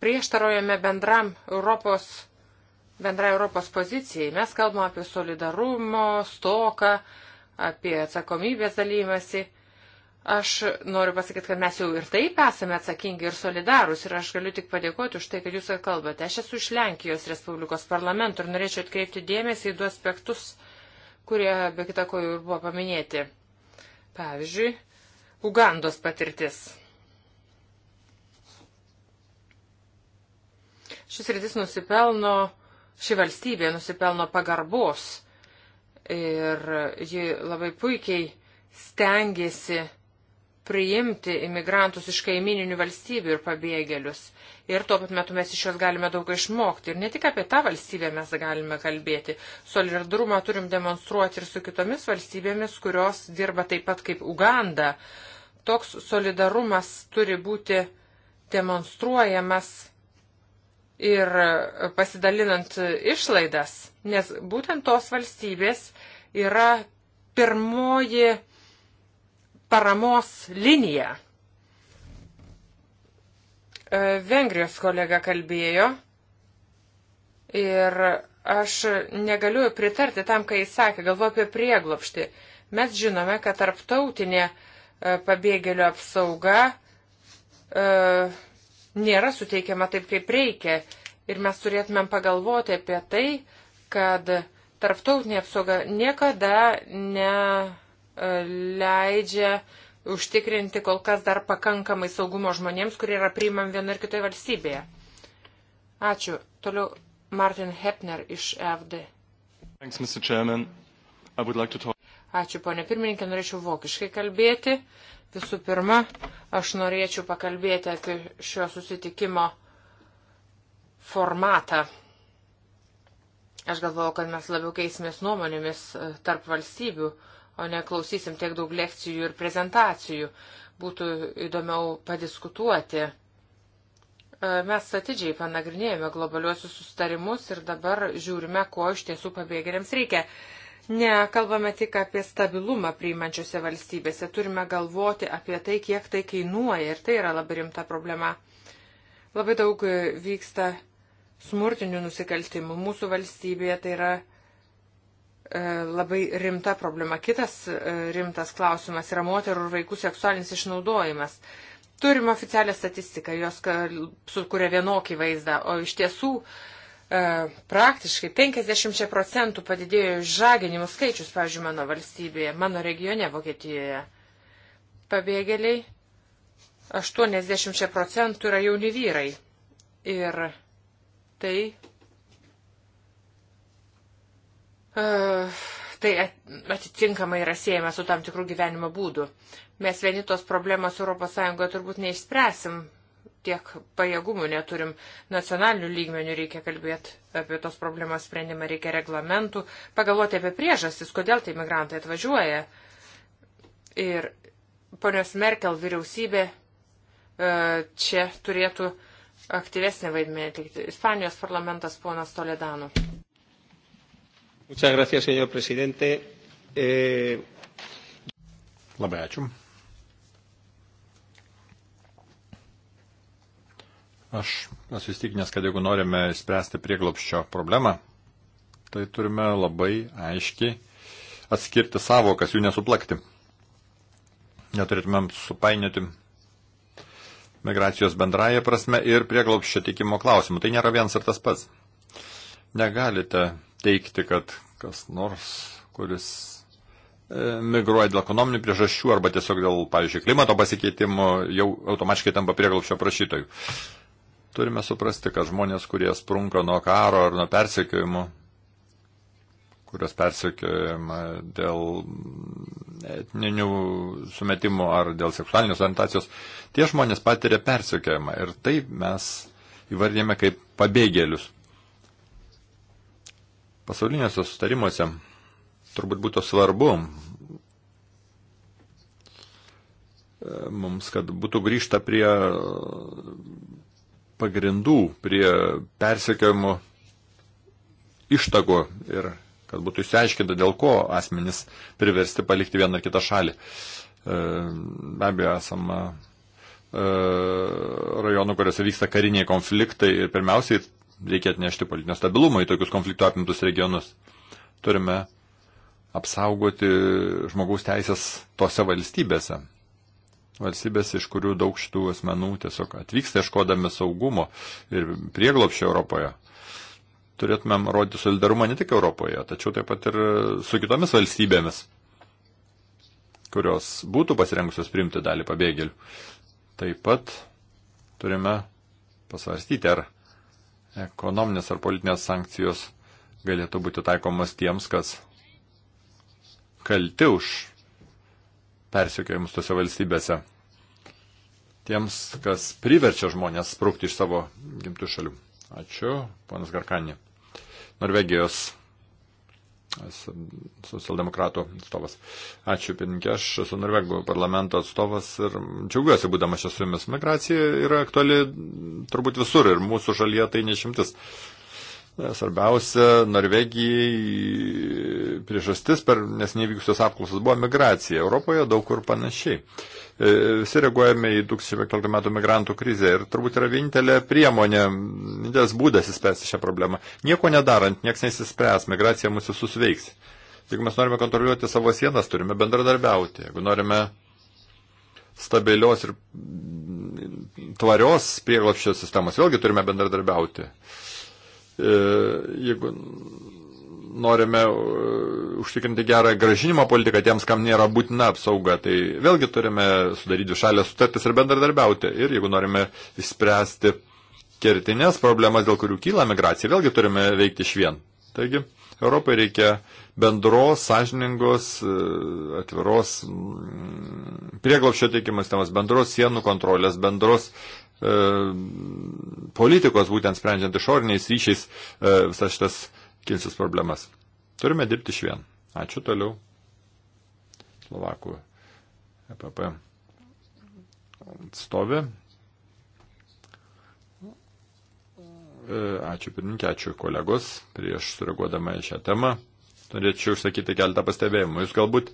B: prieštarojame bendram Europos, bendrai Europos pozicijai. Mes kalbam apie solidarumo, stoką, apie atsakomybės dalymasi. Aš noriu pasakyti, kad mes jau ir taip esame atsakingi ir solidarūs ir aš galiu tik padėkoti už tai, kad jūs kalbate. Aš esu iš Lenkijos Respublikos parlamento ir norėčiau atkreipti dėmesį į du aspektus, kurie be kita ko jau buvo paminėti. Pavyzdžiui, Ugandos patirtis. Šis rytis nusipelno, ši valstybė nusipelno pagarbos ir ji labai puikiai stengiasi priimti imigrantus iš kaimininių valstybių ir pabėgėlius. Ir tuo pat metu mes iš jos galime daug išmokti. Ir ne tik apie tą valstybę mes galime kalbėti. Solidarumą turim demonstruoti ir su kitomis valstybėmis, kurios dirba taip pat kaip Uganda. Toks solidarumas turi būti demonstruojamas ir pasidalinant išlaidas, nes būtent tos valstybės yra pirmoji paramos liniją. E, Vengrijos kolega kalbėjo ir aš negaliu pritarti tam, kai jis sakė, galvoju apie prieglopštį. Mes žinome, kad tarptautinė e, pabėgėlių apsauga e, nėra suteikiama taip, kaip reikia. Ir mes turėtumėm pagalvoti apie tai, kad tarptautinė apsauga niekada ne leidžia užtikrinti kol kas dar pakankamai saugumo žmonėms, kurie yra priimami vienoje ar kitoje valstybėje. Ačiū. Toliau Martin Hepner iš e FD.
A: Thanks, Mr. Chairman. I would like to talk...
B: Ačiū, ponė pirmininkė, norėčiau vokiškai kalbėti. Visų pirma, aš norėčiau pakalbėti apie šio susitikimo formatą. Aš galvoju, kad mes labiau keisimės nuomonėmis e, tarp valstybių. Uh, o ne klausysim tiek daug lekcijų ir prezentacijų. Būtų įdomiau padiskutuoti. E, mes atidžiai panagrinėjome globaliuosius sustarimus ir dabar žiūrime, ko iš tiesų pabėgėliams reikia. Ne, kalbame tik apie stabilumą priimančiose valstybėse, turime galvoti apie tai, kiek tai kainuoja ir tai yra labai rimta problema. Labai daug vyksta smurtinių nusikaltimų mūsų valstybėje, tai yra E, labai rimta problema. Kitas e, rimtas klausimas yra moterų ir vaikų seksualinis išnaudojimas. Turim oficialią statistiką, jos sukuria vienokį vaizdą, o iš tiesų e, praktiškai 50 procentų padidėjo žaginimų skaičius, pavyzdžiui, mano valstybėje, mano regione Vokietijoje. Pabėgėliai 80 procentų yra jauni vyrai. Ir tai Eh, tai atitinkamai yra siejama su tam tikrų gyvenimo būdu. Mes vieni tos problemos ES turbūt neišspręsim, tiek pajėgumų neturim. Nacionalinių lygmenių reikia kalbėti apie tos problemos sprendimą, reikia reglamentų, pagalvoti apie priežastis, kodėl tai migrantai atvažiuoja. Ir ponios Merkel vyriausybė e, čia turėtų aktyvesnį vaidmenį atlikti. Ispanijos parlamentas ponas Toledano.
A: Muchas gracias, señor presidente. E... Labai ačiū. Aš esu įstikinęs, kad jeigu norime spręsti prieglopščio problemą, tai turime labai aiškiai atskirti savokas, jų nesuplakti. Neturėtumėm supainioti migracijos bendraja prasme ir prieglopščio teikimo klausimų. Tai nėra vienas ir tas pats. Negalite teikti, kad kas nors, kuris e, migruoja dėl ekonominių priežasčių arba tiesiog dėl, pavyzdžiui, klimato pasikeitimų, jau automatiškai tampa prieglopšio prašytojų. Turime suprasti, kad žmonės, kurie sprunka nuo karo ar nuo persekiojimų, kurios persekiojama dėl etninių sumetimų ar dėl seksualinės orientacijos, tie žmonės patiria persekiojimą ir tai mes įvardėme kaip pabėgėlius pasauliniuose sustarimuose turbūt būtų svarbu e, mums, kad būtų grįžta prie e, pagrindų, prie persekiojimo ištago ir kad būtų išsiaiškinta, dėl ko asmenys priversti palikti vieną ar kitą šalį. E, be abejo, esame rajonų, kuriuose vyksta kariniai konfliktai ir pirmiausiai reikia atnešti politinio stabilumo į tokius konfliktų apimtus regionus. Turime apsaugoti žmogaus teisės tose valstybėse. Valstybės, iš kurių daug šitų asmenų tiesiog atvyksta iškodami saugumo ir prieglopščio Europoje. Turėtumėm rodyti solidarumą ne tik Europoje, tačiau taip pat ir su kitomis valstybėmis, kurios būtų pasirengusios priimti dalį pabėgėlių. Taip pat turime pasvarstyti, ar ekonominės ar politinės sankcijos galėtų būti taikomas tiems, kas kalti už persiekiojimus tose valstybėse. Tiems, kas priverčia žmonės sprūkti iš savo gimtų šalių. Ačiū, ponas Garkanė. Norvegijos socialdemokratų atstovas. Ačiū, pininkė, aš esu Norvegų parlamento atstovas ir džiaugiuosi, būdamas čia su jumis. Migracija yra aktuali turbūt visur ir mūsų šalyje tai nešimtis. Svarbiausia, Norvegijai priežastis per nesnevykusios apklausas buvo migracija. Europoje daug kur panašiai. Uh, E, visi reaguojame į 2015 metų migrantų krizę ir turbūt yra vienintelė priemonė, vienintelis būdas įspręsti šią problemą. Nieko nedarant, niekas neįsispręs, migracija mūsų susveiks. Jeigu mes norime kontroliuoti savo sienas, turime bendradarbiauti. Jeigu norime stabilios ir tvarios prieglopščio sistemos, vėlgi turime bendradarbiauti. E, jeigu norime e, užtikrinti gerą gražinimo politiką tiems, kam nėra būtina apsauga. Tai vėlgi turime sudaryti šalę sutartis ir bendradarbiauti. Ir jeigu norime išspręsti kertinės problemas, dėl kurių kyla migracija, vėlgi turime veikti iš vien. Taigi, Europai reikia bendros, sąžiningos, e, atviros mm, prieglopščio teikimo sistemos, bendros sienų kontrolės, bendros e, politikos, būtent sprendžiant išoriniais ryšiais e, visas šitas e, kilsis problemas. Turime dirbti iš vien. Ačiū toliau. Slovakų EPP atstovė. E, ačiū pirmininkė, ačiū kolegos. Prieš sureaguodama į šią temą norėčiau išsakyti keletą pastebėjimų. Jūs galbūt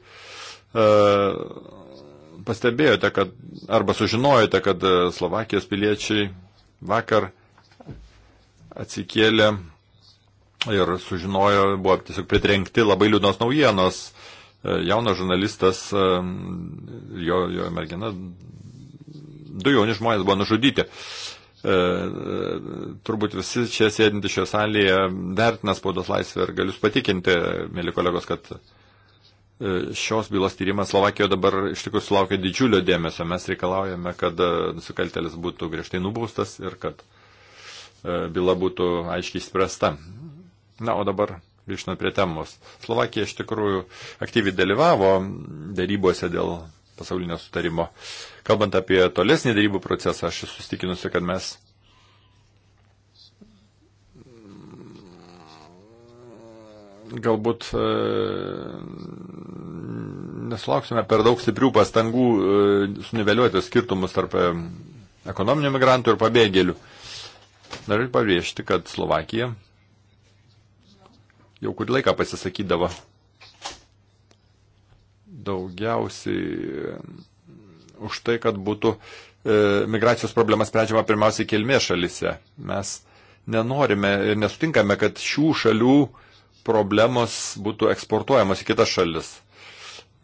A: uh, pastebėjote, kad arba sužinojote, kad Slovakijos piliečiai vakar atsikėlė ir sužinojo, buvo tiesiog pritrenkti labai liūdnos naujienos. E, jaunas žurnalistas, e, jo, jo mergina, du jauni žmonės buvo nužudyti. E, turbūt visi čia sėdinti šioje salėje vertina spaudos laisvę ir galiu patikinti, mėly kolegos, kad e, šios bylos tyrimas Slovakijoje dabar iš tikrųjų sulaukia didžiulio dėmesio. Mes reikalaujame, kad nusikaltelis būtų griežtai nubaustas ir kad byla būtų aiškiai spręsta. Na, o dabar grįžtant prie temos. Slovakija iš tikrųjų aktyviai dalyvavo darybose dėl pasaulinio sutarimo. Kalbant apie tolesnį darybų procesą, aš esu sustikinusi, kad mes galbūt e, nesulauksime per daug stiprių pastangų e, suniveliuoti skirtumus tarp e, ekonominių migrantų ir pabėgėlių. Noriu pabrėžti, kad Slovakija jau kurį laiką pasisakydavo. Daugiausiai um, už tai, kad būtų e, migracijos problema sprendžiama pirmiausiai kilmės šalise. Mes nenorime ir nesutinkame, kad šių šalių problemos būtų eksportuojamos į kitas šalis.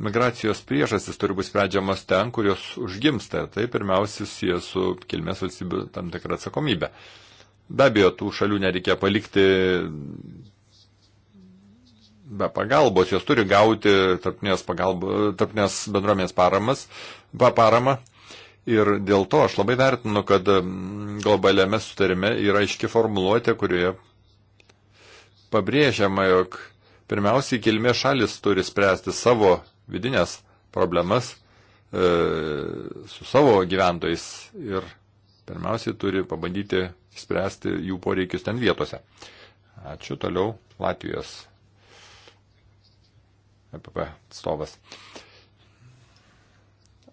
A: Migracijos priežastis turi būti sprendžiamas ten, kurios užgimsta. Tai pirmiausia susiję su kilmės valstybių tam tikrą atsakomybę. Be abejo, tų šalių nereikia palikti be pagalbos, jos turi gauti tarpnės, pagalbos, tarpnės bendruomenės paramas, pa, paramą. Ir dėl to aš labai vertinu, kad mm, globaliame sutarime yra aiški formuluotė, kurioje pabrėžiama, jog pirmiausiai kilmė šalis turi spręsti savo vidinės problemas e, su savo gyventojais ir pirmiausiai turi pabandyti spręsti jų poreikius ten vietose. Ačiū toliau Latvijos EPP atstovas.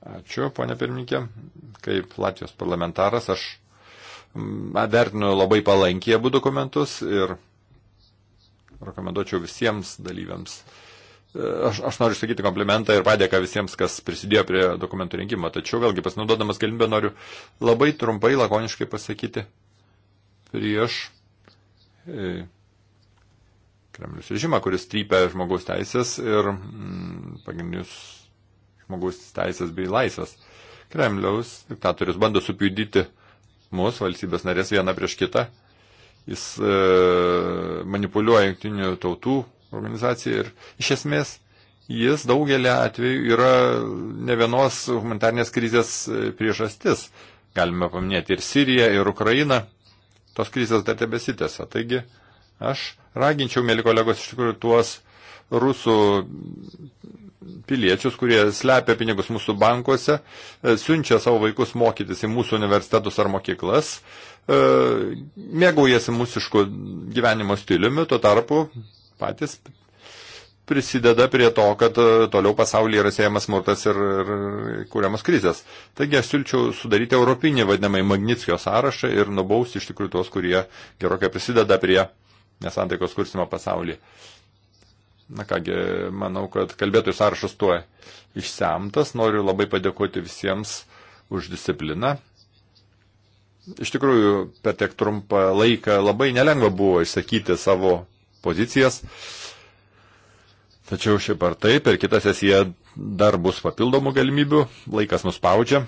A: Ačiū, ponė pirmininkė. Kaip Latvijos parlamentaras aš mm, vertinu labai palankiai abu dokumentus ir rekomenduočiau visiems dalyviams. E, aš, aš noriu išsakyti komplimentą ir padėką visiems, kas prisidėjo prie dokumentų rinkimo. Tačiau vėlgi pasinaudodamas galimybę noriu labai trumpai, lakoniškai pasakyti prieš e, Kremlius režimą, kuris trypia žmogaus teisės ir mm, pagrindinius žmogaus teisės bei laisvės. Kremliaus diktatorius bando supjudyti mūsų valstybės narės vieną prieš kitą. Jis e, manipuliuoja jungtinių tautų organizaciją ir iš esmės jis daugelį atvejų yra ne vienos humanitarnės krizės e, priežastis. Galime paminėti ir Siriją, ir Ukrainą. Tos krizės dar tebesitėse. Taigi, Aš raginčiau, mėly kolegos, iš tikrųjų tuos rusų piliečius, kurie slepia pinigus mūsų bankuose, e, siunčia savo vaikus mokytis į mūsų universitetus ar mokyklas, e, mėgaujasi mūsišku gyvenimo stiliumi, tuo tarpu patys prisideda prie to, kad e, toliau pasaulyje yra siejamas smurtas ir, ir kūriamas krizės. Taigi aš siūlyčiau sudaryti europinį vadinamąjį Magnitskio sąrašą ir nubausti iš tikrųjų tuos, kurie gerokai prisideda prie uh, nesantaikos kursimo pasaulyje. Na kągi, manau, kad kalbėtojų sąrašas tuo išsemtas. Noriu labai padėkoti visiems už discipliną. Iš tikrųjų, per tiek trumpą laiką labai nelengva buvo išsakyti savo pozicijas. Tačiau šiaip ar taip, per kitą sesiją dar bus papildomų galimybių, laikas nuspaudžia.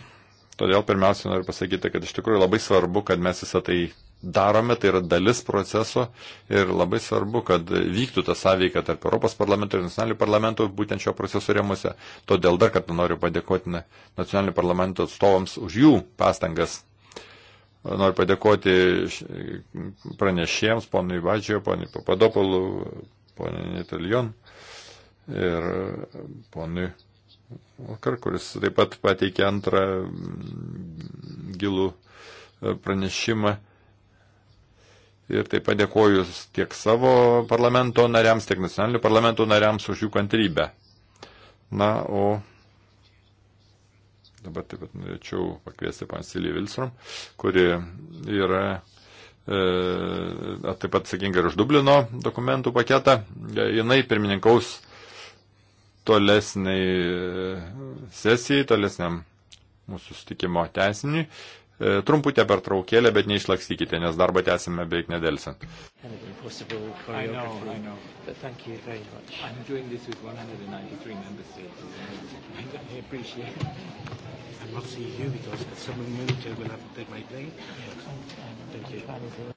A: Todėl pirmiausia noriu pasakyti, kad iš tikrųjų labai svarbu, kad mes visą tai darome, tai yra dalis proceso ir labai svarbu, kad vyktų ta sąveika tarp Europos parlamento ir nacionalinių parlamentų būtent šio proceso rėmose. Todėl dar kartą noriu padėkoti nacionalinių parlamento atstovams už jų pastangas. Noriu padėkoti pranešėjams, ponui Vadžio, ponui Papadopolų, ponui Netaljon ir ponui Okar, kuris taip pat pateikė antrą mm, gilų e, pranešimą ir taip pat dėkoju tiek savo parlamento nariams, tiek nacionalinių parlamento nariams už jų kantrybę. Na, o dabar taip pat norėčiau pakviesti Pansilį Vilsrum, kuri yra e, taip pat sakinga ir už Dublino dokumentų paketą. Jinai pirmininkaus tolesniai e, sesijai, tolesniam mūsų sustikimo teisiniui E, trumputę pertraukėlę, bet neišlakstykite, nes darbą tęsime beveik nedelsiant. *laughs* Not
B: see you because someone will have to take my plane. Thank you.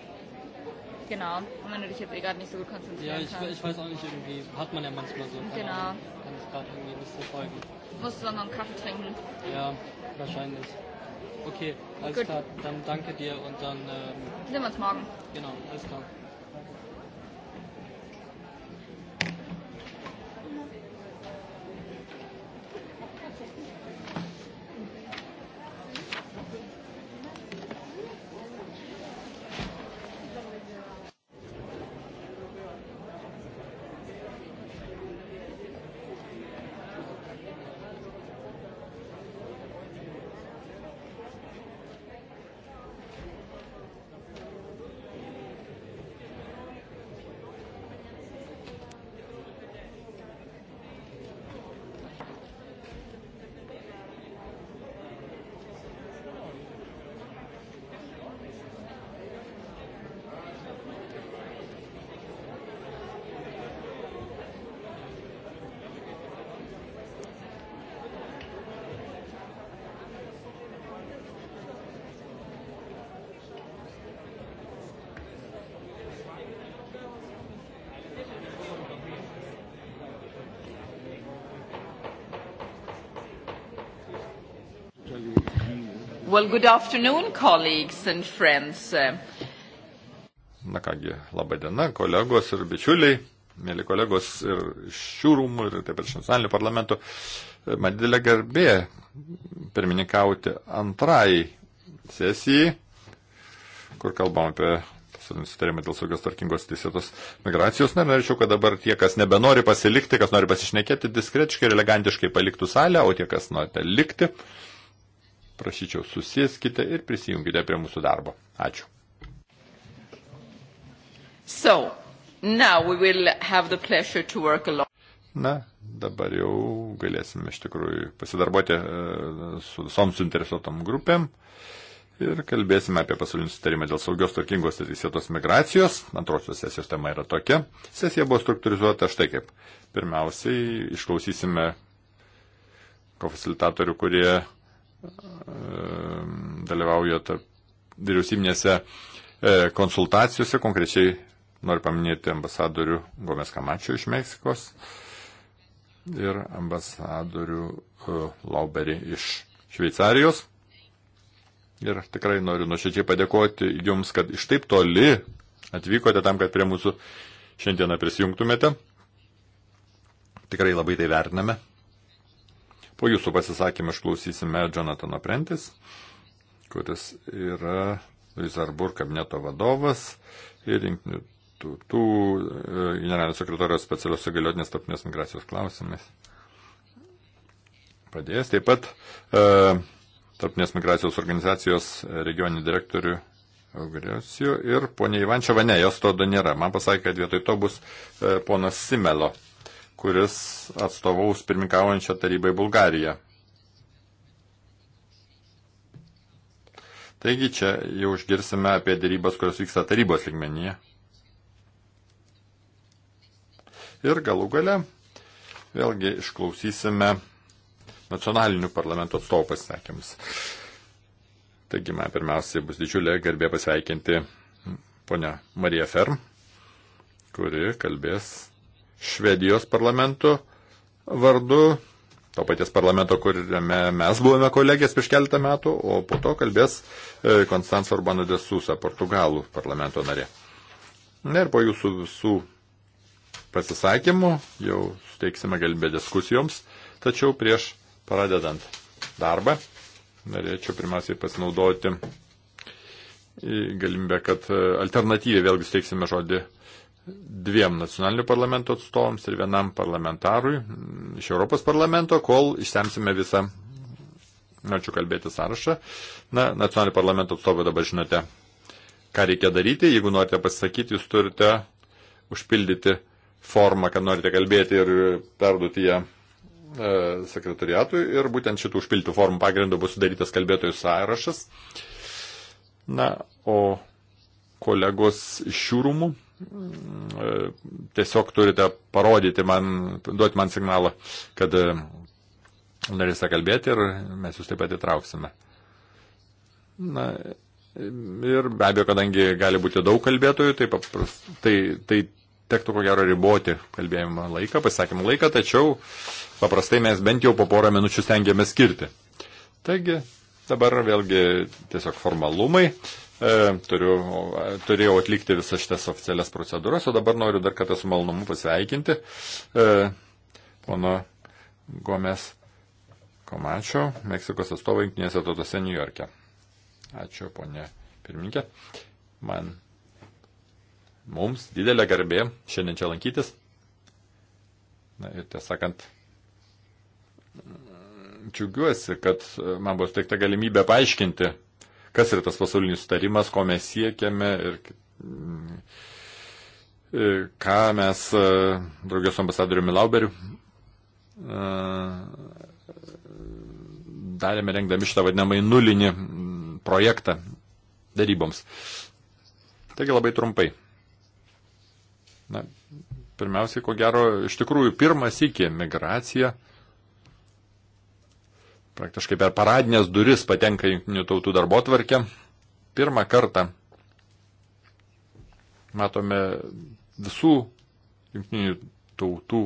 B: Genau. Und wenn du dich jetzt eh gerade nicht so gut konzentrieren kannst. Ja, ich, kannst. ich
A: weiß auch nicht, irgendwie hat man ja manchmal so. Keine genau. Ahnung.
B: Kann ich gerade irgendwie nicht so folgen. Musst du dann noch einen Kaffee trinken? Ja, wahrscheinlich.
A: Okay, alles gut. klar. Dann danke dir und dann. Ähm, Sehen wir uns morgen. Genau, alles klar.
C: Well, good afternoon, colleagues and friends.
A: Na kągi, laba diena, kolegos ir bičiuliai, mėly kolegos ir šių rūmų, ir taip pat iš nacionalinių parlamentų. Man didelė garbė pirmininkauti antrajai sesijai, kur kalbam apie susitarimą dėl saugios tvarkingos teisėtos migracijos. Na, norėčiau, kad dabar tie, kas nebenori pasilikti, kas nori pasišnekėti, diskretiškai ir elegantiškai paliktų salę, o tie, kas norite likti, uh, prašyčiau susieskite ir prisijungite prie mūsų darbo. Ačiū.
C: So, Na,
A: dabar jau galėsime iš tikrųjų pasidarboti e, su visom suinteresuotom grupėm ir kalbėsime apie pasaulinį sutarimą dėl saugios, tvarkingos ir teisėtos migracijos. Antrosios sesijos tema yra tokia. Sesija buvo struktūrizuota štai kaip. Pirmiausiai išklausysime kofacilitatorių, kurie dalyvauja tarp vyriausybinėse e, konsultacijose, konkrečiai noriu paminėti ambasadorių Gomes Kamačio iš Meksikos ir ambasadorių e, Lauberį iš Šveicarijos. Ir tikrai noriu nuoširdžiai padėkoti Jums, kad iš taip toli atvykote tam, kad prie mūsų šiandieną prisijungtumėte. Tikrai labai tai vertiname. Po jūsų pasisakymą išklausysime Jonathan Aprentis, kuris yra Luisarbur kabineto vadovas ir rinkinių tautų e, generalinio sekretorijos specialios įgaliotinės tarpinės migracijos klausimais. Pradėjęs taip pat e, tarpinės migracijos organizacijos regioninį direktorių Augresijų ir ponia Ivančia Vane, jos to nėra. Man pasakė, kad vietoj to bus e, ponas Simelo kuris atstovaus pirmininkaujančią tarybai Bulgariją. Taigi čia jau išgirsime apie dėrybas, kurios vyksta tarybos lygmenyje. Ir galų gale vėlgi išklausysime nacionalinių parlamento atstovų pasisakymus. Taigi man pirmiausiai bus didžiulė garbė pasveikinti ponę Mariją Ferm, kuri kalbės Švedijos parlamento vardu, to paties parlamento, kuriame mes buvome kolegės prieš keletą metų, o po to kalbės e, Konstantas Orbano de Susa, portugalų parlamento narė. Na ir po jūsų visų pasisakymų jau suteiksime galimybę diskusijoms, tačiau prieš pradedant darbą norėčiau pirmiausiai pasinaudoti galimybę, kad e, alternatyviai vėlgi suteiksime žodį dviem nacionalinių parlamento atstovams ir vienam parlamentarui mm, iš Europos parlamento, kol išsemsime visą, norčiau kalbėti sąrašą. Na, nacionalinio parlamento atstovai dabar žinote, ką reikia daryti. Jeigu norite pasisakyti, jūs turite užpildyti formą, kad norite kalbėti ir perduoti ją e, sekretariatui ir būtent šitų užpildytų formų pagrindų bus sudarytas kalbėtojų sąrašas. Na, o kolegos iš šių rūmų Mm, e, tiesiog turite parodyti man, duoti man signalą, kad e, norėsite kalbėti ir mes jūs taip pat įtrauksime. Na, ir be abejo, kadangi gali būti daug kalbėtojų, tai, papras, tai, tai tektų ko gero riboti kalbėjimo laiką, pasakymų laiką, tačiau paprastai mes bent jau po porą minučių stengiamės skirti. Taigi, dabar vėlgi tiesiog formalumai. E, turiu, turėjau atlikti visas šitas oficialias procedūras, o dabar noriu dar kartą su malonumu pasveikinti e, pono Gomes Komačio, Meksikos atstovą Junktinėse tautose New York'e. Ačiū, ponė pirmininkė. Man mums didelė garbė šiandien čia lankytis. Na ir tiesąkant, džiugiuosi, kad man buvo suteikta galimybė paaiškinti kas yra tas pasaulinis sutarimas, ko mes siekiame ir ką mes e, draugės su ambasadoriumi Lauberiu e, darėme rengdami šitą vadinamąjį nulinį projektą daryboms. Taigi labai trumpai. Na, pirmiausiai, ko gero, iš tikrųjų pirmas iki migracija praktiškai per paradinės duris patenka jungtinių tautų darbo tvarkė. Pirmą kartą matome visų jungtinių tautų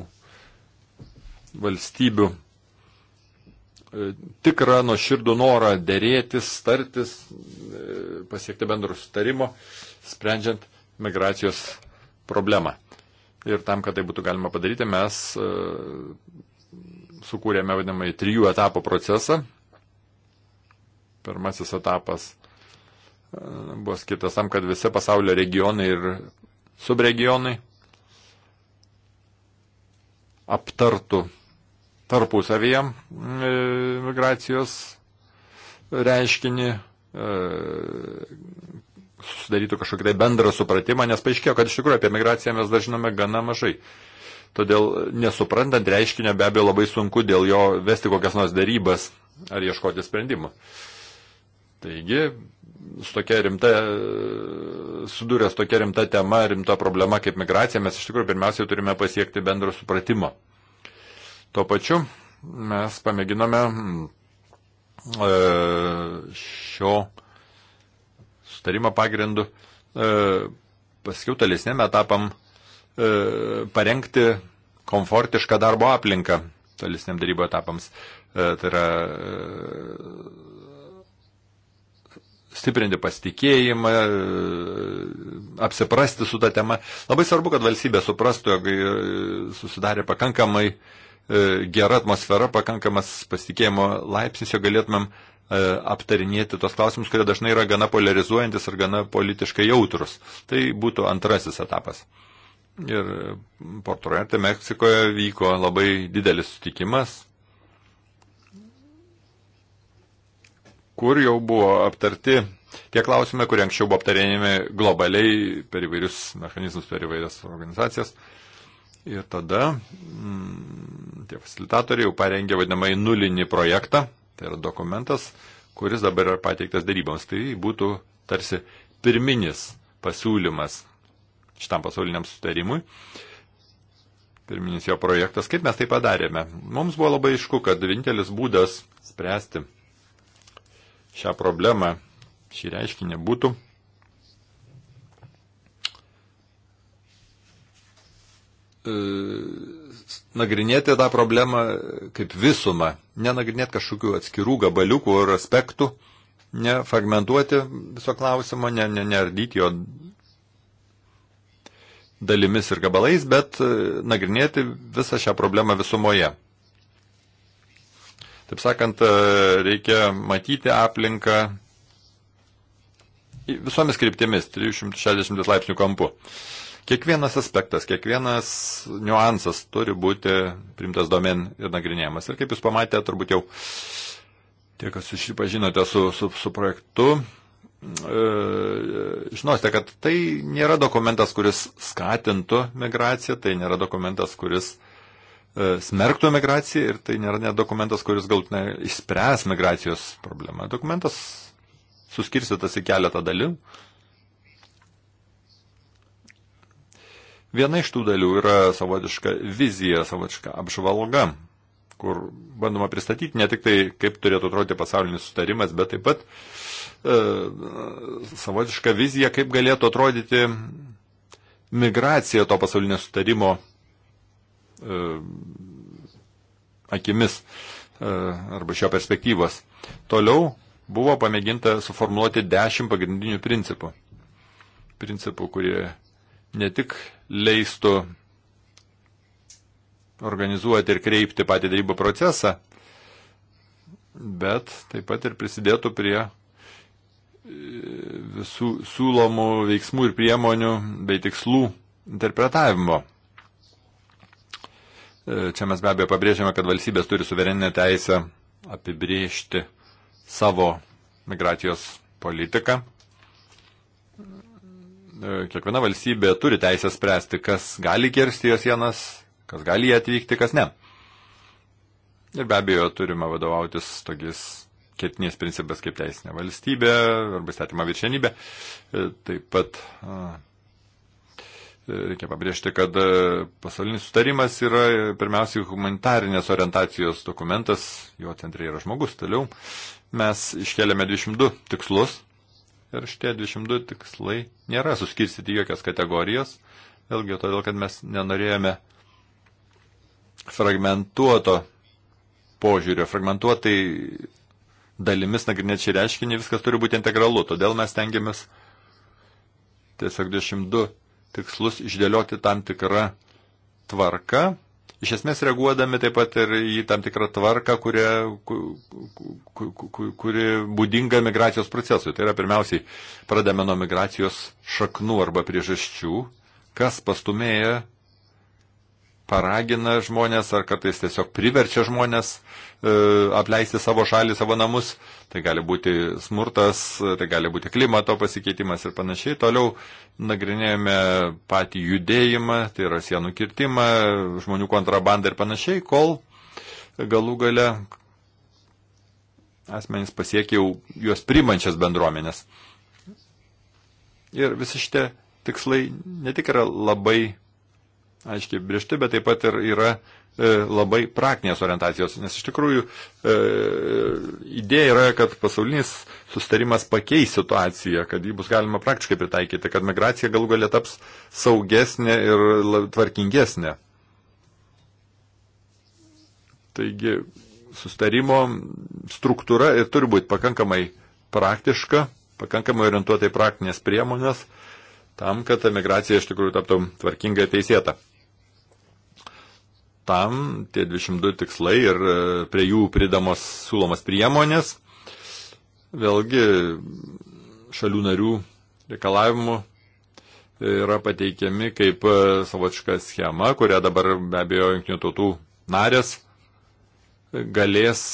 A: valstybių e, tikrą nuoširdų norą dėrėtis, startis, e, pasiekti bendrų sutarimo, sprendžiant migracijos problemą. Ir tam, kad tai būtų galima padaryti, mes e, sukūrėme vadinamąjį trijų etapų procesą. Pirmasis etapas e, buvo skirtas tam, kad visi pasaulio regionai ir subregionai aptartų tarpusavyje e, migracijos reiškinį, e, susidarytų kažkokį tai bendrą supratimą, nes paaiškėjo, kad iš tikrųjų apie migraciją mes dar žinome gana mažai. Todėl nesuprantant reiškinio be abejo labai sunku dėl jo vesti kokias nors darybas ar ieškoti sprendimų. Taigi, su tokia rimta, sudūręs tokia rimta tema, rimta problema kaip migracija, mes iš tikrųjų pirmiausiai turime pasiekti bendro supratimo. Tuo pačiu mes pamėginome mm, e, šio sutarimo pagrindu e, paskiau tolesnėme etapam E, parengti komfortišką darbo aplinką tolesniam darybo etapams. E, tai yra e, stiprinti pasitikėjimą, apsiprasti su tą temą. Labai svarbu, kad valstybė suprastų, jog susidarė pakankamai gera atmosfera, pakankamas pasitikėjimo laipsnis, jo galėtumėm aptarinėti tos klausimus, kurie dažnai yra gana polarizuojantis ir gana politiškai jautrus. Tai būtų antrasis etapas. Ir e, Portugalete, Meksikoje vyko labai didelis sutikimas, kur jau buvo aptarti tie klausimai, kurie anksčiau buvo aptarinėjami globaliai per įvairius mechanizmus, per įvairias organizacijas. Ir tada mm, tie facilitatoriai jau parengė vadinamai nulinį projektą, tai yra dokumentas, kuris dabar yra pateiktas darybams. Tai būtų tarsi pirminis pasiūlymas šitam pasauliniam sutarimui. Pirminis jo projektas, kaip mes tai padarėme. Mums buvo labai aišku, kad vienintelis būdas spręsti šią problemą, šį reiškinį būtų e, nagrinėti tą problemą kaip visumą, nenagrinėti kažkokių atskirų gabaliukų ar aspektų, nefragmentuoti viso klausimo, nenardyti ne, ne jo dalimis ir gabalais, bet e, nagrinėti visą šią problemą visumoje. Taip sakant, e, reikia matyti aplinką visomis kryptimis, 360 laipsnių kampu. Kiekvienas aspektas, kiekvienas niuansas turi būti primtas domen ir nagrinėjamas. Ir kaip jūs pamatėte, turbūt jau tie, kas susipažinote su, su, su projektu, E, žinote, kad tai nėra dokumentas, kuris skatintų migraciją, tai nėra dokumentas, kuris e, smerktų migraciją ir tai nėra net dokumentas, kuris galtinai išspręs migracijos problemą. Dokumentas suskirstytas į keletą dalių. Viena iš tų dalių yra savotiška vizija, savotiška apžvalga, kur bandoma pristatyti ne tik tai, kaip turėtų atrodyti pasaulinis sutarimas, bet taip pat uh, E, savotišką viziją, kaip galėtų atrodyti migracija to pasaulinio sutarimo e, akimis e, arba šio perspektyvos. Toliau buvo pamėginta suformuoluoti dešimt pagrindinių principų. Principų, kurie ne tik leistų organizuoti ir kreipti patį darybų procesą, bet taip pat ir prisidėtų prie visų siūlomų veiksmų ir priemonių bei tikslų interpretavimo. E, čia mes be abejo pabrėžiame, kad valstybės turi suvereninę teisę apibriežti savo migracijos politiką. E, kiekviena valstybė turi teisę spręsti, kas gali kirsti jos sienas, kas gali jį atvykti, kas ne. Ir be abejo turime vadovautis tokiais ketinės principas kaip teisinė valstybė arba įstatymą viršenybė. E, taip pat e, reikia pabrėžti, kad e, pasaulinis sutarimas yra pirmiausiai humanitarinės orientacijos dokumentas, jo centre yra žmogus. Toliau mes iškeliame 22 tikslus ir šitie 22 tikslai nėra suskirstyti jokios kategorijos. Vėlgi todėl, kad mes nenorėjome fragmentuoto požiūrio, fragmentuotai dalimis nagrinėti šį reiškinį, viskas turi būti integralu. Todėl mes tengiamės tiesiog 22 tikslus išdėlioti tam tikrą tvarką, iš esmės reaguodami taip pat ir į tam tikrą tvarką, kuri, kuri, kuri būdinga migracijos procesui. Tai yra pirmiausiai pradame nuo migracijos šaknų arba priežasčių, kas pastumėja, paragina žmonės ar kartais tiesiog priverčia žmonės uh, E, apleisti savo šalį, savo namus. Tai gali būti smurtas, tai gali būti klimato pasikeitimas ir panašiai. Toliau nagrinėjome patį judėjimą, tai yra sienų kirtimą, žmonių kontrabandą ir panašiai, kol galų gale asmenys pasiekė jau juos primančias bendruomenės. Ir visi šitie tikslai ne tik yra labai aiškiai briežti, bet taip pat ir yra e, labai praktinės orientacijos, nes iš tikrųjų e, idėja yra, kad pasaulinis sustarimas pakeis situaciją, kad jį bus galima praktiškai pritaikyti, kad migracija galų galia taps saugesnė ir tvarkingesnė. Taigi sustarimo struktūra ir turi būti pakankamai praktiška, pakankamai orientuota į praktinės priemonės, tam, kad ta migracija iš tikrųjų taptų tvarkinga ir teisėta tam tie 22 tikslai ir e, prie jų pridamos siūlomas priemonės, vėlgi šalių narių reikalavimų e, yra pateikiami kaip e, savočka schema, kurią dabar be abejo jungtinių tautų narės galės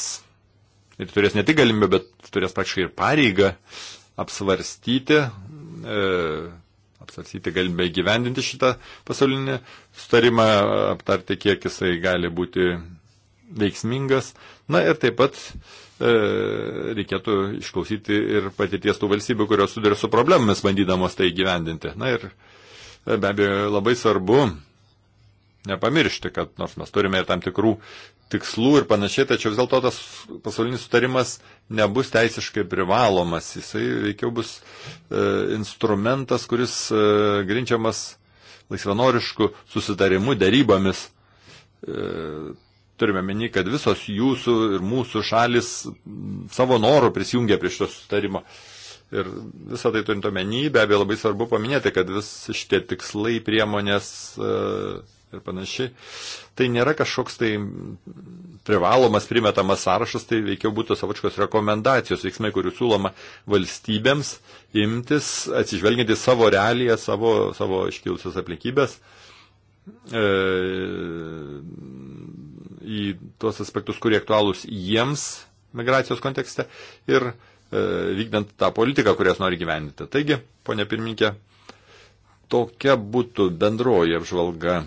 A: ir turės ne tik galimybę, bet turės praktiškai ir pareigą apsvarstyti, e, apsvarsyti galimybę įgyvendinti šitą pasaulinį sutarimą, aptarti, kiek jisai gali būti veiksmingas. Na ir taip pat e, reikėtų išklausyti ir patirties tų valstybių, kurios sudarė su problemomis bandydamos tai įgyvendinti. Na ir e, be abejo labai svarbu nepamiršti, kad nors mes turime ir tam tikrų tikslų ir panašiai, tačiau vis dėlto tas pasaulinis sutarimas nebus teisiškai privalomas. Jisai veikiau bus e, instrumentas, kuris e, grinčiamas laisvanoriškų susitarimų, darybomis. E, turime meni, kad visos jūsų ir mūsų šalis savo norų prisijungia prie šito sutarimo. Ir visą tai turint omeny, be abejo labai svarbu paminėti, kad visi šitie tikslai, priemonės. E, ir panašiai. Tai nėra kažkoks tai privalomas, primetamas sąrašas, tai veikiau būtų savačkos rekomendacijos, veiksmai, kurių siūloma valstybėms imtis, atsižvelgiant į savo realiją, savo, savo iškilusias aplinkybės, e, į tuos aspektus, kurie aktualūs jiems migracijos kontekste ir e, vykdant tą politiką, kurias nori gyventi. Taigi, ponė pirminkė, tokia būtų bendroji apžvalga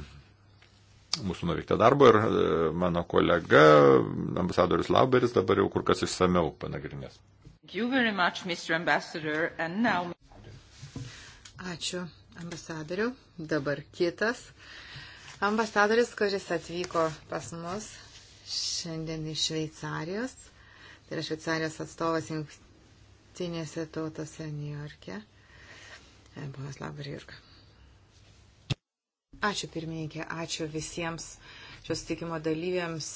A: mūsų nuveiktą darbą ir e, mano kolega, ambasadorius Lauberis, dabar jau kur kas išsameu panagrinės.
C: Now... Ačiū, ambasadoriu. Dabar kitas ambasadoris, kuris atvyko pas mus šiandien iš Šveicarijos. Tai yra Šveicarijos atstovas jungtinėse tautose New York'e. E, ponas Labar Jurka. Ačiū pirmininkė, ačiū visiems šios sutikimo dalyviams.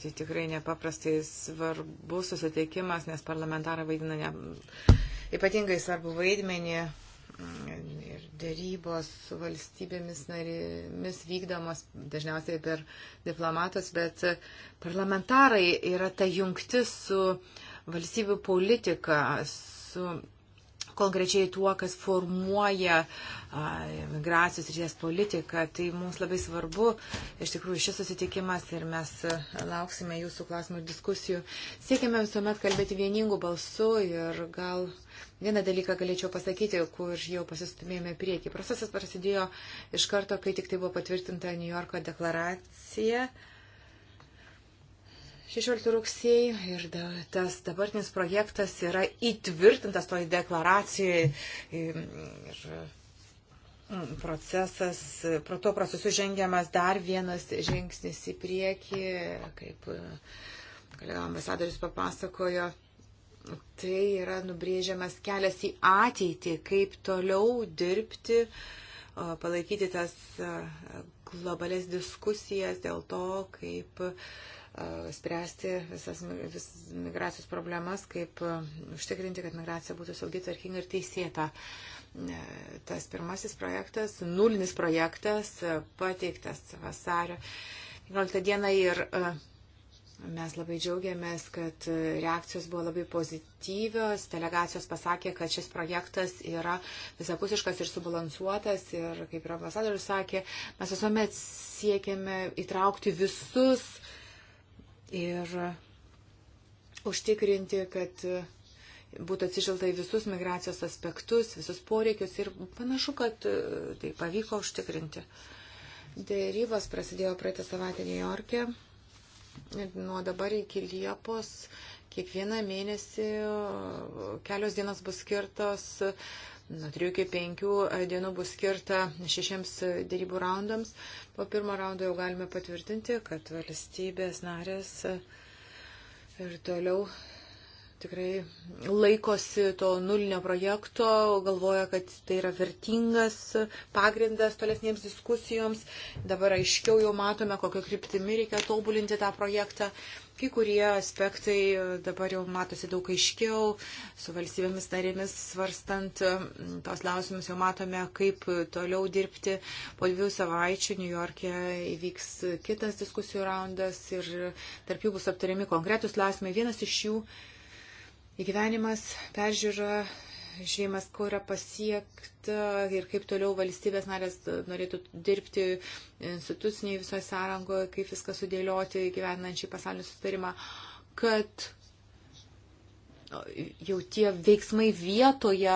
C: Tai tikrai nepaprastai svarbus susitikimas, nes parlamentarai vaidina ne, ypatingai svarbu vaidmenį ir dėrybos su valstybėmis narėmis vykdomos dažniausiai per diplomatus, bet parlamentarai yra ta jungtis su valstybių politika, su konkrečiai tuo, kas formuoja migracijos ryties politiką. Tai mums labai svarbu, iš tikrųjų, šis susitikimas ir mes lauksime jūsų klausimų ir diskusijų. Siekime visuomet kalbėti vieningų balsų ir gal vieną dalyką galėčiau pasakyti, kur jau pasistumėjome prieki. Procesas prasidėjo iš karto, kai tik tai buvo patvirtinta New Yorko deklaracija. 16 rugsėjai ir da, tas dabartinis projektas yra įtvirtintas toj deklaracijoje ir mm, procesas, pro to procesu žengiamas dar vienas žingsnis į priekį, kaip e, kolega ambasadoris papasakojo, tai yra nubrėžiamas kelias į ateitį, kaip toliau dirbti, palaikyti tas e, globales diskusijas dėl to, kaip uh, spręsti visas vis migracijos problemas, kaip e, užtikrinti, kad migracija būtų saugi, tvarkinga ir teisėta. E, tas pirmasis projektas, nulinis projektas, e, pateiktas vasario 11 dieną ir Mes labai džiaugiamės, kad reakcijos buvo labai pozityvios. Delegacijos pasakė, kad šis projektas yra visapusiškas ir subalansuotas. Ir kaip ir ambasadorius sakė, mes visuomet siekėme įtraukti visus ir užtikrinti, kad būtų atsižvelgta į visus migracijos aspektus, visus poreikius ir panašu, kad e, tai pavyko užtikrinti. Dėrybos prasidėjo praeitą savaitę New York'e ir nuo dabar iki Liepos kiekvieną mėnesį kelios dienos bus skirtos uh, Nuo 3 iki 5 e, dienų bus skirta šešiems dėrybų raundams. Po pirmo raundo jau galime patvirtinti, kad valstybės narės e, ir toliau tikrai laikosi to nulinio projekto, galvoja, kad tai yra vertingas pagrindas tolesniems diskusijoms. Dabar aiškiau jau matome, kokio kryptimi reikia tobulinti tą projektą. Kai kurie aspektai e, dabar jau matosi daug aiškiau, su valstybėmis narėmis svarstant e, tos lausimus jau matome, kaip toliau dirbti. Po dviejų savaičių New York'e įvyks kitas diskusijų raundas ir tarp jų bus aptariami konkretus klausimai. Vienas iš jų įgyvenimas, peržiūra žymas, ko yra pasiekta ir kaip toliau valstybės narės norėtų dirbti instituciniai visoje sąrangoje, kaip viską sudėlioti gyvenant šį pasaulinį sustarimą, kad jau tie veiksmai vietoje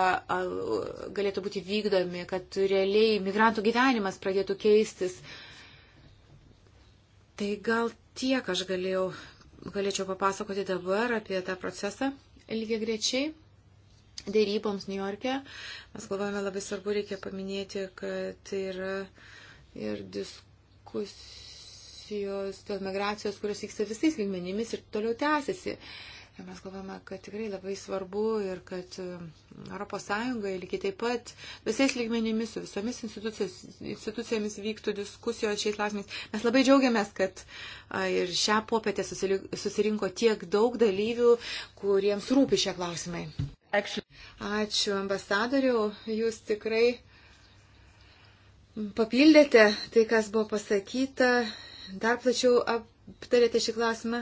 C: galėtų būti vykdomi, kad realiai migrantų gyvenimas pradėtų keistis. Tai gal tiek aš galėjau, galėčiau papasakoti dabar apie tą procesą lygiai grečiai dėryboms New York'e. Mes galvojame labai svarbu, reikia paminėti, kad yra ir diskusijos dėl migracijos, kurios vyksta visais lygmenimis ir toliau tęsiasi. Ir mes galvojame, kad tikrai labai svarbu ir kad um, ES lygiai taip pat visais lygmenimis, su visomis institucijomis vyktų diskusijos šiais klausimais. Mes labai džiaugiamės, kad ir šią popietę susirinko tiek daug dalyvių, kuriems rūpi šie klausimai. Ačiū ambasadoriu, jūs tikrai papildėte tai, kas buvo pasakyta, dar plačiau aptarėte šį klausimą.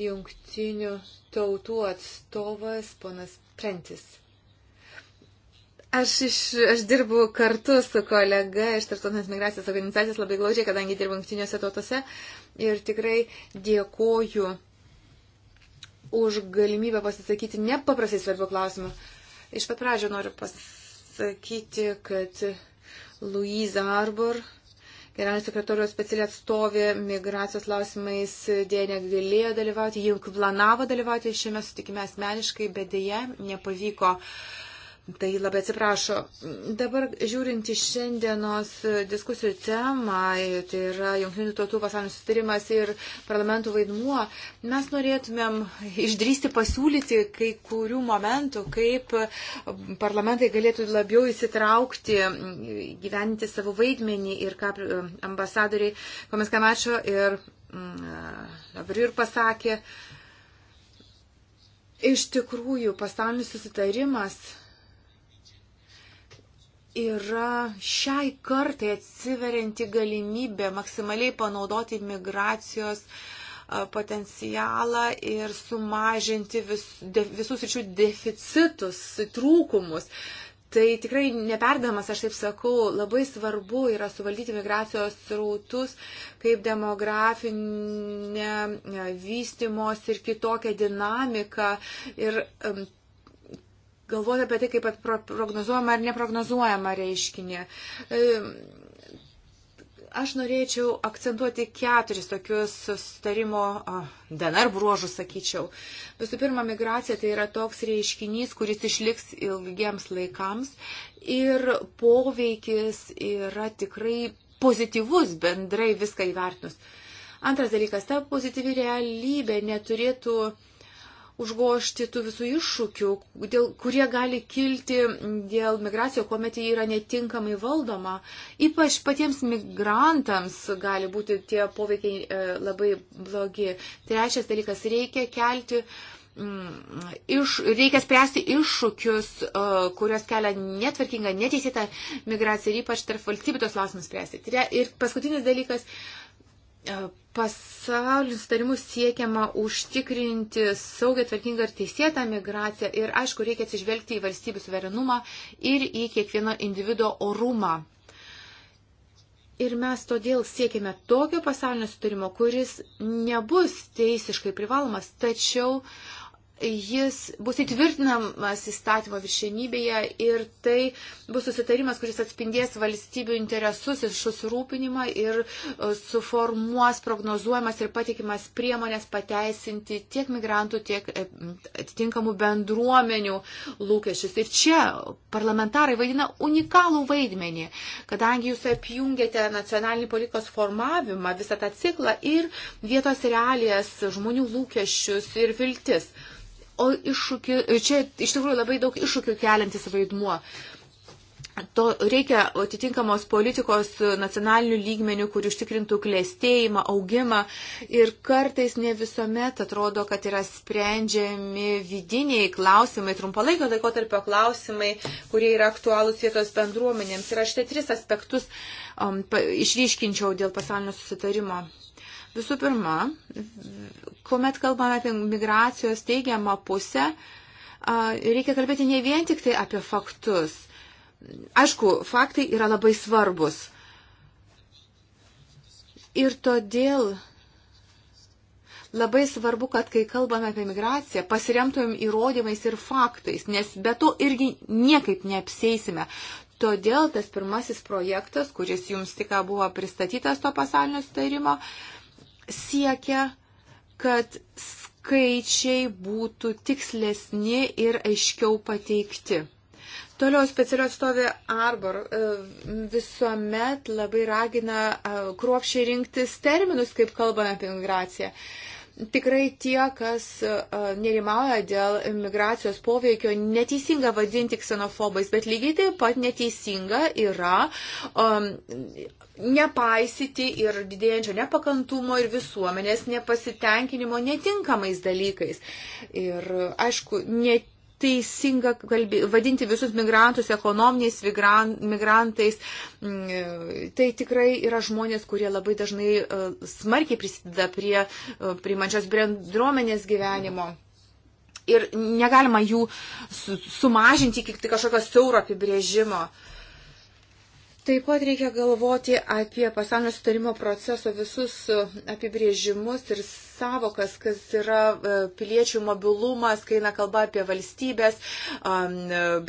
C: jungtinių tautų atstovas ponas Prentis. Aš, iš, aš dirbu kartu su kolega iš Tartuotinės migracijos organizacijos labai glaudžiai, kadangi dirbu jungtiniuose tautose ir tikrai dėkoju už galimybę pasisakyti nepaprastai svarbių klausimų. Iš pat pradžio noriu pasakyti, kad Louise Arbor, generalinio sekretorijos speciali atstovė migracijos klausimais, dėja negalėjo dalyvauti, jau planavo dalyvauti šiame sutikime asmeniškai, bet dėja nepavyko. Uh, Tai labai atsiprašo. Dabar žiūrint iš šiandienos diskusijų temą, tai yra Junktinių tautų pasaulinis sustarimas ir parlamentų vaidmuo, mes norėtumėm išdrysti pasiūlyti kai kurių momentų, kaip parlamentai galėtų labiau įsitraukti, gyventi savo vaidmenį ir ką e, ambasadoriai Komis Kamačio ir Labriur mm, pasakė. Iš tikrųjų, pasaulinis susitarimas yra šiai kartai atsiverianti galimybė maksimaliai panaudoti migracijos potencialą ir sumažinti vis, de, visus ryčių deficitus, trūkumus. Tai tikrai neperdamas, aš taip sakau, labai svarbu yra suvaldyti migracijos srautus kaip demografinę vystimos ir kitokią dinamiką. Ir galvoti apie tai, kaip prognozuojama ar neprognozuojama reiškinė. E, aš norėčiau akcentuoti keturis tokius sustarimo DNR bruožus, sakyčiau. Visų pirma, migracija tai yra toks reiškinys, kuris išliks ilgiems laikams ir poveikis yra tikrai pozityvus bendrai viską įvertinus. Antras dalykas, ta pozityvi realybė neturėtų uh, užgošti tų visų iššūkių, dėl, kurie gali kilti dėl migracijos, kuomet jie yra netinkamai valdoma. Ypač patiems migrantams gali būti tie poveikiai e, labai blogi. Trečias dalykas - reikia kelti. Mm, iš, reikia spręsti iššūkius, uh, kurios kelia netvarkinga, neteisėta migracija ir ypač tarp valstybių tos klausimus spręsti. Ir paskutinis dalykas E, pasaulinius tarimus siekiama užtikrinti saugią, tvarkingą ir teisėtą migraciją. Ir aišku, reikia atsižvelgti į valstybių suverenumą ir į kiekvieno individuo orumą. Ir mes todėl siekime tokio pasaulinio sutarimo, kuris nebus teisiškai privalomas, tačiau jis bus įtvirtinamas įstatymo viršenybėje ir tai bus susitarimas, kuris atspindės valstybių interesus ir susirūpinimą ir e, suformuos prognozuojamas ir patikimas priemonės pateisinti tiek migrantų, tiek e, atitinkamų bendruomenių lūkesčius. Ir čia parlamentarai vaidina unikalų vaidmenį, kadangi jūs apjungiate nacionalinį politikos formavimą, visą tą ciklą ir vietos realijas, žmonių lūkesčius ir viltis o iššūkių, čia iš tikrųjų labai daug iššūkių keliantis vaidmuo. To reikia atitinkamos politikos nacionalinių lygmenių, kur užtikrintų klėstėjimą, augimą ir kartais ne visuomet atrodo, kad yra sprendžiami vidiniai klausimai, trumpalaikio laikotarpio klausimai, kurie yra aktualūs vietos bendruomenėms. Ir aš tai tris aspektus um, išryškinčiau dėl pasaulinio susitarimo Visų pirma, kuomet kalbame apie migracijos teigiamą pusę, reikia kalbėti ne vien tik tai apie faktus. Aišku, faktai yra labai svarbus. Ir todėl labai svarbu, kad kai kalbame apie migraciją, pasiremtumėm įrodymais ir faktais, nes be to irgi niekaip neapsėsime. Todėl tas pirmasis projektas, kuris jums tik buvo pristatytas to pasaulinio sutarimo, uh, siekia, kad skaičiai būtų tikslesni ir aiškiau pateikti. Toliau specialios stovė Arbor e, visuomet labai ragina e, kruopšiai rinktis terminus, kaip kalbame apie migraciją tikrai tie, kas e, nerimauja dėl migracijos poveikio, neteisinga vadinti ksenofobais, bet lygiai taip pat neteisinga yra um, nepaisyti ir didėjančio nepakantumo ir visuomenės nepasitenkinimo netinkamais dalykais. Ir aišku, net teisinga kalbė, vadinti visus migrantus ekonominiais migran, migrantais. Mm, tai tikrai yra žmonės, kurie labai dažnai e, smarkiai prisideda prie e, primančios bendruomenės gyvenimo. Ir negalima jų sumažinti iki kažkokio siauro apibrėžimo. Uh, Taip pat reikia galvoti apie pasaulio sutarimo proceso visus e, apibrėžimus ir savokas, kas yra e, piliečių mobilumas, kai eina kalba apie valstybės, e,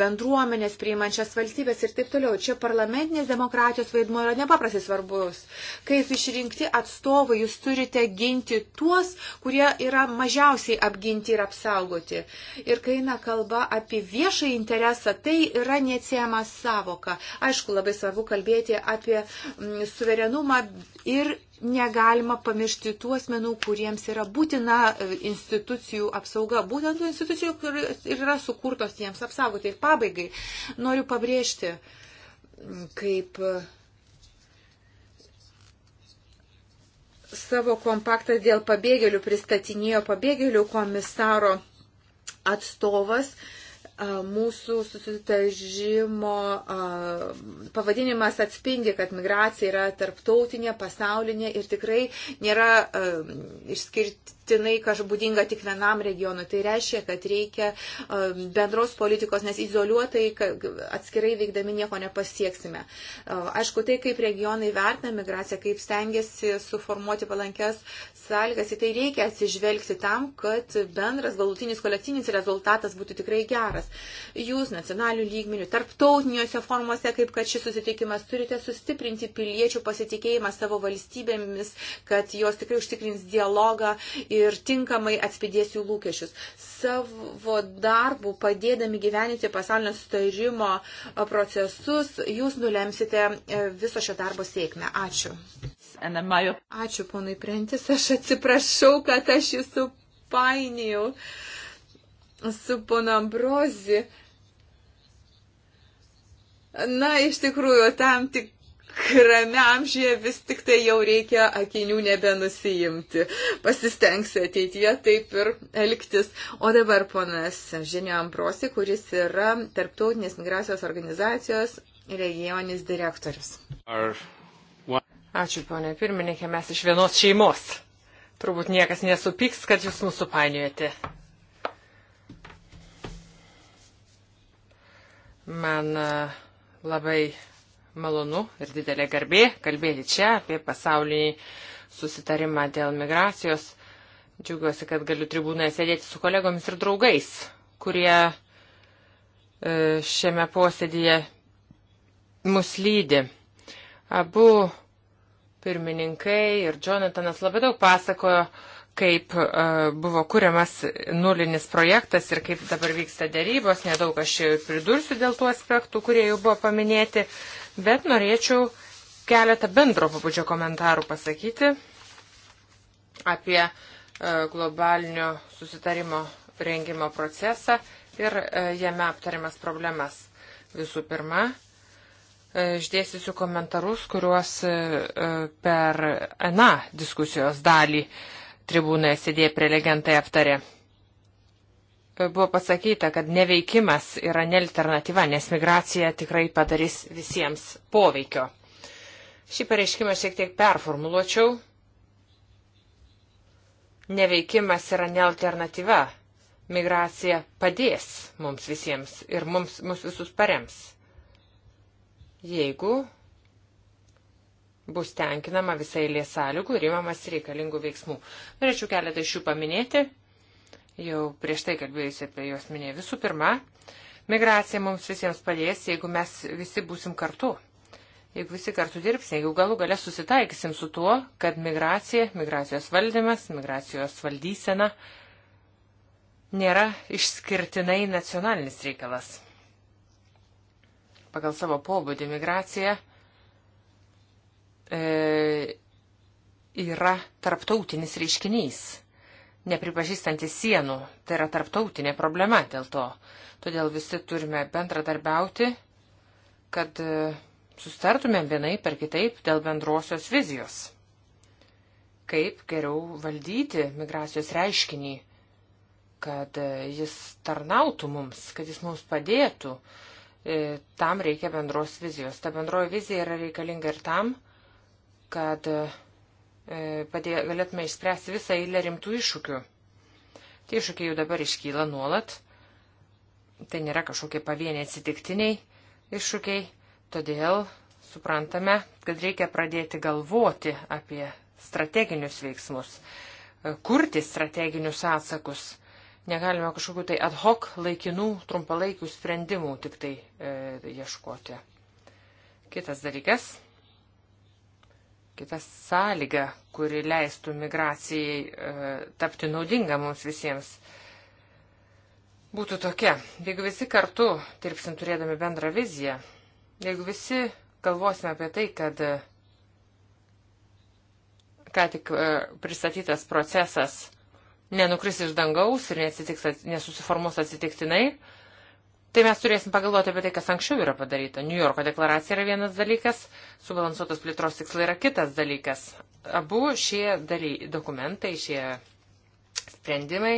C: bendruomenės priimančias valstybės ir taip toliau. Čia parlamentinės demokratijos vaidmuo yra nepaprastai svarbus. Kaip išrinkti atstovai, jūs turite ginti tuos, kurie yra mažiausiai apginti ir apsaugoti. Ir kai eina kalba apie viešą interesą, tai yra neatsiejama savoka. Aišku, labai svarbu, kalbėti apie mm, suverenumą ir negalima pamiršti tų asmenų, kuriems yra būtina e, institucijų apsauga, būtent tų institucijų, kur yra sukurtos jiems apsaugoti. Ir pabaigai noriu pabrėžti, mm, kaip e, savo kompaktą dėl pabėgėlių pristatinėjo pabėgėlių komisaro atstovas, uh, mūsų susitažimo pavadinimas atspindi, kad migracija yra tarptautinė, pasaulinė ir tikrai nėra išskirti nebūtinai kažkaip būdinga tik vienam regionui. Tai reiškia, kad reikia um, bendros politikos, nes izoliuotai atskirai veikdami nieko nepasieksime. Uh, aišku, tai kaip regionai vertina migraciją, kaip stengiasi suformuoti palankes sąlygas, į tai reikia atsižvelgti tam, kad bendras galutinis kolektyvinis rezultatas būtų tikrai geras. Jūs nacionalių lygmenių, tarptautiniuose formuose, kaip kad šis susitikimas, turite sustiprinti piliečių pasitikėjimą savo valstybėmis, kad jos tikrai užtikrins dialogą ir ir tinkamai atspėdės jų lūkesčius. Savo darbų padėdami gyveninti pasaulinio sustarimo procesus, jūs nulemsite e, viso šio darbo sėkmę. Ačiū. Ačiū, ponai Prentis, aš atsiprašau, kad aš jūs supainijau su ponu Ambrozi. Na, iš tikrųjų, tam tik kuriame amžiuje vis tik tai jau reikia akinių nebenusijimti. Pasistengsiu ateityje taip ir elgtis. O dabar ponas Žinio Ambrosi, kuris yra Tarptautinės migracijos
B: organizacijos regionis direktorius. Ačiū, ponė pirmininkė, mes iš vienos šeimos. Turbūt niekas nesupyks, kad jūs mūsų painiojate. Man labai malonu ir didelė garbė kalbėti čia apie pasaulinį susitarimą dėl migracijos. Džiaugiuosi, kad galiu tribūnoje sėdėti su kolegomis ir draugais, kurie e, šiame posėdėje mus lydi. Abu pirmininkai ir Jonathanas labai daug pasakojo, kaip e, buvo kuriamas nulinis projektas ir kaip dabar vyksta dėrybos. Nedaug aš pridursiu dėl tų aspektų, kurie jau buvo paminėti bet norėčiau keletą bendro pabudžio komentarų pasakyti apie e, globalinio susitarimo rengimo procesą ir e, jame aptariamas problemas. Visų pirma, e, išdėstysiu komentarus, kuriuos per ANA diskusijos dalį tribūnoje sėdėję prelegentai aptarė buvo pasakyta, kad neveikimas yra ne alternatyva, nes migracija tikrai padarys visiems poveikio. Šį pareiškimą šiek tiek performuluočiau. Neveikimas yra ne alternatyva. Migracija padės mums visiems ir mums, mums visus parems. Jeigu bus tenkinama visai lė sąlygų ir įmamas reikalingų veiksmų. Norėčiau keletą iš jų paminėti jau prieš tai kalbėjusi apie juos minėjau. Visų pirma, migracija mums visiems padės, jeigu mes visi būsim kartu. Jeigu visi kartu dirbsim, jeigu galų gale susitaikysim su tuo, kad migracija, migracijos valdymas, migracijos valdysena nėra išskirtinai nacionalinis reikalas. Pagal savo pobūdį migracija e, yra tarptautinis reiškinys nepripažįstanti sienų. Tai yra tarptautinė problema dėl to. Todėl visi turime bendradarbiauti, kad e, sustartumėm vienai per kitaip dėl bendrosios vizijos. Kaip geriau valdyti migracijos reiškinį, kad e, jis tarnautų mums, kad jis mums padėtų. E, tam reikia bendros vizijos. Ta bendroji vizija yra reikalinga ir tam, kad uh, padė, galėtume išspręsti visą eilę rimtų iššūkių. Tie iššūkiai jau dabar iškyla nuolat. Tai nėra kažkokie pavieniai atsitiktiniai iššūkiai, todėl suprantame, kad reikia pradėti galvoti apie strateginius veiksmus, kurti strateginius atsakus. Negalime kažkokių tai ad hoc laikinų, trumpalaikių sprendimų tik tai e, ieškoti. Kitas dalykas kita sąlyga, kuri leistų migracijai e, tapti naudinga mums visiems, būtų tokia. Jeigu visi kartu dirbsim turėdami bendrą viziją, jeigu visi galvosime apie tai, kad e, ką tik e, pristatytas procesas nenukris iš dangaus ir nesusiformuos atsitiktinai, Tai mes turėsim pagalvoti apie tai, kas anksčiau yra padaryta. New Yorko deklaracija yra vienas dalykas, subalansuotos plėtros tikslai yra kitas dalykas. Abu šie daly, dokumentai, šie sprendimai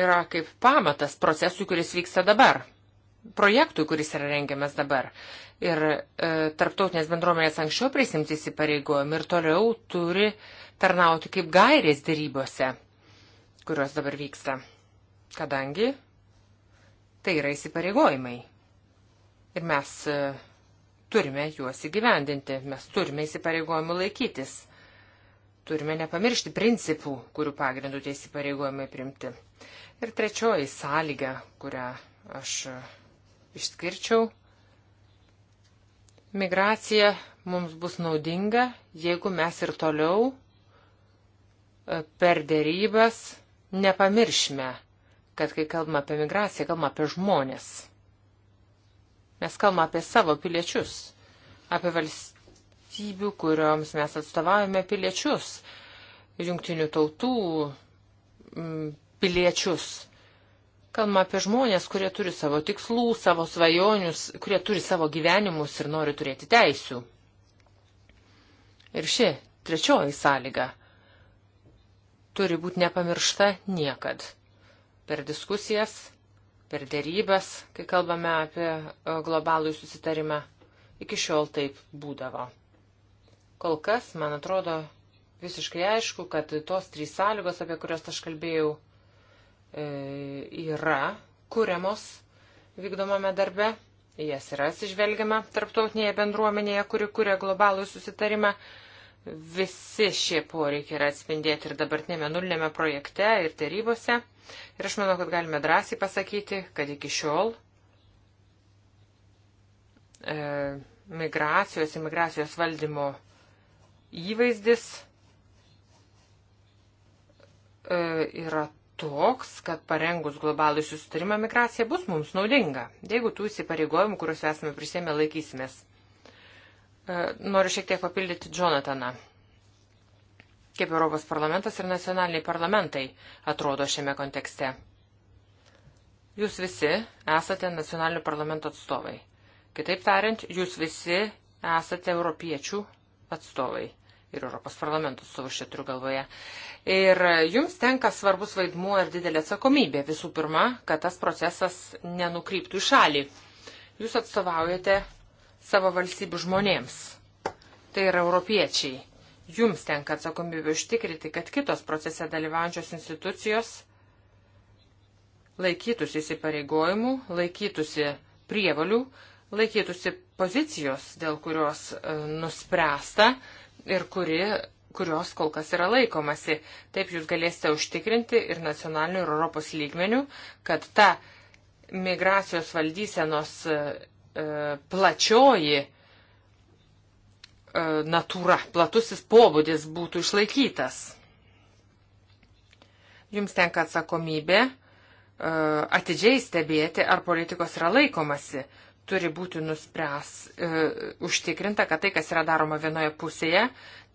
B: yra kaip pamatas procesui, kuris vyksta dabar, projektui, kuris yra rengiamas dabar. Ir e, tarptautinės bendruomenės anksčiau prisimti įsipareigojom ir toliau turi tarnauti kaip gairės dėrybose, kurios dabar vyksta. Kadangi Tai yra įsipareigojimai. Ir mes e, turime juos įgyvendinti, mes turime įsipareigojimų laikytis. Turime nepamiršti principų, kurių pagrindų tie įsipareigojimai primti. Ir trečioji sąlyga, kurią aš e, išskirčiau. Migracija mums bus naudinga, jeigu mes ir toliau e, per dėrybas nepamiršime kad kai kalbame apie migraciją, kalbame apie žmonės. Mes kalbame apie savo piliečius, apie valstybių, kurioms mes atstovaujame piliečius, jungtinių tautų mm, piliečius. Kalbame apie žmonės, kurie turi savo tikslų, savo svajonius, kurie turi savo gyvenimus ir nori turėti teisių. Ir ši trečioji sąlyga turi būti nepamiršta niekad per diskusijas, per dėrybas, kai kalbame apie e, globalų susitarimą. Iki šiol taip būdavo. Kol kas, man atrodo, visiškai aišku, kad tos trys sąlygos, apie kurias aš kalbėjau, e, yra kuriamos vykdomame darbe, jas yra atsižvelgiama tarptautinėje bendruomenėje, kuri kuria globalų susitarimą. Visi šie poreikiai yra atspindėti ir dabartinėme nulinėme projekte, ir tarybose. Ir aš manau, kad galime drąsiai pasakyti, kad iki šiol e, migracijos, imigracijos valdymo įvaizdis e, yra toks, kad parengus globalų susitarimą migracija bus mums naudinga, jeigu tų įsipareigojimų, kuriuos esame prisėmę, laikysimės. E, noriu šiek tiek papildyti Jonataną. Kaip Europos parlamentas ir nacionaliniai parlamentai atrodo šiame kontekste? Jūs visi esate nacionalinių parlamento atstovai. Kitaip tariant, jūs visi esate europiečių atstovai ir Europos parlamento atstovų šitą turiu galvoje. Ir jums tenka svarbus vaidmuo ir didelė atsakomybė visų pirma, kad tas procesas nenukryptų į šalį. Jūs atstovaujate savo valstybių žmonėms. Tai yra europiečiai. Jums tenka atsakomybė užtikrinti, kad kitos procese dalyvaujančios institucijos laikytųsi įsipareigojimų, laikytųsi prievalių, laikytųsi pozicijos, dėl kurios e, nuspręsta ir kuri, kurios kol kas yra laikomasi. Taip jūs galėsite užtikrinti ir nacionalinių ir Europos lygmenių, kad ta migracijos valdysenos e, E, plačioji e, natūra, platusis pobūdis būtų išlaikytas. Jums tenka atsakomybė e, atidžiai stebėti, ar politikos yra laikomasi. Turi būti nuspręs e, užtikrinta, kad tai, kas yra daroma vienoje pusėje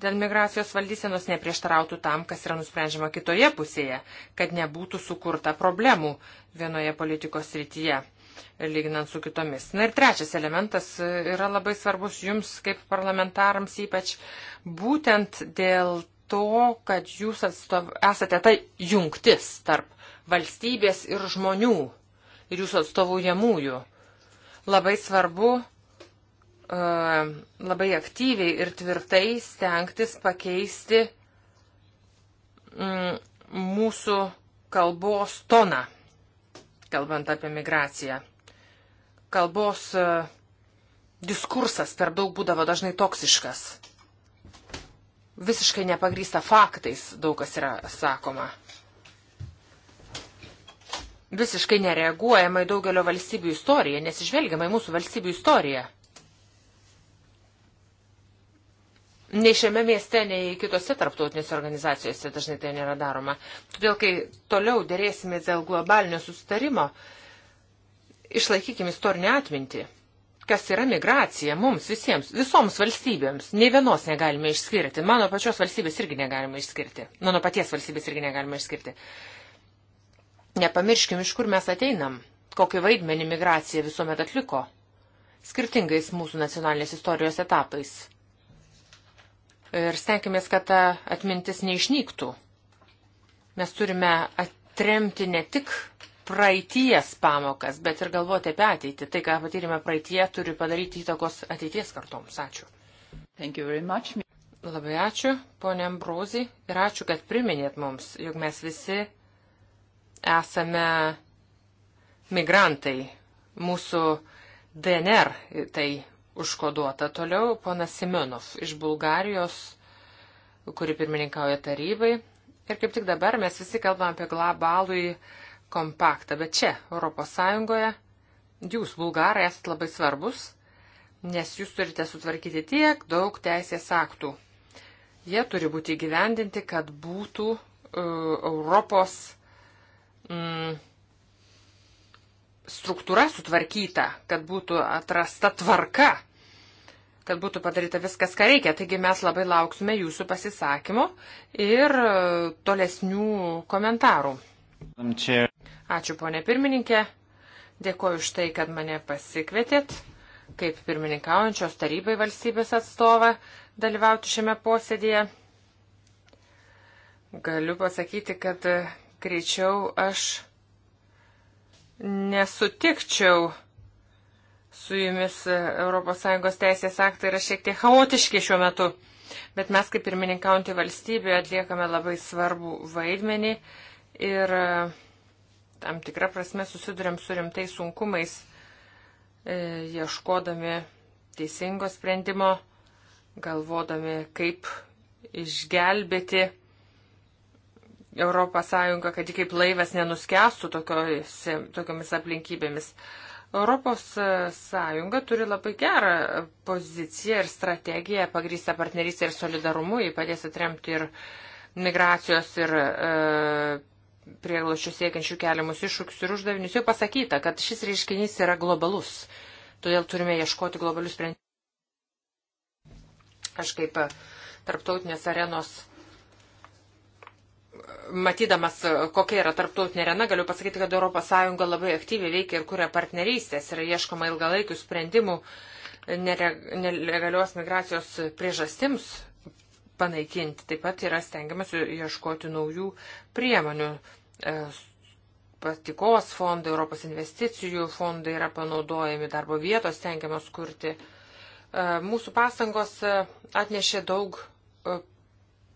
B: dėl migracijos valdysenos, neprieštarautų tam, kas yra nusprendžiama kitoje pusėje, kad nebūtų sukurta problemų vienoje politikos rytyje lyginant su kitomis. Na ir trečias elementas yra labai svarbus jums kaip parlamentarams ypač būtent dėl to, kad jūs atstov, esate ta jungtis tarp valstybės ir žmonių ir jūsų atstovaujamųjų. Labai svarbu uh, labai aktyviai ir tvirtai stengtis pakeisti mm, mūsų kalbos toną kalbant apie migraciją. Kalbos e, diskursas per daug būdavo dažnai toksiškas. Visiškai nepagrysta faktais daug kas yra sakoma. Visiškai nereaguojama į daugelio valstybių istoriją, nesižvelgiama į mūsų valstybių istoriją. Nei šiame mieste, nei kitose tarptautinėse organizacijose dažnai tai nėra daroma. Todėl, kai toliau dėrėsimės dėl globalinio sustarimo, išlaikykime istorinę atmintį. Kas yra migracija mums visiems, visoms valstybėms, nei vienos negalime išskirti. Mano pačios valstybės irgi negalime išskirti. Mano paties valstybės irgi negalime išskirti. Nepamirškim, iš kur mes ateinam, kokį vaidmenį migracija visuomet atliko, skirtingais mūsų nacionalinės istorijos etapais ir stengiamės, kad ta atmintis neišnyktų. Mes turime atremti ne tik praeities pamokas, bet ir galvoti apie ateitį. Tai, ką patyrėme praeitie, turi padaryti įtakos ateities kartoms. Ačiū. Labai ačiū, ponė Ambrozi, ir ačiū, kad priminėt mums, jog mes visi esame migrantai. Mūsų DNR tai užkoduota. Toliau ponas Simenov iš Bulgarijos, kuri pirmininkauja tarybai. Ir kaip tik dabar mes visi kalbam apie globalųjį kompaktą, bet čia, Europos Sąjungoje, jūs, bulgarai, esate labai svarbus, nes jūs turite sutvarkyti tiek daug teisės aktų. Jie turi būti įgyvendinti, kad būtų uh, Europos mm, struktūra sutvarkyta, kad būtų atrasta tvarka, kad būtų padaryta viskas, ką reikia. Taigi mes labai lauksime jūsų pasisakymų ir e, tolesnių komentarų.
A: Ačiū,
B: ponė pirmininkė. Dėkuoju už tai, kad mane pasikvietėt kaip pirmininkaujančios tarybai valstybės atstovą dalyvauti šiame posėdėje. Galiu pasakyti, kad greičiau aš nesutikčiau su jumis e, ES teisės aktai yra šiek tiek chaotiški šiuo metu, bet mes kaip pirmininkaujantį valstybę atliekame labai svarbų vaidmenį ir e, tam tikrą prasme susidurėm su rimtais sunkumais, e, ieškodami teisingo sprendimo, galvodami, kaip išgelbėti ES, kad ji kaip laivas nenuskestų tokiomis aplinkybėmis. E, Europos e, Sąjunga turi labai gerą poziciją ir strategiją pagrįstą partnerystę ir solidarumu, jį padės atremti ir migracijos ir e, prieglošių siekiančių keliamus iššūkius ir uždavinius. Jau pasakyta, kad šis reiškinys yra globalus, todėl turime ieškoti globalių sprendimų. Aš kaip e, tarptautinės arenos matydamas, kokia yra tarptautinė arena, galiu pasakyti, kad ES labai aktyviai veikia ir kuria partnerystės ir ieškoma ilgalaikių sprendimų nelegalios migracijos priežastims panaikinti. Taip pat yra stengiamas ieškoti naujų priemonių. E, patikos fondai, Europos investicijų fondai yra panaudojami, darbo vietos stengiamas kurti. E, mūsų pastangos e, atnešė daug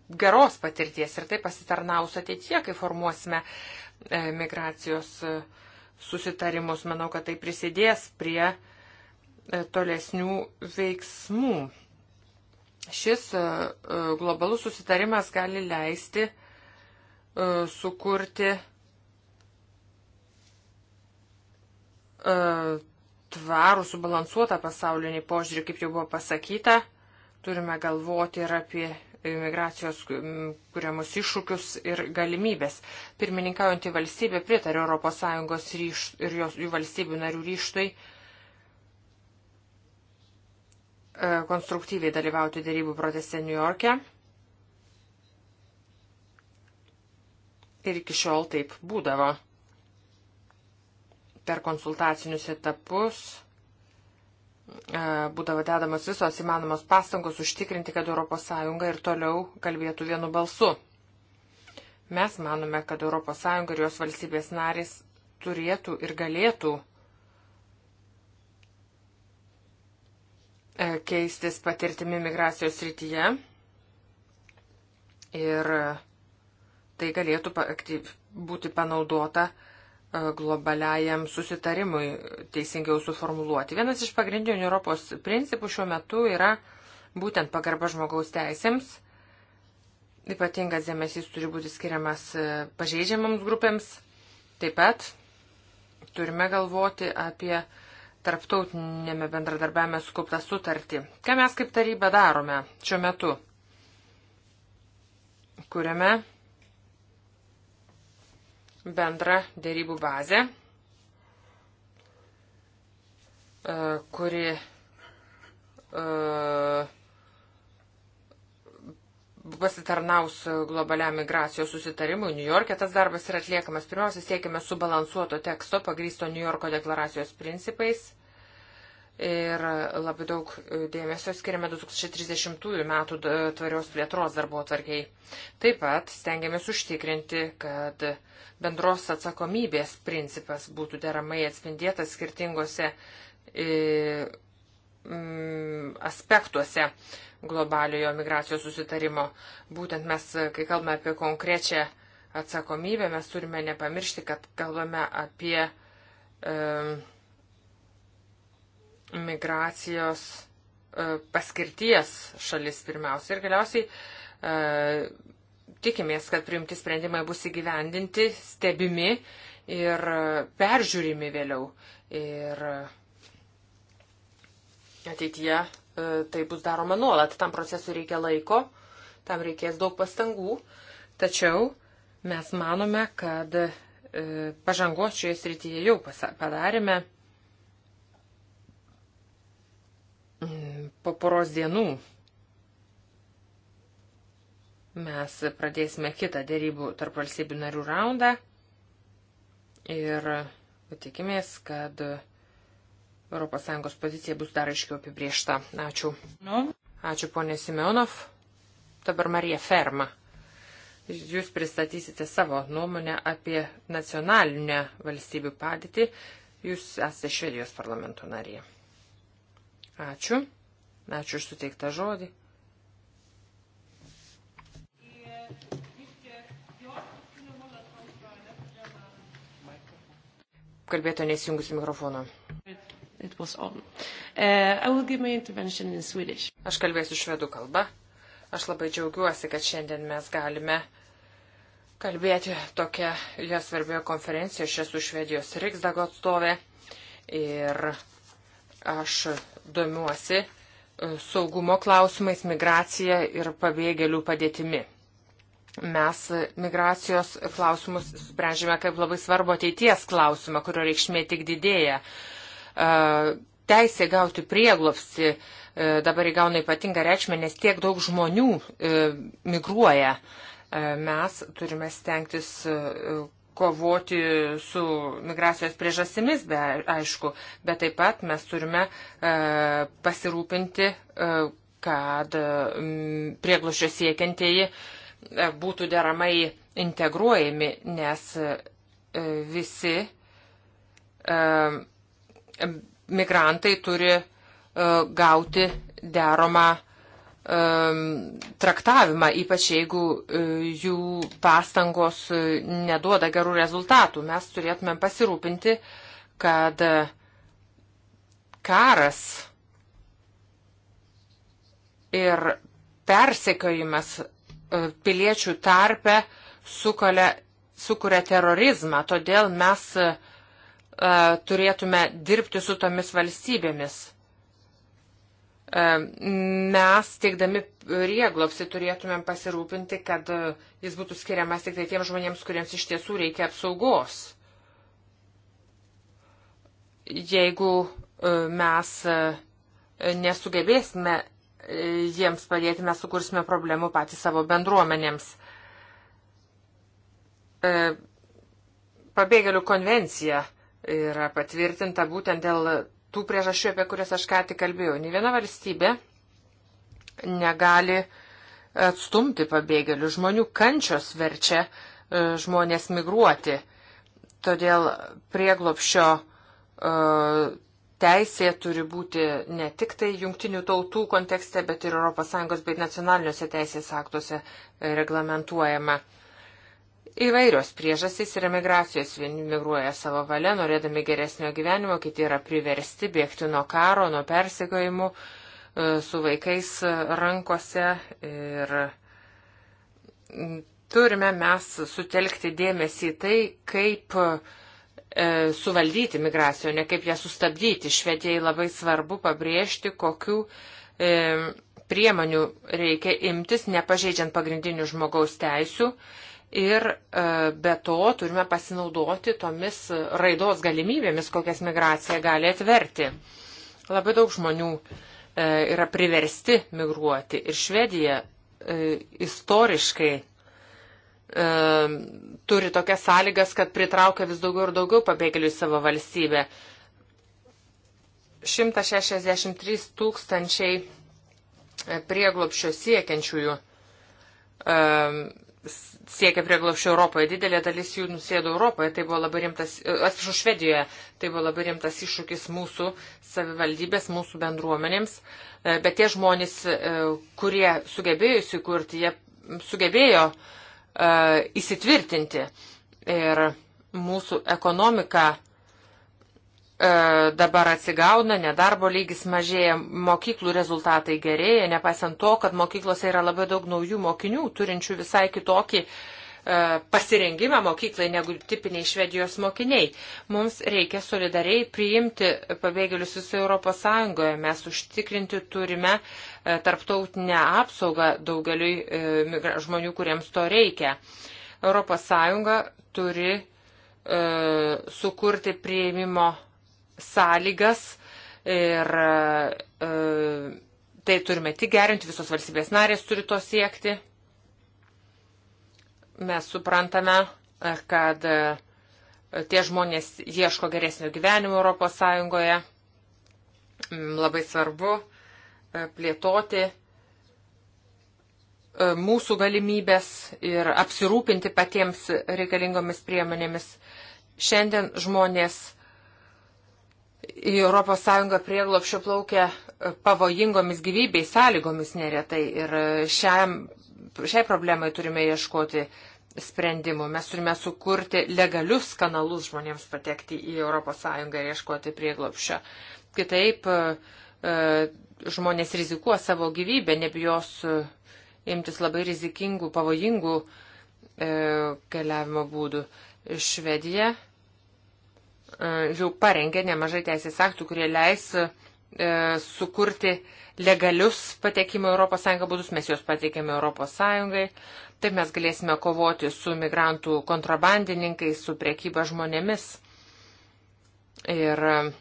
B: geros patirties ir tai pasitarnaus ateityje, kai formuosime e, migracijos e, susitarimus. Manau, kad tai prisidės prie e, tolesnių veiksmų. Šis globalus susitarimas gali leisti sukurti tvarų, subalansuotą pasaulinį požiūrį, kaip jau buvo pasakyta. Turime galvoti ir apie imigracijos kuriamus iššūkius ir galimybės. Pirmininkaujantį valstybę pritarė ES ryš, ir jos, jų valstybių narių ryštui e, konstruktyviai dalyvauti dėrybų proteste New York'e. Ir iki šiol taip būdavo. Per konsultacinius etapus E, būdavo dedamos visos įmanomos pastangos užtikrinti, kad ES ir toliau kalbėtų vienu balsu. Mes manome, kad ES ir jos valstybės narys turėtų ir galėtų e, keistis patirtimi migracijos srityje ir e, tai galėtų būti panaudota uh, globaliajam susitarimui teisingiau suformuluoti. Vienas iš pagrindinių Europos principų šiuo metu yra būtent pagarba žmogaus teisėms. Ypatingas dėmesys turi būti skiriamas e, pažeidžiamams grupėms. Taip pat turime galvoti apie tarptautinėme bendradarbiavime skuptą sutartį. Ką mes kaip taryba darome šiuo metu? Kuriame bendra dėrybų bazė, e, kuri e, pasitarnaus globaliam migracijos susitarimui New York'e. Tas darbas yra atliekamas. Pirmiausia, siekime subalansuoto teksto, pagrysto New Yorko deklaracijos principais. Ir labai daug dėmesio skiriame 2030 metų tvarios plėtros darbo atvarkiai. Taip pat stengiamės užtikrinti, kad uh, bendros atsakomybės principas būtų deramai atspindėtas skirtingose e, mm, aspektuose globaliojo migracijos susitarimo. Būtent mes, kai kalbame apie konkrečią atsakomybę, mes turime nepamiršti, kad kalbame apie um, migracijos uh, paskirties šalis pirmiausia. Ir galiausiai uh, tikimės, kad priimti sprendimai bus įgyvendinti, stebimi ir peržiūrimi vėliau. Ir ateityje e, tai bus daroma nuolat. Tam procesui reikia laiko, tam reikės daug pastangų. Tačiau mes manome, kad e, pažangos šioje srityje jau padarėme mm, po poros dienų Mes pradėsime kitą dėrybų tarp valstybių narių raundą ir tikimės, kad ES pozicija bus dar aiškiau apibriešta. Ačiū. No. Nu. Ačiū ponė Simeonov. Dabar Marija Ferma. Jūs pristatysite savo nuomonę apie nacionalinę valstybių padėtį. Jūs esate Švedijos parlamento narė. Ačiū. Ačiū už suteiktą žodį. kalbėto nesijungusi mikrofono. Uh, Aš kalbėsiu švedų kalbą. Aš labai džiaugiuosi, kad šiandien mes galime kalbėti tokią jo svarbioje konferencijoje. Aš esu Švedijos Riksdago atstovė ir aš domiuosi saugumo klausimais, migracija ir pabėgėlių padėtimi. Mes migracijos klausimus sprendžiame kaip labai svarbu ateities klausimą, kurio reikšmė tik didėja. E, teisė gauti prieglopsi e, dabar įgauna ypatingą reikšmę, nes tiek daug žmonių e, migruoja. Mes turime stengtis kovoti su migracijos priežastimis, be, aišku, bet taip pat mes turime e, pasirūpinti, e, kad m, prieglušio siekiantieji E, būtų deramai integruojami, nes e, visi e, migrantai turi gauti deramą traktavimą, ypač jeigu jų pastangos neduoda gerų rezultatų. Mes turėtumėm pasirūpinti, kad karas ir persekiojimas E, piliečių tarpe sukuria, sukuria terorizmą, todėl mes e, e, turėtume dirbti su tomis valstybėmis. Mes, teikdami prieglopsi, turėtumėm pasirūpinti, kad jis būtų skiriamas tik tai tiems žmonėms, kuriems iš tiesų reikia apsaugos. Jeigu mes nesugebėsime jiems padėti, mes sukursime problemų patys savo bendruomenėms. E, pabėgėlių konvencija yra patvirtinta būtent dėl tų priežasčių, apie kurias aš ką tik kalbėjau. Nė viena valstybė negali atstumti pabėgėlių. Žmonių kančios verčia e, žmonės migruoti. Todėl prieglopšio e, teisė turi būti ne tik tai jungtinių tautų kontekste, bet ir ES bei nacionaliniuose teisės aktuose e, reglamentuojama. Įvairios priežastys yra migracijos. Vieni migruoja savo valia, norėdami geresnio gyvenimo, kiti yra priversti bėgti nuo karo, nuo persigojimų, e, su vaikais rankose. Ir mm, turime mes sutelkti dėmesį į tai, kaip uh, e, suvaldyti migraciją, ne kaip ją sustabdyti. Švedijai labai svarbu pabrėžti, kokiu e, priemonių reikia imtis, nepažeidžiant pagrindinių žmogaus teisių. Ir e, be to turime pasinaudoti tomis raidos galimybėmis, kokias migracija gali atverti. Labai daug žmonių e, yra priversti migruoti. Ir Švedija e, istoriškai E, turi tokias sąlygas, kad pritraukia vis daugiau ir daugiau pabėgėlių į savo valstybę. 163 tūkstančiai e, prieglopščio siekiančiųjų e, siekia prieglopščio Europoje. Didelė dalis jų nusėdo Europoje. Tai buvo labai rimtas, atsiprašau, Švedijoje. Tai buvo labai rimtas iššūkis mūsų savivaldybės, mūsų bendruomenėms. Bet tie žmonės, kurie sugebėjo įsikurti, jie sugebėjo uh, E, įsitvirtinti. Ir mūsų ekonomika e, dabar atsigauna, nedarbo lygis mažėja, mokyklų rezultatai gerėja, nepaisant to, kad mokyklose yra labai daug naujų mokinių, turinčių visai kitokį uh, E, pasirengimą mokyklai negu tipiniai švedijos mokiniai. Mums reikia solidariai priimti pabėgėlius visą Europos Sąjungoje. Mes užtikrinti turime e, tarptautinę apsaugą daugeliui e, žmonių, kuriems to reikia. Europos Sąjunga turi sukurti prieimimo sąlygas ir tai turime tik gerinti, visos valstybės narės turi to siekti. Mes suprantame, e, kad e, tie žmonės ieško geresnio gyvenimo ES. Mm, labai svarbu e, plėtoti mūsų galimybės ir apsirūpinti patiems reikalingomis priemonėmis. Šiandien žmonės į ES prieglopšio plaukia pavojingomis gyvybei sąlygomis neretai ir šiam šiai problemai turime ieškoti sprendimų. Mes turime sukurti legalius kanalus žmonėms patekti į ES ir ieškoti prieglopščio. Kitaip e, e, žmonės rizikuos savo gyvybę, nebijos e, imtis labai rizikingų, pavojingų keliavimo būdų. Švedija jau parengė nemažai teisės aktų, kurie leis sukurti uh, legalius patekimo ES būdus, mes juos pateikėme ES, taip mes galėsime kovoti su migrantų kontrabandininkais, su priekyba žmonėmis. Ir e,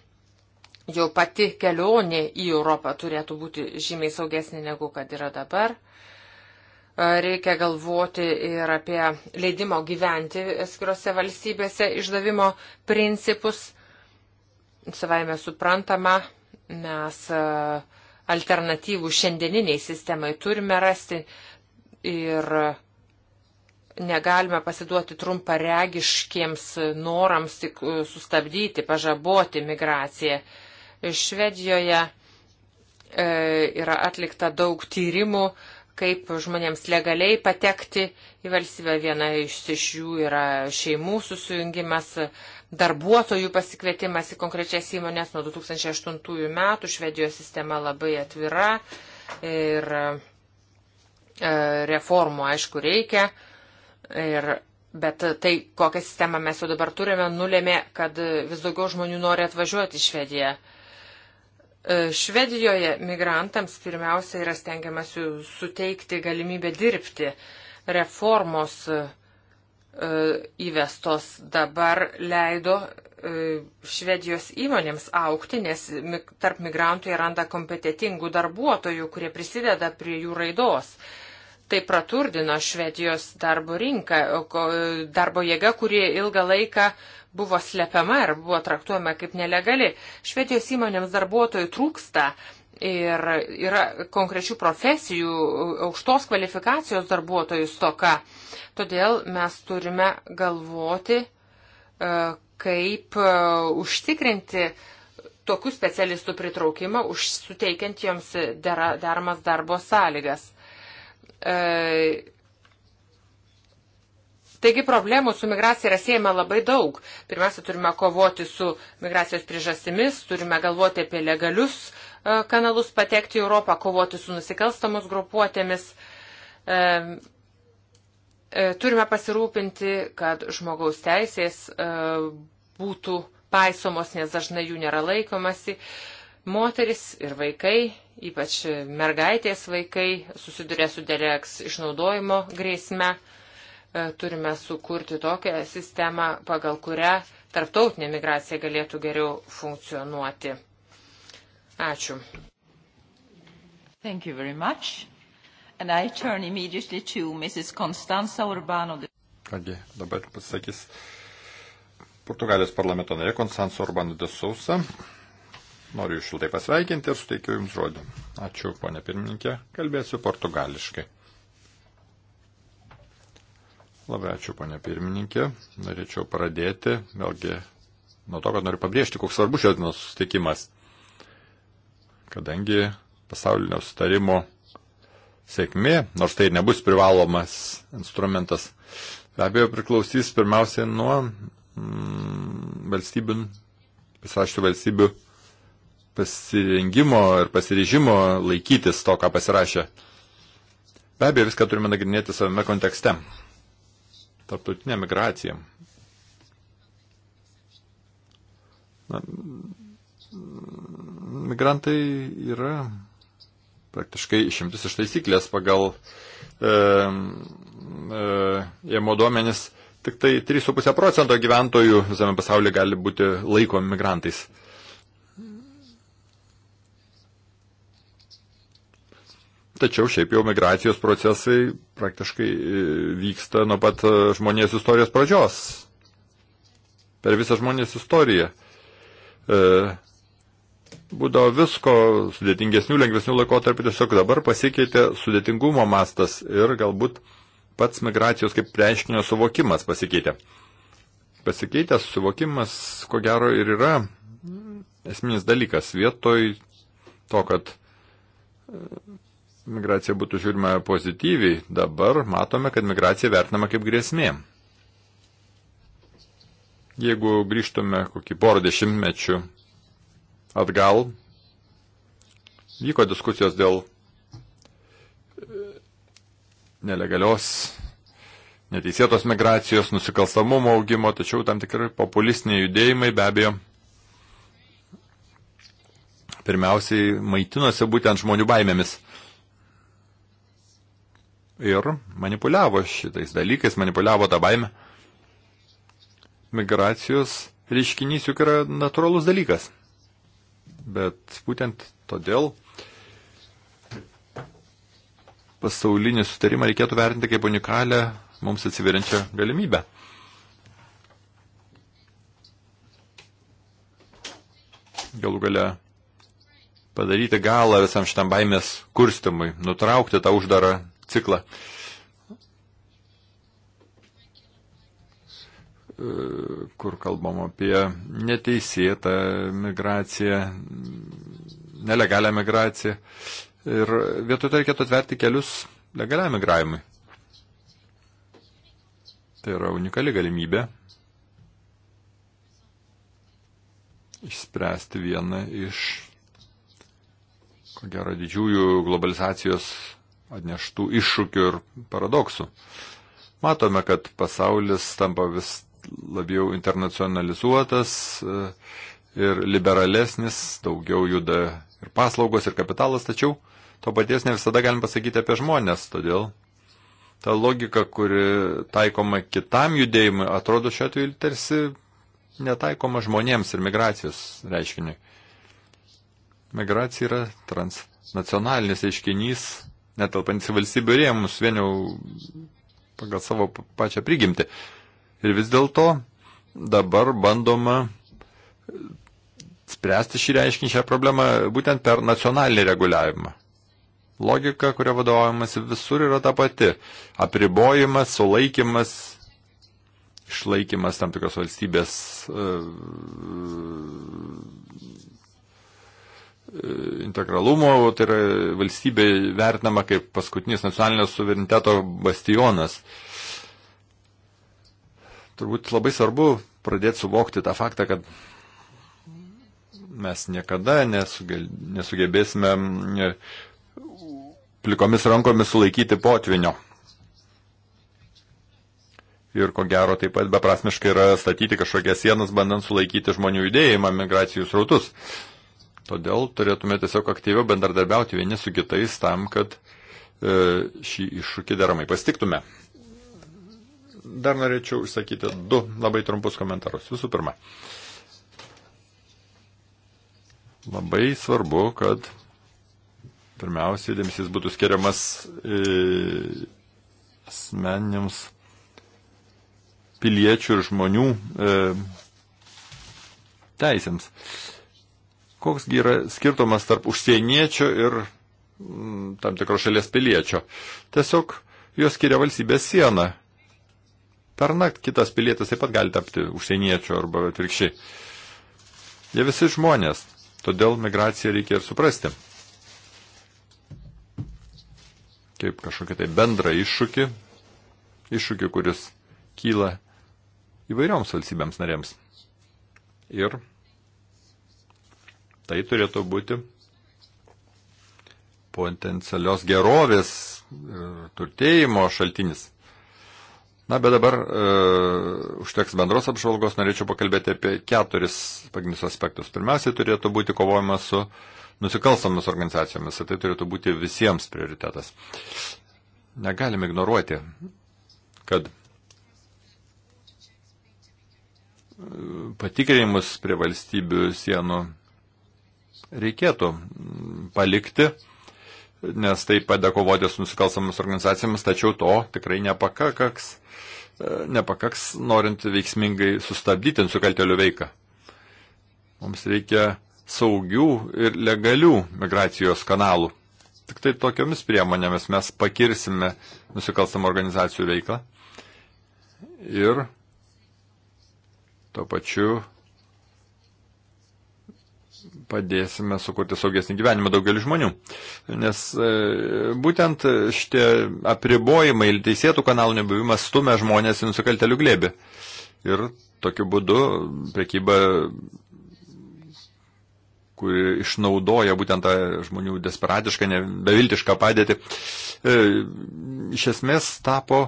B: jau pati kelionė į Europą turėtų būti žymiai saugesnė negu kad yra dabar. E, reikia galvoti ir apie leidimo gyventi atskirose valstybėse išdavimo principus. Savaime suprantama, mes uh, alternatyvų šiandieniniai sistemai turime rasti ir negalime pasiduoti trumparegiškiems norams tik e, sustabdyti, pažaboti migraciją. Švedijoje e, yra atlikta daug tyrimų, kaip žmonėms legaliai patekti į valstybę. Viena iš, iš jų yra šeimų susijungimas, darbuotojų pasikvietimas į konkrečias įmonės nuo 2008 metų. Švedijos sistema labai atvira ir e, reformų, aišku, reikia. Ir Bet tai, kokią sistemą mes jau dabar turime, nulėmė, kad vis daugiau žmonių nori atvažiuoti į Švediją. E, Švedijoje migrantams pirmiausia yra stengiamasi suteikti galimybę dirbti. Reformos E, įvestos dabar leido e, Švedijos įmonėms aukti, nes tarp migrantų jie randa kompetitingų darbuotojų, kurie prisideda prie jų raidos. Tai praturdino Švedijos darbo rinką, e, darbo jėga, kuri ilgą laiką buvo slepiama ir buvo traktuojama kaip nelegali. Švedijos įmonėms darbuotojų trūksta, uh, Ir yra konkrečių profesijų, aukštos kvalifikacijos darbuotojų stoka. Todėl mes turime galvoti, e, kaip e, užtikrinti tokių specialistų pritraukimą, suteikiant joms deramas darbo sąlygas. E, taigi problemų su migracija yra siejama labai daug. Pirmiausia, turime kovoti su migracijos priežastimis, turime galvoti apie legalius E, kanalus patekti į Europą, kovoti su nusikalstamos grupuotėmis. E, e, turime pasirūpinti, kad žmogaus teisės būtų paisomos, nes dažnai jų nėra laikomasi. Moteris ir vaikai, ypač mergaitės vaikai, susiduria su dėlėks išnaudojimo grėsme. Turime sukurti tokią sistemą, pagal kurią tarptautinė migracija galėtų geriau funkcionuoti. Ačiū. Thank you very much. And I turn immediately to Mrs.
C: Constanza Urbano.
A: Kągi, dabar pasakys Portugalijos parlamento narė Konstanco Urbano de Sousa. Noriu jūs šiltai pasveikinti ir suteikiu jums žodį. Ačiū, ponė pirmininkė. Kalbėsiu portugališkai. Labai ačiū, ponė pirmininkė. Norėčiau pradėti, vėlgi, nuo to, kad noriu pabrėžti, koks svarbus šios dienos sutikimas kadangi pasaulinio sutarimo sėkmė, nors tai nebus privalomas instrumentas, be abejo priklausys pirmiausia nuo mm, valstybių, pasirašytų valstybių pasirengimo ir pasiryžimo laikytis to, ką pasirašė. Be abejo, viską turime nagrinėti savame kontekste. Tarptautinė migracija. Na, migrantai yra praktiškai išimtis iš taisyklės pagal e, e, jėmo duomenis. Tik tai 3,5 procento gyventojų visame pasaulyje gali būti laikomi migrantais. Tačiau šiaip jau migracijos procesai praktiškai e, vyksta nuo pat e, žmonės istorijos pradžios. Per visą žmonės istoriją. E, būdavo visko sudėtingesnių, lengvesnių laikotarpių, tiesiog dabar pasikeitė sudėtingumo mastas ir galbūt pats migracijos kaip reiškinio suvokimas pasikeitė. Pasikeitęs suvokimas, ko gero, ir yra esminis dalykas. Vietoj to, kad e, migracija būtų žiūrima pozityviai, dabar matome, kad migracija vertinama kaip grėsmė. Jeigu grįžtume kokį porą dešimtmečių atgal vyko diskusijos dėl e, nelegalios, neteisėtos migracijos, nusikalstamumo augimo, tačiau tam tikrai populistiniai judėjimai be abejo pirmiausiai maitinosi būtent žmonių baimėmis. Ir manipuliavo šitais dalykais, manipuliavo tą baimę. Migracijos reiškinys juk yra natūralus dalykas. Bet būtent todėl pasaulinį sutarimą reikėtų vertinti kaip unikalią mums atsiveriančią galimybę. Galų gale padaryti galą visam šitam baimės kurstimui, nutraukti tą uždarą ciklą. kur kalbam apie neteisėtą migraciją, nelegalią migraciją. Ir vietoj to reikėtų atverti kelius legaliam migravimui. Tai yra unikali galimybė išspręsti vieną iš, ko gero, didžiųjų globalizacijos atneštų iššūkių ir paradoksų. Matome, kad pasaulis tampa vis labiau internacionalizuotas e, ir liberalesnis, daugiau juda ir paslaugos, ir kapitalas, tačiau to paties ne visada galim pasakyti apie žmonės, todėl ta logika, kuri taikoma kitam judėjimui, atrodo šiuo atveju tarsi netaikoma žmonėms ir migracijos reiškiniui. Migracija yra transnacionalinis reiškinys, netelpantis valstybių rėmus, vieniau pagal savo pačią prigimtį. Ir vis dėlto dabar bandoma spręsti šį reiškinį, šią problemą būtent per nacionalinį reguliavimą. Logika, kurio vadovaujamas visur yra ta pati. Apribojimas, sulaikimas, išlaikimas tam tikros valstybės e, e, integralumo, tai yra valstybė vertinama kaip paskutinis nacionalinio suvereniteto bastionas. Uh, turbūt labai svarbu pradėti suvokti tą faktą, kad mes niekada nesugebėsime e, plikomis rankomis sulaikyti potvinio. Ir ko gero taip pat beprasmiškai yra statyti kažkokias sienas, bandant sulaikyti žmonių judėjimą, migracijų srautus. Todėl turėtume tiesiog aktyviau bendradarbiauti vieni su kitais tam, kad e, šį iššūkį deramai pastiktume dar norėčiau išsakyti du labai trumpus komentarus. Visų pirma, labai svarbu, kad pirmiausiai dėmesys būtų skiriamas e, asmeniams piliečių ir žmonių e, teisėms. Koksgi yra skirtumas tarp užsieniečio ir m, tam tikros šalies piliečio? Tiesiog jos skiria valstybės sieną per naktį kitas pilietis taip pat gali tapti užsieniečiu arba atvirkščiai. Jie visi žmonės, todėl migraciją reikia ir suprasti. Kaip kažkokį tai bendrą iššūkį, iššūkį, kuris kyla įvairioms valstybėms narėms. Ir tai turėtų būti potencialios gerovės ir e, turtėjimo šaltinis. Na, bet dabar e, užteks bendros apžvalgos, norėčiau pakalbėti apie keturis pagrindinius aspektus. Pirmiausiai turėtų būti kovojama su nusikalstamomis organizacijomis, ir tai turėtų būti visiems prioritetas. Negalime ignoruoti, kad e, patikrinimus prie valstybių sienų reikėtų palikti, nes tai padeda kovoti su nusikalstamomis organizacijomis, tačiau to tikrai nepakakaks E, nepakaks, norint veiksmingai sustabdyti nusikaltelių veiką. Mums reikia saugių ir legalių migracijos kanalų. Tik tai tokiomis priemonėmis mes pakirsime nusikalstamą organizacijų veiklą ir tuo pačiu padėsime sukurti saugesnį gyvenimą daugelį žmonių. Nes e, būtent šitie apribojimai ir teisėtų kanalų nebuvimas stumia žmonės į nusikaltelių glėbį. Ir tokiu būdu prekyba, kuri išnaudoja būtent tą žmonių desperatišką, beviltišką padėtį, e, iš esmės tapo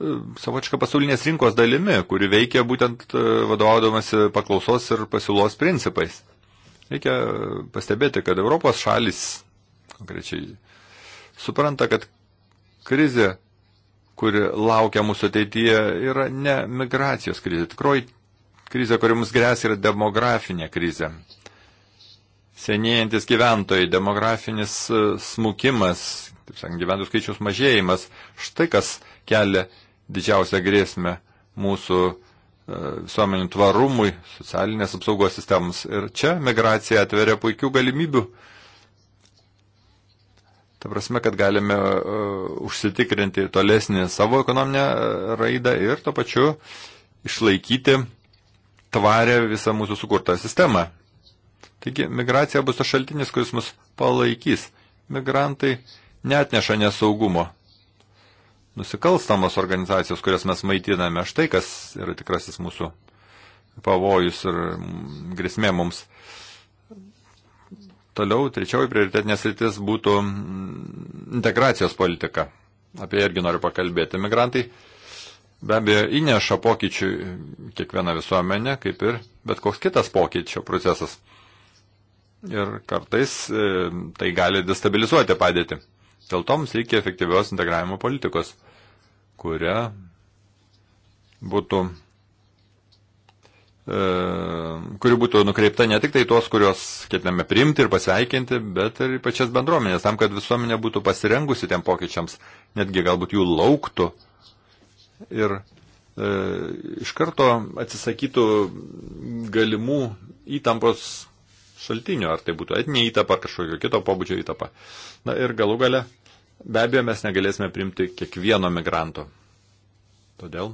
A: e, savočka pasaulinės rinkos dalimi, kuri veikia būtent vadovaudomasi paklausos ir pasiūlos principais. Reikia pastebėti, kad Europos šalis konkrečiai supranta, kad krizė, kuri laukia mūsų ateityje, yra ne migracijos krizė. Tikroji krizė, kuri mums grės, yra demografinė krizė. Senėjantis gyventojai, demografinis e, smukimas, taip sakant, gyventojų skaičiaus mažėjimas, štai kas kelia didžiausią grėsmę mūsų E, visuomenių tvarumui, socialinės apsaugos sistemos. Ir čia migracija atveria puikių galimybių. Ta prasme, kad galime uh, užsitikrinti tolesnį savo ekonominę e, raidą ir to pačiu išlaikyti tvarę visą mūsų sukurtą sistemą. Taigi migracija bus tas šaltinis, kuris mus palaikys. Migrantai net neša nesaugumo nusikalstamos organizacijos, kurias mes maitiname. Štai kas yra tikrasis mūsų pavojus ir mm, grėsmė mums. Toliau, trečioji prioritetinės rytis būtų mm, integracijos politika. Apie ją irgi noriu pakalbėti. Migrantai be abejo įneša pokyčių kiekvieną visuomenę, kaip ir bet koks kitas pokyčio procesas. Ir kartais e, tai gali destabilizuoti padėtį. Dėl to mums reikia efektyvios integravimo politikos kuria būtų, e, kuri būtų nukreipta ne tik tai tos, kurios ketiname priimti ir pasveikinti, bet ir pačias bendruomenės, tam, kad visuomenė būtų pasirengusi tiem pokyčiams, netgi galbūt jų lauktų ir e, iš karto atsisakytų galimų įtampos šaltinių, ar tai būtų etinė įtapa, ar kažkokio kito pobūdžio įtapa. Na ir galų gale Be abejo, mes negalėsime priimti kiekvieno migranto. Todėl.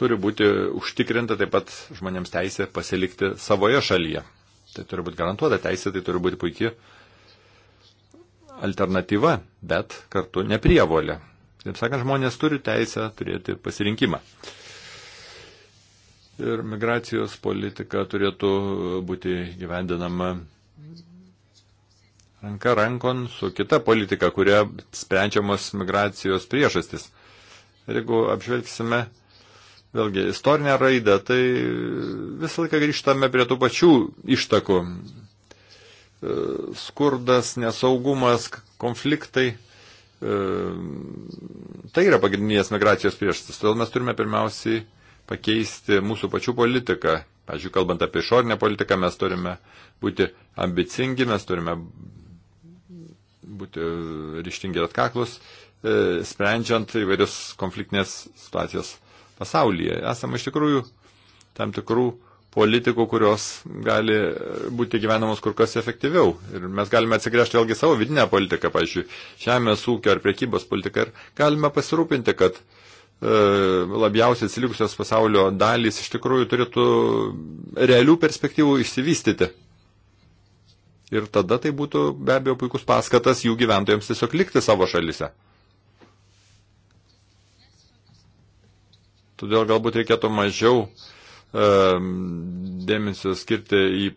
A: Turi būti užtikrinta taip pat žmonėms teisė pasilikti savoje šalyje. Tai turi būti garantuota teisė, tai turi būti puikia alternatyva, bet kartu neprievolė. Taip sakant, žmonės turi teisę turėti pasirinkimą. Uh, ir migracijos politika turėtų būti gyvendinama ranka rankon su kita politika, kuria sprendžiamos migracijos priežastis. Ir jeigu apžvelgsime vėlgi istorinę raidą, tai visą laiką grįžtame prie tų pačių ištakų. Skurdas, nesaugumas, konfliktai. E, tai yra pagrindinės migracijos priežastis. Todėl mes turime pirmiausiai pakeisti mūsų pačių politiką. Pavyzdžiui, kalbant apie išorinę politiką, mes turime būti ambicingi, mes turime būti ryštingi ir atkaklus, e, sprendžiant įvairius konfliktinės situacijas pasaulyje. Esame iš tikrųjų tam tikrų politikų, kurios gali būti gyvenamos kur kas efektyviau. Ir mes galime atsigręžti vėlgi savo vidinę politiką, pavyzdžiui, žemės ūkio ar priekybos politiką ir galime pasirūpinti, kad uh, E, labiausiai atsilikusios pasaulio dalys iš tikrųjų turėtų realių perspektyvų išsivystyti. Ir tada tai būtų be abejo puikus paskatas jų gyventojams tiesiog likti savo šalise. Todėl galbūt reikėtų mažiau e, dėmesio skirti į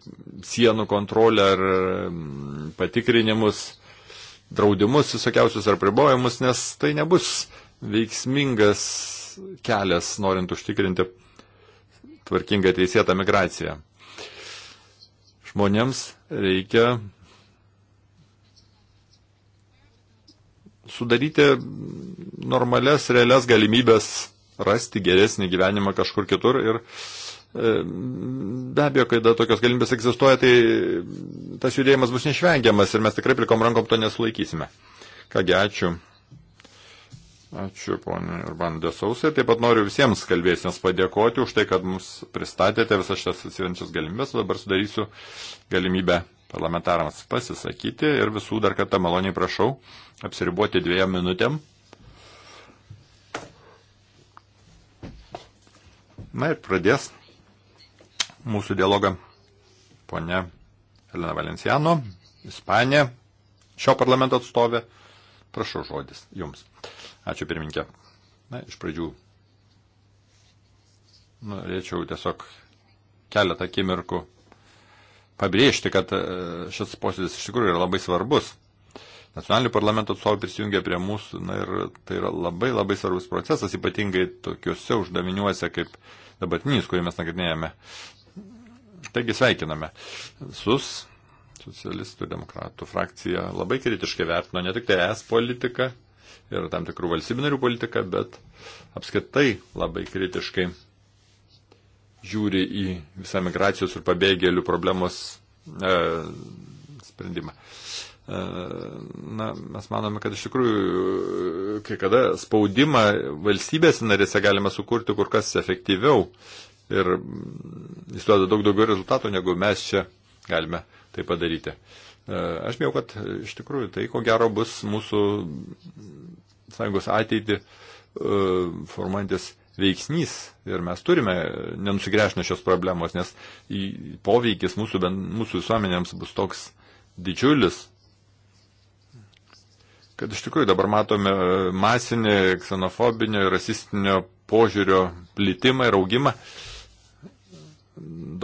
A: sienų kontrolę ar patikrinimus, draudimus visokiausius ar pribojimus, nes tai nebus veiksmingas kelias, norint užtikrinti tvarkingą teisėtą migraciją. Žmonėms reikia sudaryti normales, realias galimybės rasti geresnį gyvenimą kažkur kitur ir e, Be abejo, kai tokios galimybės egzistuoja, tai tas judėjimas bus neišvengiamas ir mes tikrai plikom rankom to nesulaikysime. Kągi, ačiū Ačiū, ponė Urban Desausai. Taip pat noriu visiems kalbėsiems padėkoti už tai, kad mums pristatėte visas šias atsivenčias galimybės. Dabar sudarysiu galimybę parlamentarams pasisakyti ir visų dar kartą maloniai prašau apsiriboti dviejom minutėm. Na ir pradės mūsų dialogą ponia Elena Valenciano, Ispanija, šio parlamento atstovė. Prašau žodis jums. Ačiū pirminkė. Na, iš pradžių norėčiau tiesiog keletą akimirkų pabrėžti, kad e, šis posėdis iš tikrųjų yra labai svarbus. Nacionalinių parlamento atstovai prisijungia prie mūsų na, ir tai yra labai labai svarbus procesas, ypatingai tokiuose uždaviniuose kaip dabartinis, kurį mes nagrinėjame. Taigi sveikiname. SUS, socialistų demokratų frakcija, labai kritiškai vertino ne tik tai es politiką, ir tam tikrų valstybinarių politiką, bet apskritai labai kritiškai žiūri į visą migracijos ir pabėgėlių problemos e, sprendimą. E, na, mes manome, kad iš tikrųjų e, kai kada spaudimą valstybės narėse galima sukurti kur kas efektyviau ir jis duoda daug daugiau rezultatų, negu mes čia galime tai padaryti. E, E, aš bijau, kad iš tikrųjų tai, ko gero, bus mūsų sąjungos ateitį e, formantis veiksnys ir mes turime nenusigręžti šios problemos, nes poveikis mūsų, mūsų visuomenėms bus toks didžiulis, kad iš tikrųjų dabar matome masinį ksenofobinio ir rasistinio požiūrio plitimą ir augimą.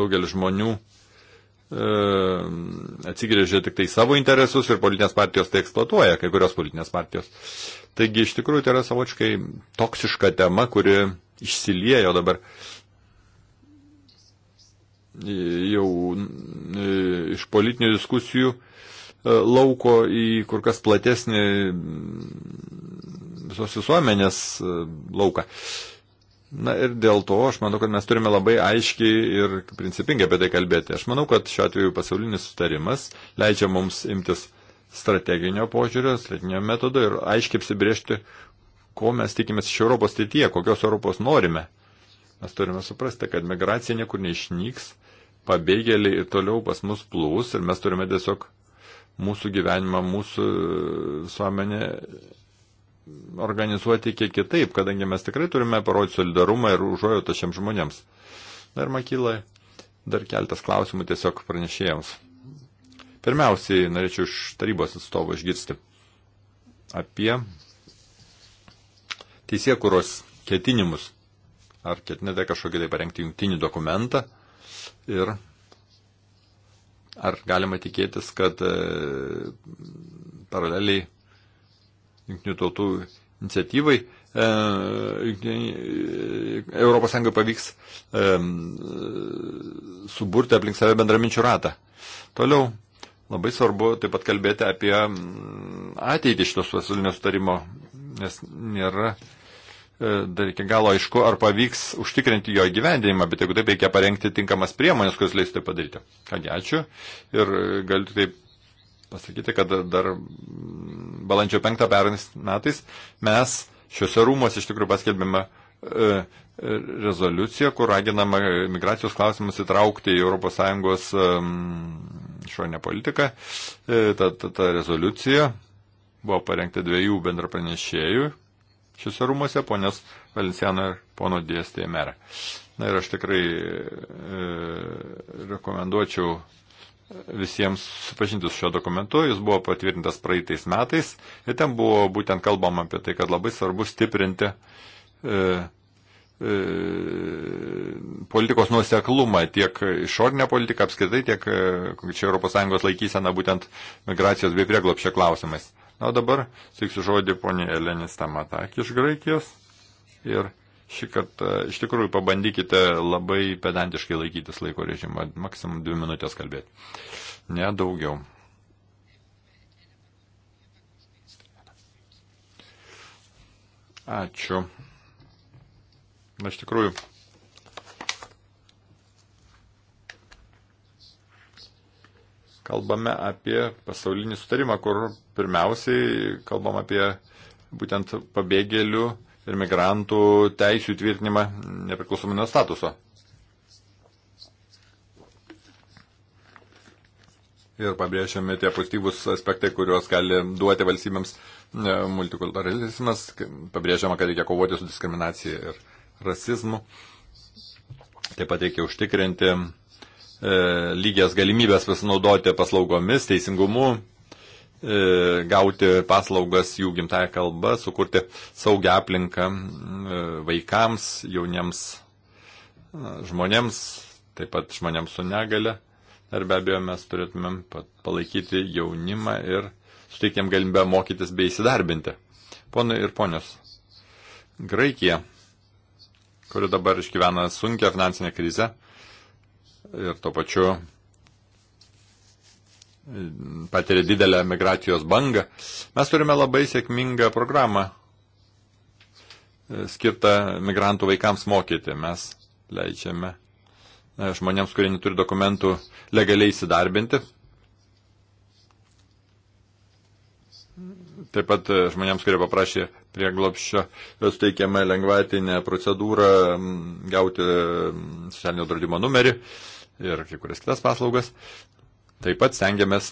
A: Daugelis žmonių Ehm, atsigrėžia tik tai savo interesus ir politinės partijos tai eksploatuoja, kai kurios politinės partijos. Taigi iš tikrųjų tai yra savočkai toksiška tema, kuri išsiliejo dabar jau iš politinių diskusijų e, lauko į kur kas platesnį visos visuomenės e, lauką. Uh, Na ir dėl to aš manau, kad mes turime labai aiškiai ir principingai apie tai kalbėti. Aš manau, kad šiuo atveju pasaulinis sutarimas leidžia mums imtis strateginio požiūrio, strateginio metodo ir aiškiai apsibriežti, ko mes tikimės iš Europos ateityje, kokios Europos norime. Mes turime suprasti, kad migracija niekur neišnyks, pabėgėliai ir toliau pas mus plūs ir mes turime tiesiog mūsų gyvenimą, mūsų e, visuomenė organizuoti kiek kitaip, kadangi mes tikrai turime parodyti solidarumą ir užuojautą šiems žmonėms. Dar makyla, dar keltas klausimų tiesiog pranešėjams. Pirmiausiai norėčiau iš tarybos atstovo išgirsti apie teisėkuros ketinimus. Ar ketinate kažkokį tai parengti jungtinį dokumentą ir ar galima tikėtis, kad e, paraleliai jungtinių tautų iniciatyvai e, e, Europos Sąjunga pavyks e, suburti aplink save bendraminčių ratą. Toliau labai svarbu taip pat kalbėti apie ateitį šitos pasaulinio sutarimo, nes nėra e, dar iki galo aišku, ar pavyks užtikrinti jo gyvendinimą, bet jeigu taip reikia parengti tinkamas priemonės, kuris leis tai padaryti. Kągi, ačiū ir e, galiu taip pasakyti, kad dar mm, balandžio 5 pernais metais mes šiuose rūmose iš tikrųjų paskelbėme e, e, rezoliuciją, kur raginama migracijos klausimus įtraukti į ES šonę politiką. E, ta, ta, ta rezoliucija buvo parengta dviejų bendrapranešėjų šiuose rūmose, ponios Valenciano ir pono dėstėje merą. Na ir aš tikrai e, rekomenduočiau visiems supažintis šio dokumentu. Jis buvo patvirtintas praeitais metais ir ten buvo būtent kalbama apie tai, kad labai svarbu stiprinti e, e, politikos nuoseklumą tiek išorinę politiką apskritai, tiek čia ES laikysena būtent migracijos bei prieglopšio klausimais. Na, o dabar sėksiu žodį ponė Elenis Tamatakį iš Graikijos ir šį kartą e, iš tikrųjų pabandykite labai pedantiškai laikytis laiko režimo, maksimum dvi minutės kalbėti. Ne daugiau. Ačiū. Na, iš tikrųjų. Kalbame apie pasaulinį sutarimą, kur pirmiausiai kalbam apie būtent pabėgėlių uh, ir migrantų teisų įtvirtinimą nepriklausomai nuo statuso. Ir pabrėžiami tie pozityvus aspektai, kuriuos gali duoti valstybėms e, multikulturalizmas, pabrėžiama, kad reikia kovoti su diskriminacija ir rasizmu. Taip pat reikia užtikrinti e, lygias galimybės pasinaudoti paslaugomis, teisingumu, E, gauti paslaugas jų gimtają kalbą, sukurti saugią aplinką e, vaikams, jauniems e, žmonėms, taip pat žmonėms su negale. Ir be abejo, mes turėtumėm palaikyti jaunimą ir suteikėm galimybę mokytis bei įsidarbinti. Ponai ir ponios, Graikija, kuri dabar išgyvena sunkia finansinė krize ir tuo pačiu patiria didelę migracijos bangą. Mes turime labai sėkmingą programą e, skirtą migrantų vaikams mokyti. Mes leidžiame e, žmonėms, kurie neturi dokumentų, legaliai įsidarbinti. Taip pat e, žmonėms, kurie paprašė prieglopščio, suteikiama lengvatinė procedūra gauti socialinio draudimo numerį ir kai kurias kitas paslaugas. Taip pat stengiamės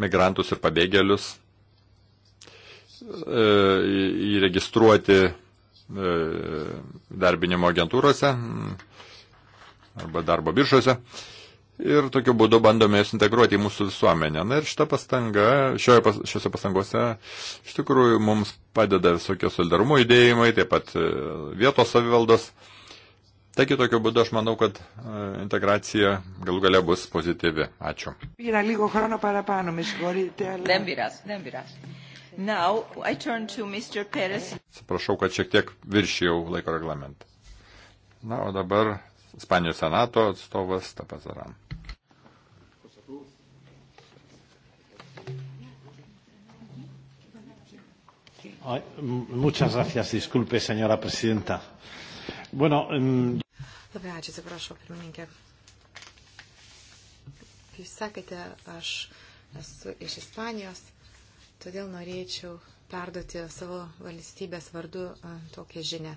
A: migrantus ir pabėgėlius e, įregistruoti e, darbinimo agentūrose mm, arba darbo biržose. Ir tokiu būdu bandome jas integruoti į mūsų visuomenę. Na ir šita pastanga, šioje, pas, šiose pastangose iš tikrųjų mums padeda visokie solidarumo judėjimai, taip pat e, vietos savivaldos. E, Taigi tokiu būdu aš manau, kad e, integracija galų gale bus pozityvi. Ačiū. Atsiprašau, kad šiek tiek viršijau laiko reglamentą. Na, o dabar Ispanijos senato atstovas Tapazaran.
B: Muchas gracias. Disculpe, señora presidenta. Bueno,
A: um...
C: Labai ačiū, atsiprašau, pirmininkė. Kaip jūs sakėte, aš esu iš Ispanijos, todėl norėčiau perduoti savo valstybės vardu tokią žinę.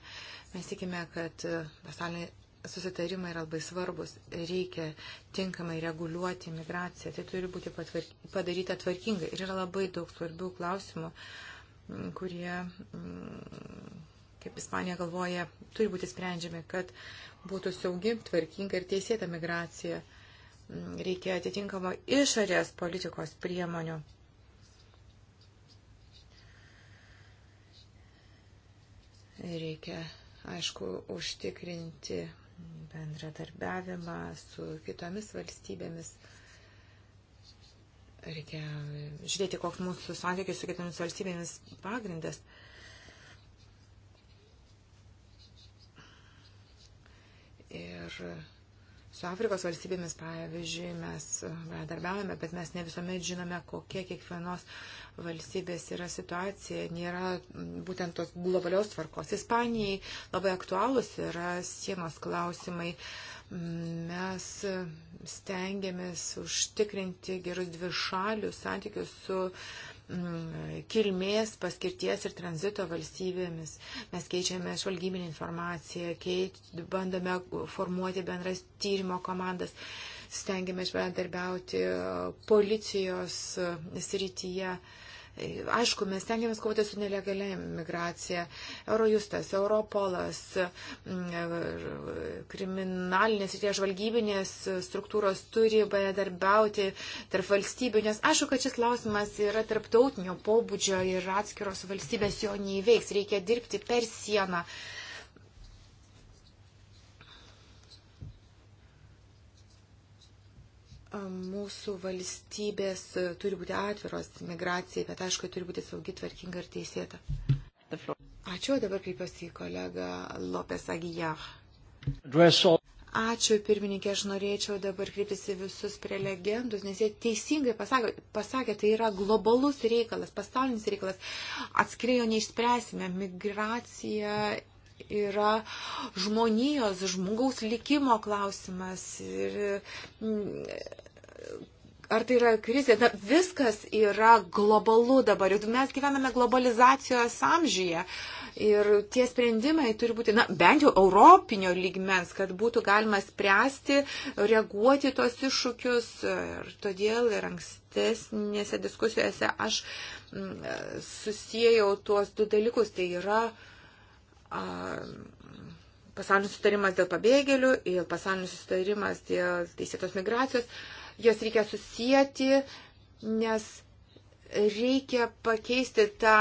C: Mes tikime, kad pasauliniai susitarimai yra labai svarbus. Reikia tinkamai reguliuoti migraciją. Tai turi būti patvark... padaryta tvarkingai. Ir yra labai daug svarbių klausimų, kurie kaip Ispanija galvoja, turi būti sprendžiami, kad būtų saugi, tvarkinga ir teisėta migracija. Mm, reikia atitinkamo išorės politikos priemonių. Reikia, aišku, užtikrinti bendradarbiavimą su kitomis valstybėmis. Reikia žiūrėti, koks mūsų santykis su kitomis valstybėmis pagrindas. Ir su Afrikos valstybėmis, pavyzdžiui, mes bendarbiavame, bet mes ne visuomet žinome, kokia kiekvienos valstybės yra situacija. Nėra būtent tos globalios tvarkos. Ispanijai labai aktualūs yra sienos klausimai. Mes stengiamės užtikrinti gerus dvišalius santykius su uh, Mm, kilmės, paskirties ir tranzito valstybėmis. Mes keičiame žvalgybinį informaciją, keit, bandome formuoti bendras tyrimo komandas, stengiame bendarbiauti policijos srityje. Uh, Aišku, mes tengiamės kovoti su nelegalia migracija. Eurojustas, Europolas, mm, e, kriminalinės ir tie žvalgybinės struktūros turi bendarbiauti tarp valstybių, nes aišku, kad šis klausimas yra tarptautinio pobūdžio ir atskiros valstybės jo neįveiks. Reikia dirbti per sieną. Uh, Mūsų valstybės e, turi būti atviros migracijai, bet aišku, turi būti saugi, tvarkinga ir teisėta. Ačiū, dabar kreipiuosi į kolegą Lopes Agijar. Ačiū, pirmininkė, aš norėčiau dabar kreiptis į visus prelegentus, nes jie teisingai pasakė, pasakė, tai yra globalus reikalas, pasaulinis reikalas, atskirai jo neišspręsime. Migracija yra žmonijos, žmogaus likimo klausimas. Ir, mm, ar tai yra krizė? Na, viskas yra globalu dabar. Ir mes gyvename globalizacijos amžyje. Ir tie sprendimai turi būti, na, bent jau europinio lygmens, kad būtų galima spręsti, reaguoti tos iššūkius. Ir todėl ir ankstesnėse diskusijose aš mm, susijėjau tuos du dalykus. Tai yra uh, pasaulinis sustarimas dėl pabėgėlių ir pasaulinis sustarimas dėl teisėtos migracijos, jos reikia susijęti, nes reikia pakeisti tą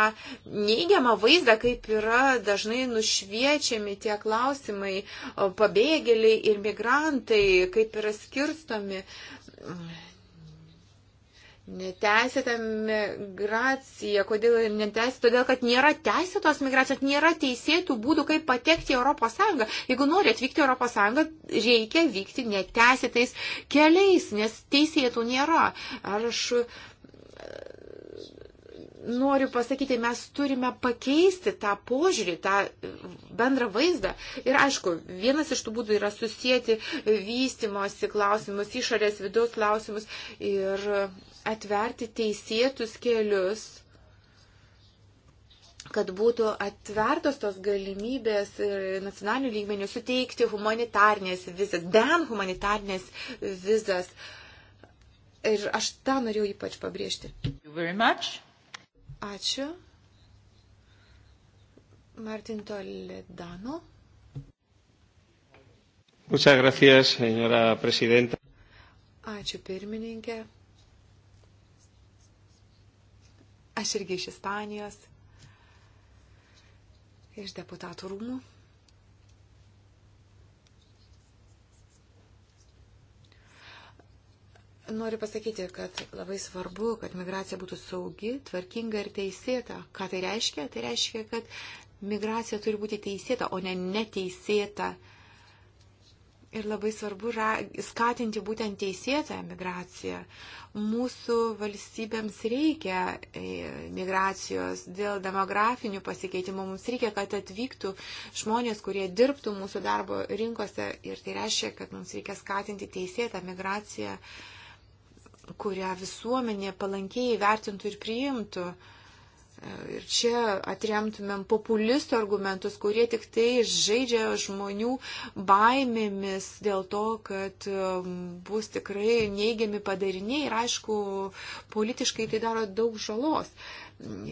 C: neigiamą vaizdą, kaip yra dažnai nušviečiami tie klausimai, pabėgėliai ir migrantai, kaip yra skirstomi. Neteisėta migracija. Kodėl neteisėta? Todėl, kad nėra teisėtos migracijos, nėra teisėtų būdų, kaip patekti į ES. Jeigu nori atvykti į ES, reikia vykti neteisėtais keliais, nes teisėtų nėra. Ar aš e, noriu pasakyti, mes turime pakeisti tą požiūrį, tą bendrą vaizdą. Ir aišku, vienas iš tų būdų yra susijęti vystimosi klausimus, išorės vidaus klausimus. Ir atverti teisėtus kelius, kad būtų atvertos tos galimybės nacionalinių lygmenių suteikti humanitarnės vizas, bent humanitarnės vizas. Ir aš tą norėjau ypač pabrėžti. Ačiū. Martin Toledano.
A: Muchas gracias, señora presidenta.
C: Ačiū pirmininkė. Aš irgi iš Ispanijos, iš deputatų rūmų. Noriu pasakyti, kad labai svarbu, kad migracija būtų saugi, tvarkinga ir teisėta. Ką tai reiškia? Tai reiškia, kad migracija turi būti teisėta, o ne neteisėta. Uh, Ir labai svarbu ra, skatinti būtent teisėtą migraciją. Mūsų valstybėms reikia e, migracijos dėl demografinių pasikeitimų. Mums reikia, kad atvyktų žmonės, kurie dirbtų mūsų darbo rinkose. Ir tai reiškia, kad mums reikia skatinti teisėtą migraciją, kurią visuomenė palankiai vertintų ir priimtų. Uh, Ir čia atremtumėm populistų argumentus, kurie tik tai žaidžia žmonių baimėmis dėl to, kad um, bus tikrai neigiami padariniai ir aišku, politiškai tai daro daug žalos.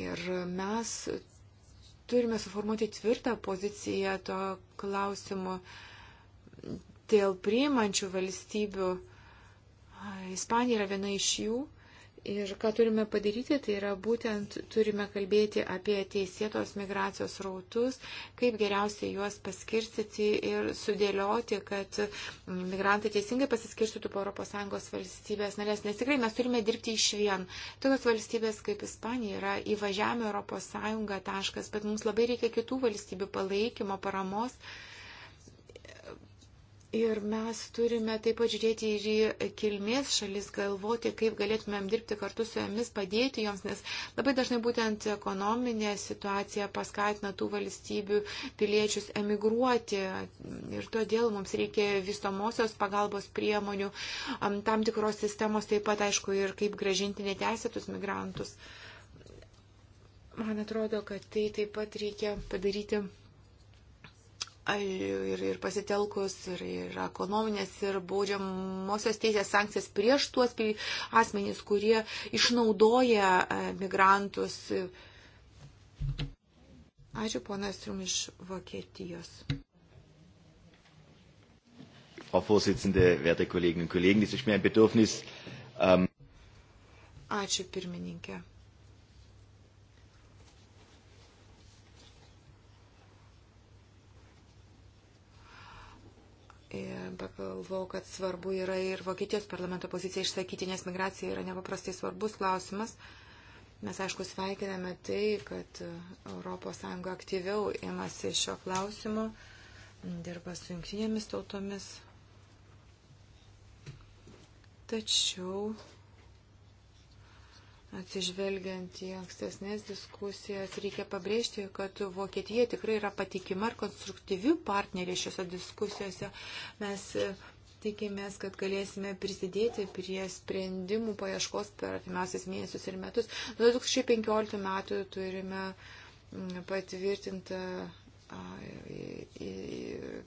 C: Ir mes turime suformuoti tvirtą poziciją to klausimo dėl priimančių valstybių. Ispanija yra viena iš jų. Ir ką turime padaryti, tai yra būtent turime kalbėti apie teisėtos migracijos rautus, kaip geriausiai juos paskirstyti ir sudėlioti, kad mm, migrantai teisingai pasiskirstytų po ES valstybės narės. Nes tikrai mes turime dirbti iš vien. Tokios valstybės kaip Ispanija yra įvažiavimo ES taškas, bet mums labai reikia kitų valstybių palaikymo, paramos. Ir mes turime taip pat žiūrėti ir į kilmės šalis, galvoti, kaip galėtumėm dirbti kartu su jomis, padėti joms, nes labai dažnai būtent ekonominė situacija paskatina tų valstybių piliečius emigruoti. Ir todėl mums reikia vystomosios pagalbos priemonių, tam tikros sistemos taip pat, aišku, ir kaip gražinti neteisėtus migrantus. Man atrodo, kad tai taip pat reikia padaryti ir, ir pasitelkus ir, ir ekonominės ir baudžiamosios teisės sankcijas prieš tuos asmenys, kurie išnaudoja e, migrantus. Ačiū, ponas Trum iš Vokietijos.
A: Frau Vorsitzende, werte Kolleginnen und Kollegen, es ist mir ein Bedürfnis. Ähm
C: Ačiū, pirmininkė. Pagalvau, kad svarbu yra ir Vokietijos parlamento pozicija išsakyti, nes migracija yra nepaprastai svarbus klausimas. Mes, aišku, sveikiname tai, kad ES aktyviau imasi šio klausimo, dirba su jungtinėmis tautomis. Tačiau Atsižvelgiant į ankstesnės diskusijas, reikia pabrėžti, kad Vokietija tikrai yra patikima ir konstruktyvi partnerė šiuose diskusijose. Mes e, tikimės, kad galėsime prisidėti prie sprendimų paieškos per artimiausias mėnesius ir metus. Nuo 2015 metų turime patvirtintą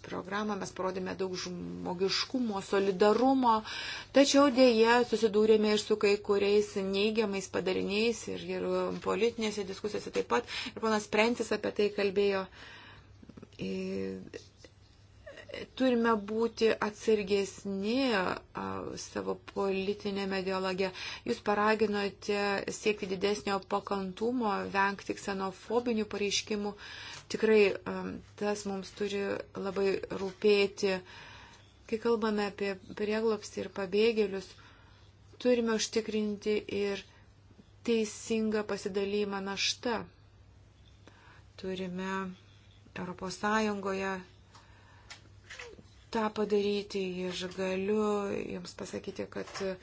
C: programą mes parodėme daug žmogiškumo, solidarumo, tačiau dėje susidūrėme ir su kai kuriais neigiamais padariniais ir, ir politinėse diskusijose taip pat. Ir ponas Prentis apie tai kalbėjo. Ir turime būti atsargesni savo politinėme dialoge. Jūs paraginote siekti didesnio pakantumo, vengti ksenofobinių pareiškimų. Uh, Tikrai um, tas mums turi labai rūpėti. Kai kalbame apie prieglopstį ir pabėgėlius, turime užtikrinti ir teisingą pasidalymą naštą. Turime Europos Sąjungoje tą padaryti ir galiu jums pasakyti, kad e,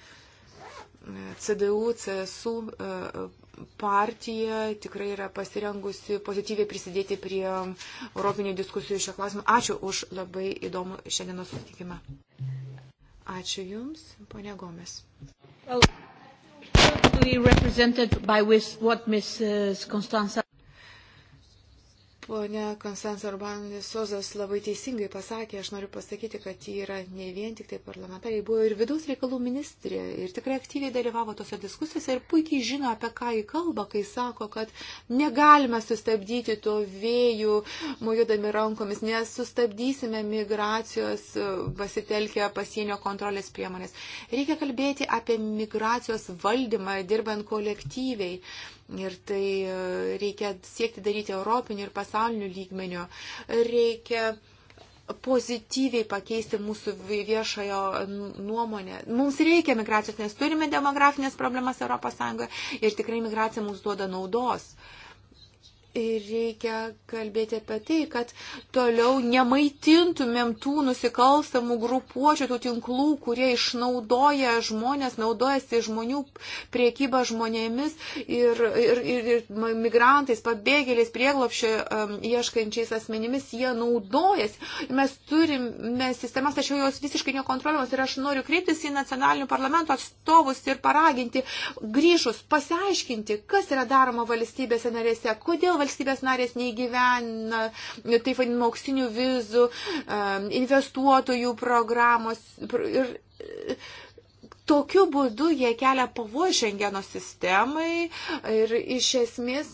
C: CDU, CSU e, partija tikrai yra pasirengusi pozityviai prisidėti prie europinių diskusijų šio klausimu. Ačiū už labai įdomų šiandienos susitikimą. Ačiū Jums, ponė Gomes. Well, Pone Konstans Orbanis Sozas labai teisingai pasakė, aš noriu pasakyti, kad jį yra ne vien tik tai parlamentariai, buvo ir vidaus reikalų ministrė ir tikrai aktyviai dalyvavo tose diskusijose ir puikiai žino, apie ką jį kalba, kai sako, kad negalime sustabdyti to vėjų, mojodami rankomis, nes sustabdysime migracijos e, pasitelkę pasienio kontrolės priemonės. Reikia kalbėti apie migracijos valdymą, dirbant kolektyviai. Ir tai e, reikia siekti daryti europinių ir pasaulinių lygmenio. Reikia pozityviai pakeisti mūsų viešojo nuomonę. Mums reikia migracijos, nes turime demografinės problemas ES ir tikrai migracija mums duoda naudos. Ir reikia kalbėti apie tai, kad toliau nemaitintumėm tų nusikalstamų grupuočių, tų tinklų, kurie išnaudoja žmonės, naudojasi žmonių priekybą žmonėmis ir, ir, ir, ir migrantais, pabėgėliais, prieglopšio um, ieškančiais asmenimis, jie naudojasi. Mes turime sistemas, tačiau jos visiškai nekontroliuojamos ir aš noriu kreiptis į nacionalinių parlamento atstovus ir paraginti grįžus, pasiaiškinti, kas yra daroma valstybėse narėse, kodėl valstybėse valstybės narės neįgyvena, taip vadinamų auksinių vizų, investuotojų programos. Ir, e, Tokiu būdu jie kelia pavojų šengeno sistemai ir iš esmės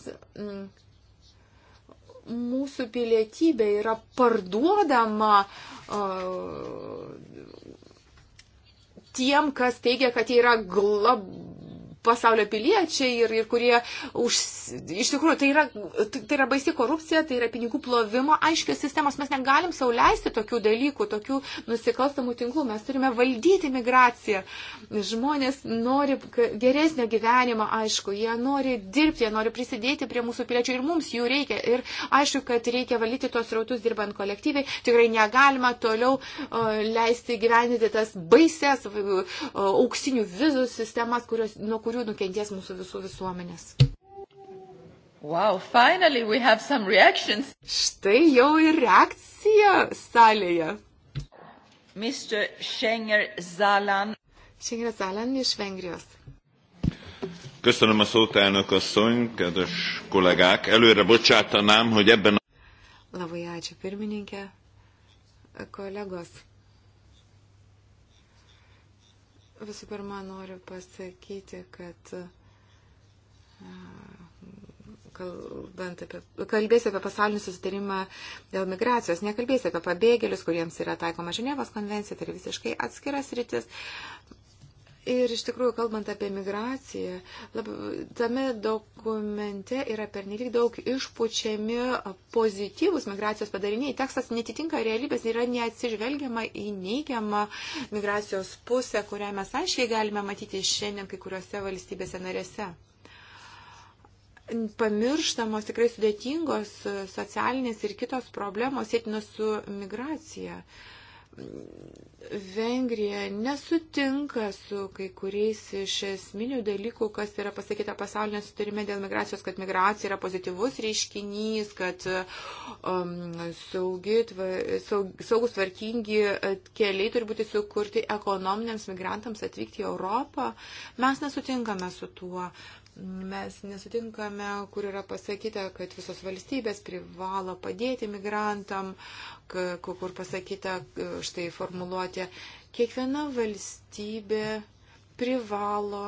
C: mūsų pilietybė yra parduodama uh, tiem, kas teigia, kad jie yra glab, pasaulio piliečiai ir, ir kurie už, iš tikrųjų tai yra, tai yra baisi korupcija, tai yra pinigų plovimo aiškios sistemos. Mes negalim sauliaisti tokių dalykų, tokių nusikalstamų tinklų. Mes turime valdyti migraciją. Žmonės nori geresnio gyvenimo, aišku, jie nori dirbti, jie nori prisidėti prie mūsų piliečių ir mums jų reikia. Ir aišku, kad reikia valyti tuos rautus dirbant kolektyviai. Tikrai negalima toliau o, leisti gyveninti tas baises auksinių vizų sistemas, kurios, nuo kurių kurių nukenties mūsų visų visuomenės. Wow, finally we have some reactions. Štai jau ir reakcija salėje. Mr. Schenger Zalan. Schenger Zalan iš Vengrijos.
A: Köszönöm a szót, elnök asszony, kedves kollégák. Előre bocsátanám, hogy ebben a...
C: Labai ačiū pirmininkė, kolegos. Visų pirma, noriu pasakyti, kad kalbant apie, kalbėsiu apie pasaulinį susitarimą dėl migracijos, nekalbėsiu apie pabėgėlius, kuriems yra taikoma Ženevos konvencija, tai yra visiškai atskiras rytis. Ir iš tikrųjų, kalbant apie migraciją, lab, tame dokumente yra pernelyg daug išpučiami pozityvus migracijos padariniai. Tekstas netitinka realybės, yra neatsižvelgiama į neigiamą migracijos pusę, kurią mes aiškiai galime matyti šiandien kai kuriuose valstybėse narėse. Pamirštamos tikrai sudėtingos socialinės ir kitos problemos sėtinos su migracija. Uh, Vengrija nesutinka su kai kuriais iš esminių dalykų, kas yra pasakyta pasaulinė sutarime dėl migracijos, kad migracija yra pozityvus reiškinys, kad um, saugi, tva, saug, saugus tvarkingi e, keliai turi būti sukurti ekonominiams migrantams atvykti į Europą. Mes nesutinkame su tuo. Mes nesutinkame, kur yra pasakyta, kad visos valstybės privalo padėti migrantam, kur pasakyta e, štai formuluotė, kiekviena valstybė privalo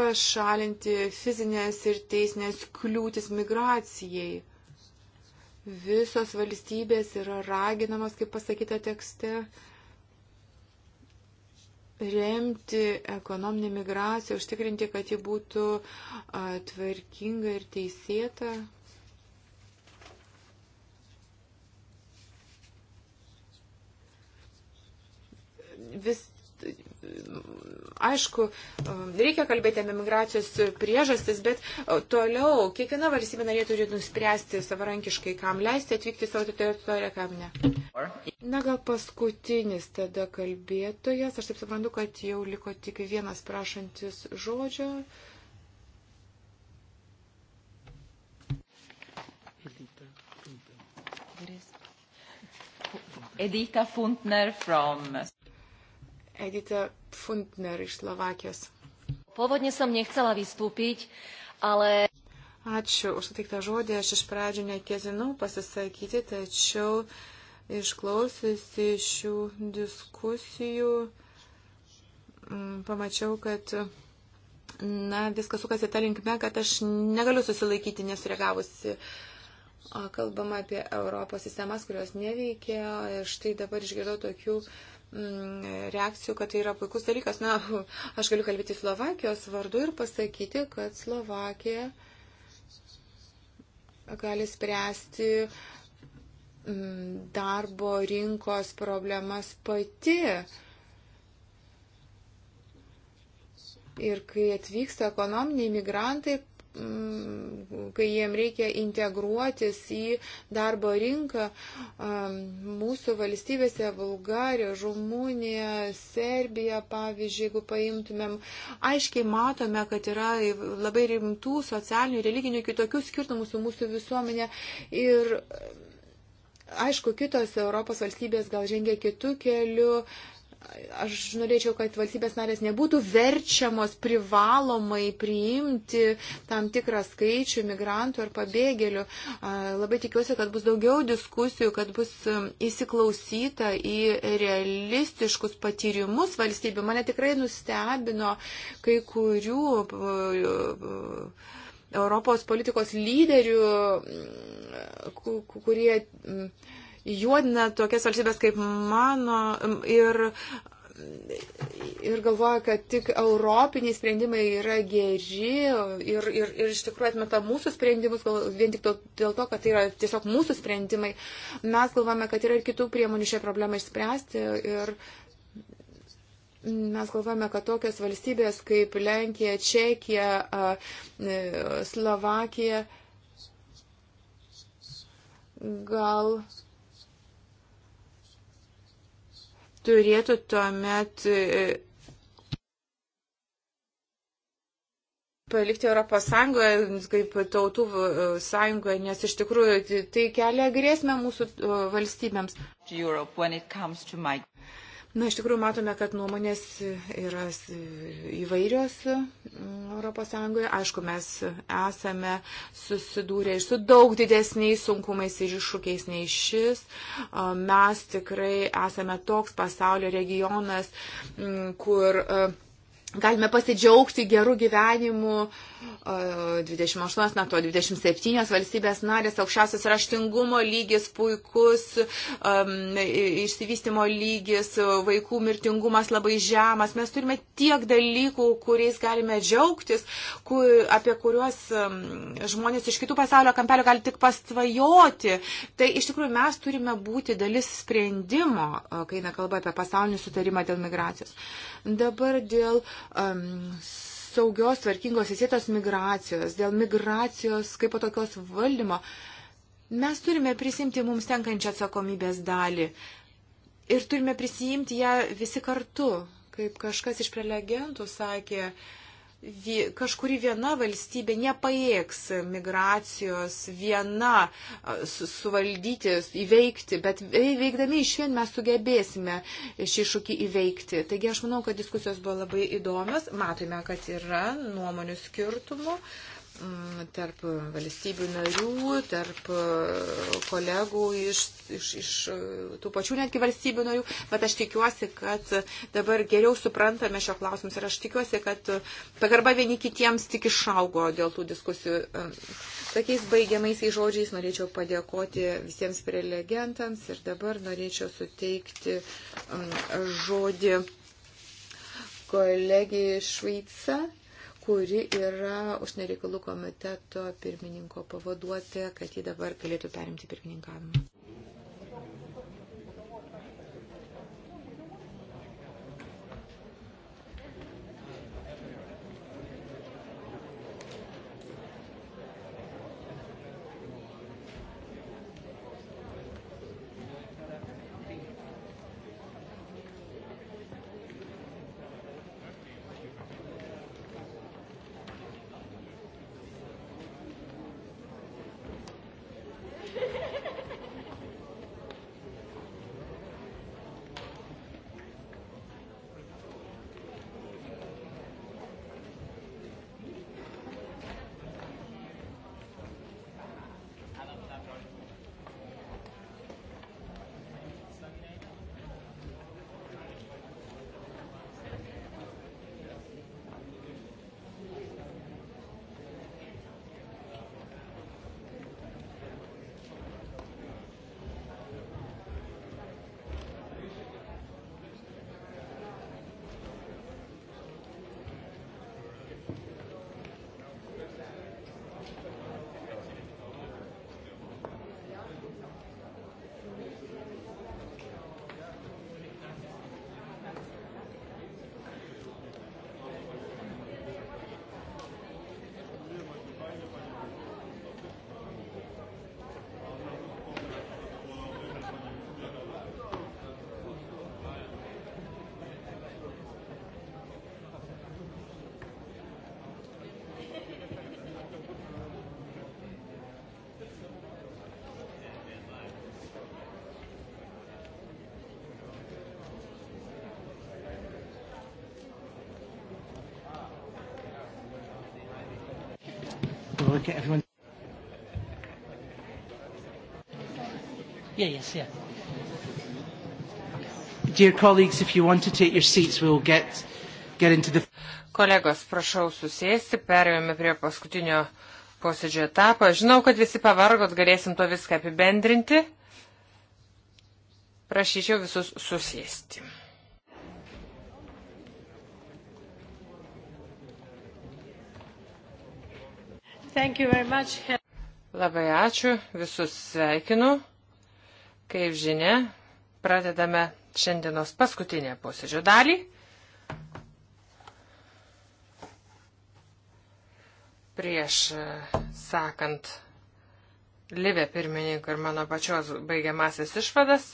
C: pašalinti fizinės ir teisinės kliūtis migracijai. Visos valstybės yra raginamos, kaip pasakyta tekste, remti ekonominę migraciją, užtikrinti, kad ji būtų tvarkinga ir teisėta. Vis aišku, reikia kalbėti apie migracijos priežastis, bet toliau kiekviena valstybė narė turi nuspręsti savarankiškai, kam leisti atvykti savo teritoriją, kam ne. Na gal paskutinis tada kalbėtojas, aš taip suprantu, kad jau liko tik vienas prašantis žodžio. Edita Funtner from Edita Fundner iš Slovakijos.
B: Povodne som nechcela vystúpiť, ale...
C: Ačiū už suteiktą žodį. Aš iš pradžių neketinau pasisakyti, tačiau išklausiusi šių diskusijų mm, pamačiau, kad na, viskas sukasi tą linkme, kad aš negaliu susilaikyti nesureagavusi. Kalbama apie Europos sistemas, kurios neveikia. Štai dabar išgirdau tokių Mm, reakcijų, kad tai yra puikus dalykas. Na, *laughs* aš galiu kalbėti Slovakijos vardu ir pasakyti, kad Slovakija gali spręsti mm, darbo rinkos problemas pati. Ir kai atvyksta ekonominiai migrantai, Mm, kai jiem reikia integruotis į darbo rinką, mūsų valstybėse Bulgarija, Rumunija, Serbija, pavyzdžiui, jeigu paimtumėm, aiškiai matome, kad yra labai rimtų socialinių, religinių, kitokių skirtumų su mūsų visuomenė. Ir aišku, kitos Europos valstybės gal žengia kitų kelių, aš norėčiau, kad valstybės narės nebūtų verčiamos privalomai priimti tam tikrą skaičių migrantų ar pabėgėlių. Labai tikiuosi, kad bus daugiau diskusijų, kad bus um, įsiklausyta į realistiškus patyrimus valstybių. Mane tikrai nustebino kai kurių. Uh, uh, Europos politikos lyderių, mm, kurie mm, juodina tokias valstybės kaip mano ir ir galvoja, kad tik europiniai sprendimai yra geri ir, ir, ir iš tikrųjų atmeta mūsų sprendimus gal, vien tik dėl to, kad tai yra tiesiog mūsų sprendimai. Mes galvojame, kad yra ir kitų priemonių šią problemą išspręsti ir mes galvojame, kad tokios valstybės kaip Lenkija, Čekija, e, Slovakija gal turėtų tuomet e, palikti Europos Sąjungoje, kaip tautų e, sąjungoje, nes iš tikrųjų tai kelia grėsmę mūsų e, valstybėms. Europe, Na, iš tikrųjų matome, kad nuomonės yra įvairios ES. Aišku, mes esame susidūrę ir su daug didesniais sunkumais ir iššūkiais nei šis. Mes tikrai esame toks pasaulio regionas, kur Galime pasidžiaugti gerų gyvenimų. 28, NATO 27 valstybės narės, aukščiausias raštingumo lygis, puikus um, išsivystimo lygis, vaikų mirtingumas labai žemas. Mes turime tiek dalykų, kuriais galime džiaugtis, kur, apie kuriuos um, žmonės iš kitų pasaulio kampelių gali tik pastvajoti. Tai iš tikrųjų mes turime būti dalis sprendimo, kai nekalba apie pasaulinį sutarimą dėl migracijos. Uh, Dabar dėl um, saugios, tvarkingos įsietos migracijos, dėl migracijos kaip po tokios valdymo, mes turime prisimti mums tenkančią atsakomybės dalį. Ir turime prisijimti ją visi kartu, kaip kažkas iš prelegentų sakė. Uh, kažkuri viena valstybė nepaėgs migracijos viena suvaldyti, įveikti, bet veikdami iš vien mes sugebėsime šį šūkį įveikti. Taigi aš manau, kad diskusijos buvo labai įdomios, matome, kad yra nuomonių skirtumų. Uh, Mm, tarp e, valstybių narių, tarp e, kolegų iš, iš, iš e, tų pačių netgi valstybių narių, bet aš tikiuosi, kad dabar geriau suprantame šio klausimus ir aš tikiuosi, kad pagarba vieni kitiems tik išaugo dėl tų diskusijų. Tokiais baigiamaisiais žodžiais norėčiau padėkoti visiems prelegentams ir dabar norėčiau suteikti mm, žodį kolegijai Šveica kuri yra užsienio reikalų komiteto pirmininko pavaduotė, kad ji dabar galėtų perimti pirmininkavimą.
B: get everyone. Yeah, yes, yeah. Dear colleagues, if you want to take your seats, we'll get, get into the... Kolegos, prašau susėsti, perėjome prie paskutinio posėdžio etapo. Žinau, kad visi pavargot, galėsim to viską apibendrinti. Prašyčiau visus susėsti. Labai ačiū, visus sveikinu. Kaip žinia, pradedame šiandienos paskutinę posėdžio dalį. Prieš e, sakant Livė pirmininką ir mano pačios baigiamasis išvadas,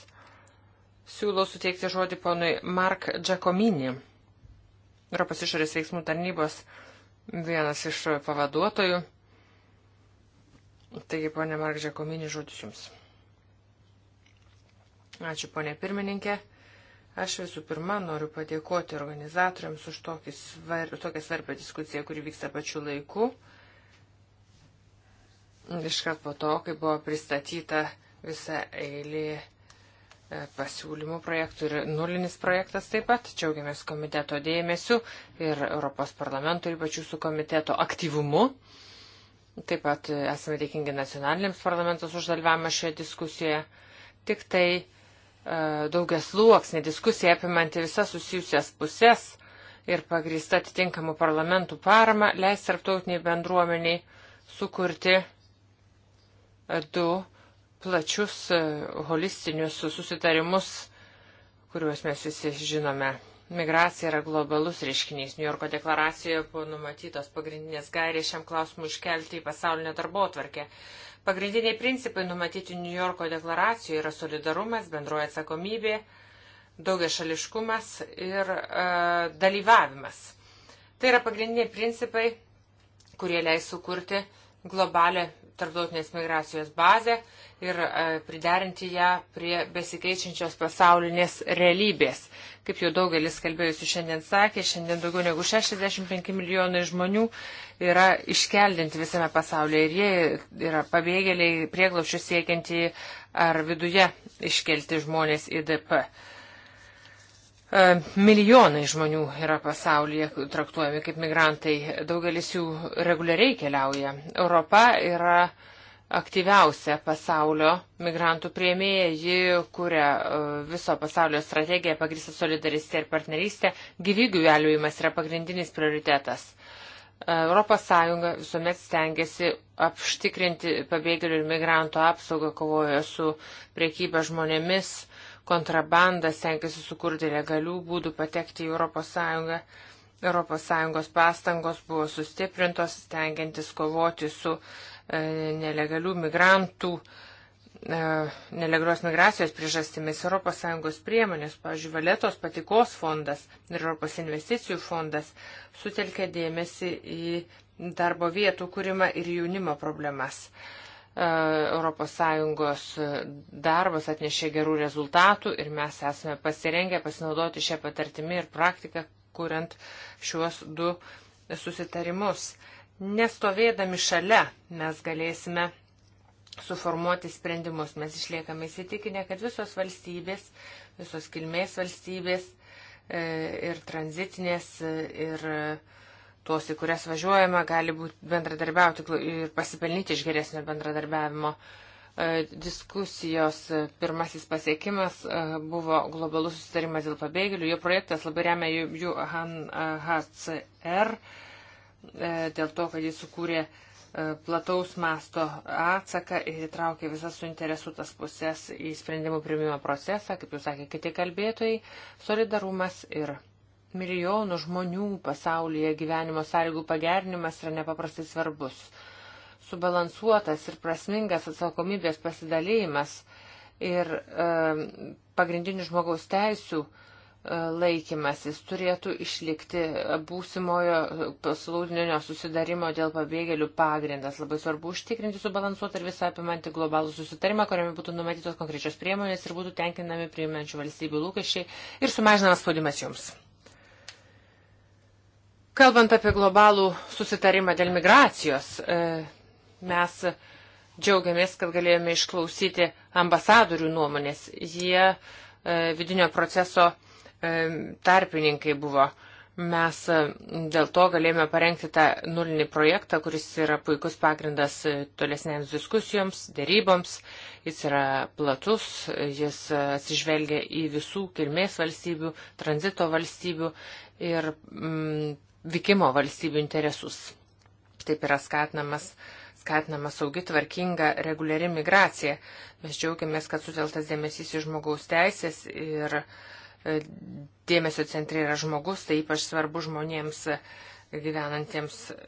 B: siūlau suteikti žodį ponui Mark Giacomini, Europos išorės veiksmų tarnybos vienas iš pavaduotojų. Taigi, ponė Margžė Kominį, žodis jums. Ačiū, ponė pirmininkė. Aš visų pirma noriu padėkoti organizatoriams už svar, tokią svarbią diskusiją, kuri vyksta pačiu laiku. Iškart po to, kai buvo pristatyta visa eilė e, pasiūlymų projektų ir nulinis projektas taip pat. Džiaugiamės komiteto dėmesiu ir Europos parlamento, ypač jūsų komiteto aktyvumu. Taip pat esame dėkingi nacionaliniams parlamentos už dalyvavimą šioje diskusijoje. Tik tai e, daugias luoksnė diskusija apimanti visas susijusias pusės ir pagrįsta atitinkamų parlamentų parama leis tarptautiniai bendruomeniai sukurti e, du plačius e, holistinius susitarimus, kuriuos mes visi žinome. Migracija yra globalus reiškinys. New Yorko deklaracijoje buvo numatytos pagrindinės gairės šiam klausimui iškelti į pasaulinę darbo atvarkę. Pagrindiniai principai numatyti New Yorko deklaracijoje yra solidarumas, bendroja atsakomybė, daugia šališkumas ir e, dalyvavimas. Tai yra pagrindiniai principai, kurie leis sukurti globalę tarptautinės migracijos bazę ir e, priderinti ją prie besikeičiančios pasaulinės realybės. Kaip jau daugelis kalbėjusių šiandien sakė, šiandien daugiau negu 65 milijonai žmonių yra iškeldinti visame pasaulyje ir jie yra pabėgėliai prieglaušių siekianti ar viduje iškelti žmonės į DP. E, milijonai žmonių yra pasaulyje traktuojami kaip migrantai, daugelis jų reguliariai keliauja. Europa yra aktyviausia pasaulio migrantų prieimėja, ji kuria e, viso pasaulio strategiją pagrįstą solidaristę ir partnerystę, gyvybių gelbėjimas yra pagrindinis prioritetas. ES visuomet stengiasi apštikrinti pabėgėlių ir migrantų apsaugą, kovoja su priekyba žmonėmis kontrabandą, stengiasi sukurti legalių būdų patekti į ES. ES pastangos buvo sustiprintos, stengiantis kovoti su e, nelegalių migrantų, e, nelegalios migracijos priežastimis. ES priemonės, pavyzdžiui, Valetos patikos fondas ir ES investicijų fondas sutelkė dėmesį į darbo vietų kūrimą ir jaunimo problemas. E, ES darbas atnešė gerų rezultatų ir mes esame pasirengę pasinaudoti šią patartimį ir praktiką, kuriant šiuos du susitarimus. Nestovėdami šalia mes galėsime suformuoti sprendimus. Mes išliekame įsitikinę, kad visos valstybės, visos kilmės valstybės e, ir tranzitinės e, ir tautos, į kurias važiuojame, gali būti bendradarbiauti ir pasipelnyti iš geresnio bendradarbiavimo. E, diskusijos e, pirmasis pasiekimas e, buvo globalus susitarimas dėl pabėgėlių. Jo projektas labai remia jų HCR dėl to, kad jis sukūrė plataus masto atsaką ir įtraukė visas suinteresuotas pusės į sprendimų priimimo procesą, kaip jūs sakė kiti kalbėtojai, solidarumas ir milijonų žmonių pasaulyje gyvenimo sąlygų pagerinimas yra nepaprastai svarbus. Subalansuotas ir prasmingas atsakomybės pasidalėjimas ir e, pagrindinių žmogaus teisų e, laikymasis turėtų išlikti būsimojo pasaulinio susidarimo dėl pabėgėlių pagrindas. Labai svarbu užtikrinti subalansuotą ir visą apimantį globalų susitarimą, kuriame būtų numatytos konkrečios priemonės ir būtų tenkinami priimančių valstybių lūkesčiai ir sumažinamas spaudimas jums. Kalbant apie globalų susitarimą dėl migracijos, e, mes džiaugiamės, kad galėjome išklausyti ambasadorių nuomonės. Jie e, vidinio proceso e, tarpininkai buvo. Mes dėl to galėjome parengti tą nulinį projektą, kuris yra puikus pagrindas tolesnėms diskusijoms, dėryboms. Jis yra platus, jis atsižvelgia į visų kilmės valstybių, tranzito valstybių ir mm, vykimo valstybių interesus. Taip yra skatinamas, skatinama saugi tvarkinga reguliari migracija. Mes džiaugiamės, kad suteltas dėmesys į žmogaus teisės ir e, dėmesio centre yra žmogus, tai ypač svarbu žmonėms gyvenantiems e,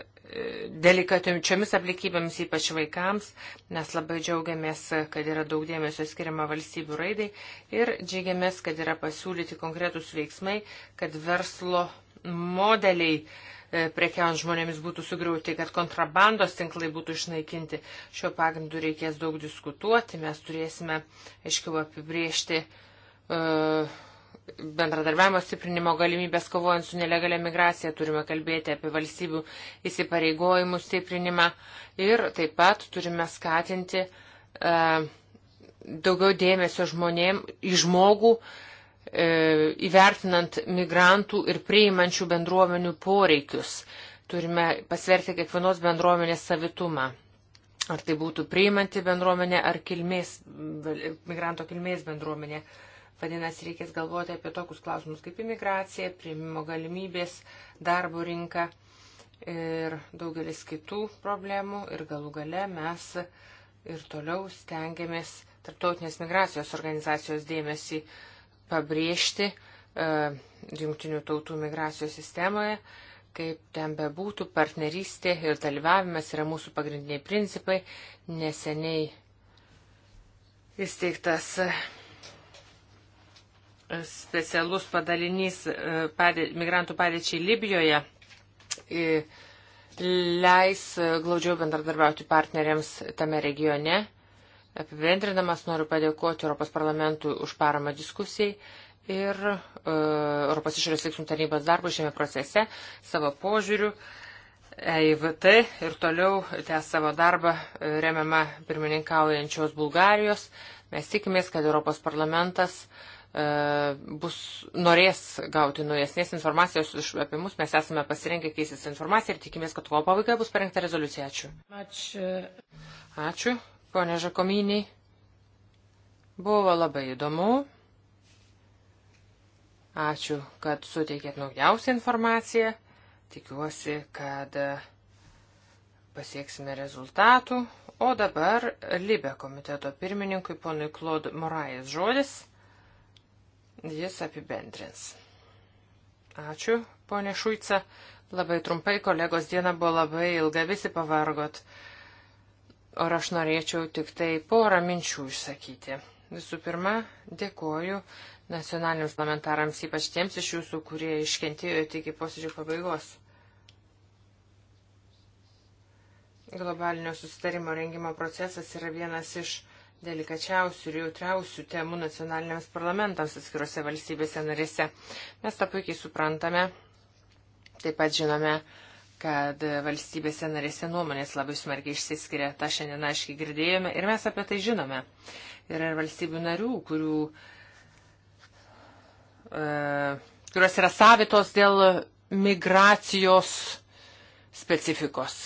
B: delikatumčiomis aplikybėmis, ypač vaikams. Mes labai džiaugiamės, kad yra daug dėmesio skiriama valstybių raidai ir džiaugiamės, kad yra pasiūlyti konkretus veiksmai, kad verslo modeliai e, prekiaujant žmonėmis būtų sugriauti, kad kontrabandos tinklai būtų išnaikinti. Šiuo pagrindu reikės daug diskutuoti, mes turėsime aiškiau apibriežti uh, bendradarbiavimo stiprinimo galimybės kovojant su nelegalia migracija, turime kalbėti apie valstybių įsipareigojimų stiprinimą ir taip pat turime skatinti uh, daugiau dėmesio žmonėm į žmogų uh, E, įvertinant migrantų ir priimančių bendruomenių poreikius. Turime pasverti kiekvienos bendruomenės savitumą. Ar tai būtų priimanti bendruomenė ar kilmės, migranto kilmės bendruomenė. Vadinasi, reikės galvoti apie tokius klausimus kaip imigracija, priimimo galimybės, darbo rinka ir daugelis kitų problemų. Ir galų gale mes ir toliau stengiamės tarptautinės migracijos organizacijos dėmesį uh, pabrėžti uh, jungtinių tautų migracijos sistemoje, kaip ten bebūtų, partnerystė ir dalyvavimas yra mūsų pagrindiniai principai. Neseniai įsteigtas e, specialus padalinys e, padė, migrantų padėčiai Libijoje leis glaudžiau bendradarbiauti partneriams tame regione Apibendrinamas noriu padėkoti Europos parlamentui už paramą diskusijai ir uh, Europos išorės veiksmų tarnybos darbų šiame procese savo požiūriu. EIVT ir toliau tęs savo darbą e, remiama pirmininkaujančios Bulgarijos. Mes tikimės, kad Europos parlamentas uh, bus, norės gauti naujesnės informacijos iš, apie mus. Mes esame pasirengę keistis informaciją ir tikimės, kad kovo pabaigoje bus parengta rezoliucija. Ačiū. Ačiū. Ačiū. Pone Žakomyniai, buvo labai įdomu. Ačiū, kad suteikėt naujausią informaciją. Tikiuosi, kad e, pasieksime rezultatų. O dabar Libė komiteto pirmininkui ponui Klod Morais žodis. Jis apibendrins. Ačiū, ponė Šuica. Labai trumpai, kolegos diena buvo labai ilga, visi pavargot. Ar aš norėčiau tik tai porą minčių išsakyti. Visų pirma, dėkoju nacionaliniams parlamentarams, ypač tiems iš jūsų, kurie iškentėjote iki posėdžio pabaigos. Globalinio susitarimo rengimo procesas yra vienas iš delikačiausių ir jautriausių temų nacionaliniams parlamentams atskiruose valstybėse narėse. Mes tą puikiai suprantame, taip pat žinome, kad valstybėse narėse nuomonės labai smarkiai išsiskiria. Ta šiandien aiškiai girdėjome ir mes apie tai žinome. Yra ir valstybių narių, kurių, e, kurios yra savitos dėl migracijos specifikos.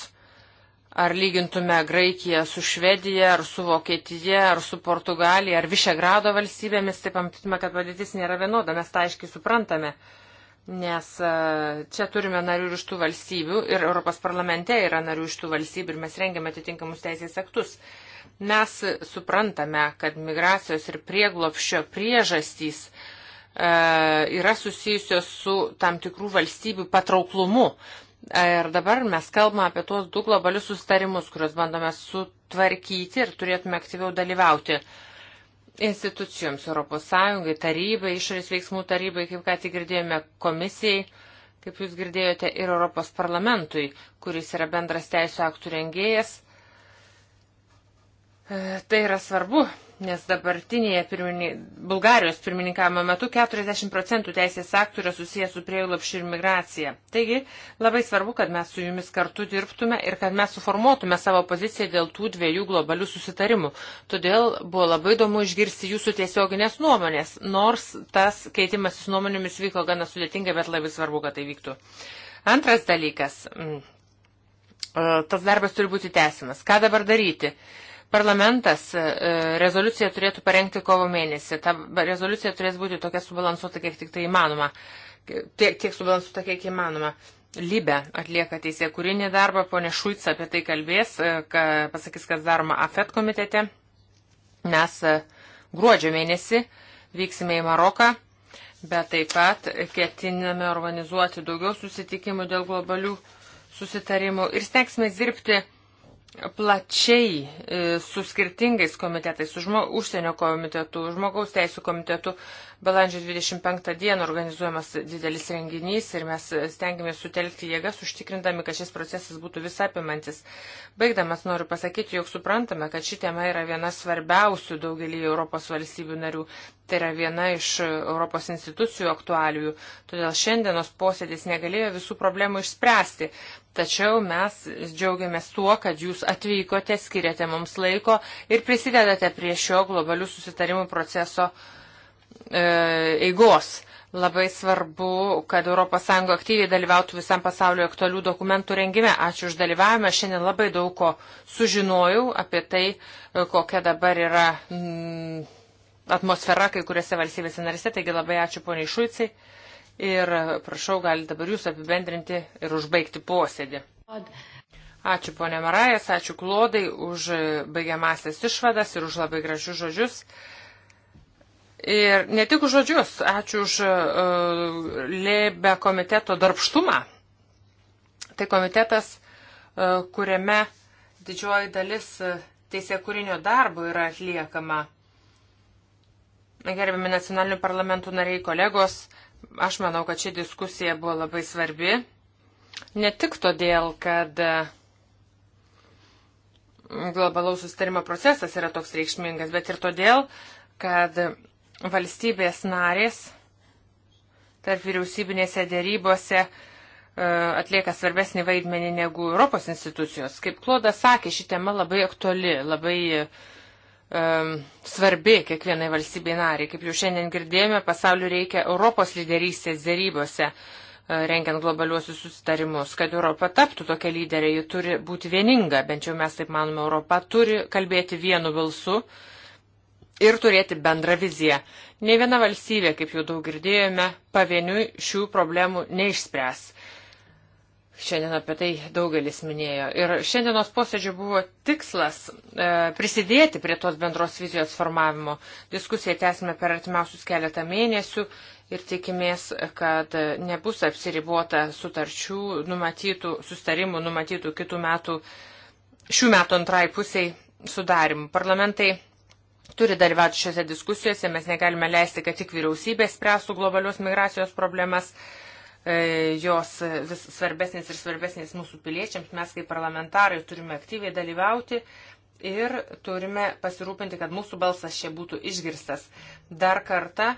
B: Ar lygintume Graikiją su Švedija, ar su Vokietija, ar su Portugalija, ar Višegrado valstybėmis, taip pamatytume, kad padėtis nėra vienoda, mes tą aiškiai suprantame. E, Nes e, čia turime narių iš tų valstybių ir Europos parlamente yra narių iš tų valstybių ir mes rengiame atitinkamus teisės aktus. Mes suprantame, kad migracijos ir prieglopščio priežastys e, yra susijusios su tam tikrų valstybių patrauklumu. E, ir dabar mes kalbame apie tuos du globalius sustarimus, kuriuos bandome sutvarkyti ir turėtume aktyviau dalyvauti. E, institucijoms ES, tarybai, išorės veiksmų tarybai, kaip ką tik girdėjome, komisijai, kaip jūs girdėjote, ir Europos parlamentui, kuris yra bendras teisų aktų rengėjas. E, tai yra svarbu, nes dabartinėje pirmini, Bulgarijos pirmininkavimo metu 40 procentų teisės aktų yra susijęs su prieilapšiu ir migracija. Taigi labai svarbu, kad mes su jumis kartu dirbtume ir kad mes suformuotume savo poziciją dėl tų dviejų globalių susitarimų. Todėl buvo labai įdomu išgirsti jūsų tiesioginės nuomonės, nors tas keitimasis nuomonėmis vyko gana sudėtingai, bet labai svarbu, kad tai vyktų. Antras dalykas. Mm. E, tas darbas turi būti tęsimas. Ką dabar daryti? Uh, Parlamentas e, e, rezoliuciją turėtų parengti kovo mėnesį. Ta rezoliucija turės būti tokia subalansuota, kiek tik tai įmanoma. Tiek, tiek subalansuota, kiek įmanoma. Libe atlieka teisė kūrinį darbą, ponė Šuica apie tai kalbės, e, ka, pasakys, kas daroma AFET komitete. Mes gruodžio mėnesį vyksime į Maroką, bet taip pat ketiname organizuoti daugiau susitikimų dėl globalių susitarimų ir stengsime dirbti plačiai e, su skirtingais komitetais, su žmo, užsienio komitetu, žmogaus teisų komitetu. Balandžio 25 dieną organizuojamas didelis renginys ir mes stengiamės sutelkti jėgas, užtikrindami, kad šis procesas būtų visapimantis. Baigdamas noriu pasakyti, jog suprantame, kad ši tema yra viena svarbiausių daugelį Europos valstybių narių. Tai yra viena iš Europos institucijų aktualijų. Todėl šiandienos posėdis negalėjo visų problemų išspręsti. Tačiau mes džiaugiamės tuo, kad jūs atvykote, skiriate mums laiko ir prisidedate prie šio globalių susitarimų proceso e, eigos. Labai svarbu, kad ES aktyviai dalyvautų visam pasaulio aktualių dokumentų rengime. Ačiū už dalyvavimą. Šiandien labai daug ko sužinojau apie tai, e, kokia dabar yra mm, atmosfera kai kuriuose valstybėse narise. Taigi labai ačiū poniai Šuicai. Ir prašau, galite dabar jūs apibendrinti ir užbaigti posėdį. Ačiū ponė Marajas, ačiū Klodai už baigiamasias išvadas ir už labai gražius žodžius. Ir ne tik už žodžius, ačiū už uh, lėbę komiteto darbštumą. Tai komitetas, uh, kuriame didžioji dalis uh, teisėkūrinio darbo yra atliekama. Gerbiami nacionalinių parlamentų nariai kolegos, Aš manau, kad ši diskusija buvo labai svarbi. Ne tik todėl, kad e, globalaus sustarimo procesas yra toks reikšmingas, bet ir todėl, kad valstybės narės tarp vyriausybinėse dėrybose e, atlieka svarbesnį vaidmenį negu Europos institucijos. Kaip Klodas sakė, ši tema labai aktuali, labai uh, um, svarbi kiekvienai valstybei nariai. Kaip jau šiandien girdėjome, pasauliu reikia Europos lyderystės dėrybose e, rengiant globaliuosius susitarimus, kad Europa taptų tokia lyderė, ji turi būti vieninga, bent jau mes taip manome, Europa turi kalbėti vienu balsu ir turėti bendrą viziją. Ne viena valstybė, kaip jau daug girdėjome, pavieniui šių problemų neišspręs. Šiandien apie tai daugelis minėjo. Ir šiandienos posėdžio buvo tikslas e, prisidėti prie tos bendros vizijos formavimo. Diskusiją tęsime per artimiausius keletą mėnesių ir tikimės, kad nebus apsiribuota sutarčių numatytų, sustarimų numatytų kitų metų, šių metų antrai pusiai sudarimų. Parlamentai turi dalyvauti šiuose diskusijose, mes negalime leisti, kad tik vyriausybės spręstų globalios migracijos problemas. E, E, jos vis svarbesnės ir svarbesnės mūsų piliečiams, mes kaip parlamentarai turime aktyviai dalyvauti ir turime pasirūpinti, kad mūsų balsas čia būtų išgirstas. Dar kartą e,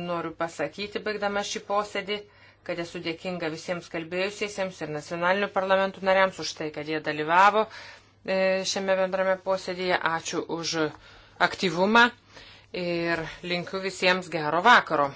B: noriu pasakyti, baigdama šį posėdį, kad esu dėkinga visiems kalbėjusiesiems ir nacionalinių parlamentų nariams už tai, kad jie dalyvavo e, šiame bendrame posėdėje. Ačiū už aktyvumą ir linkiu visiems gero vakaro.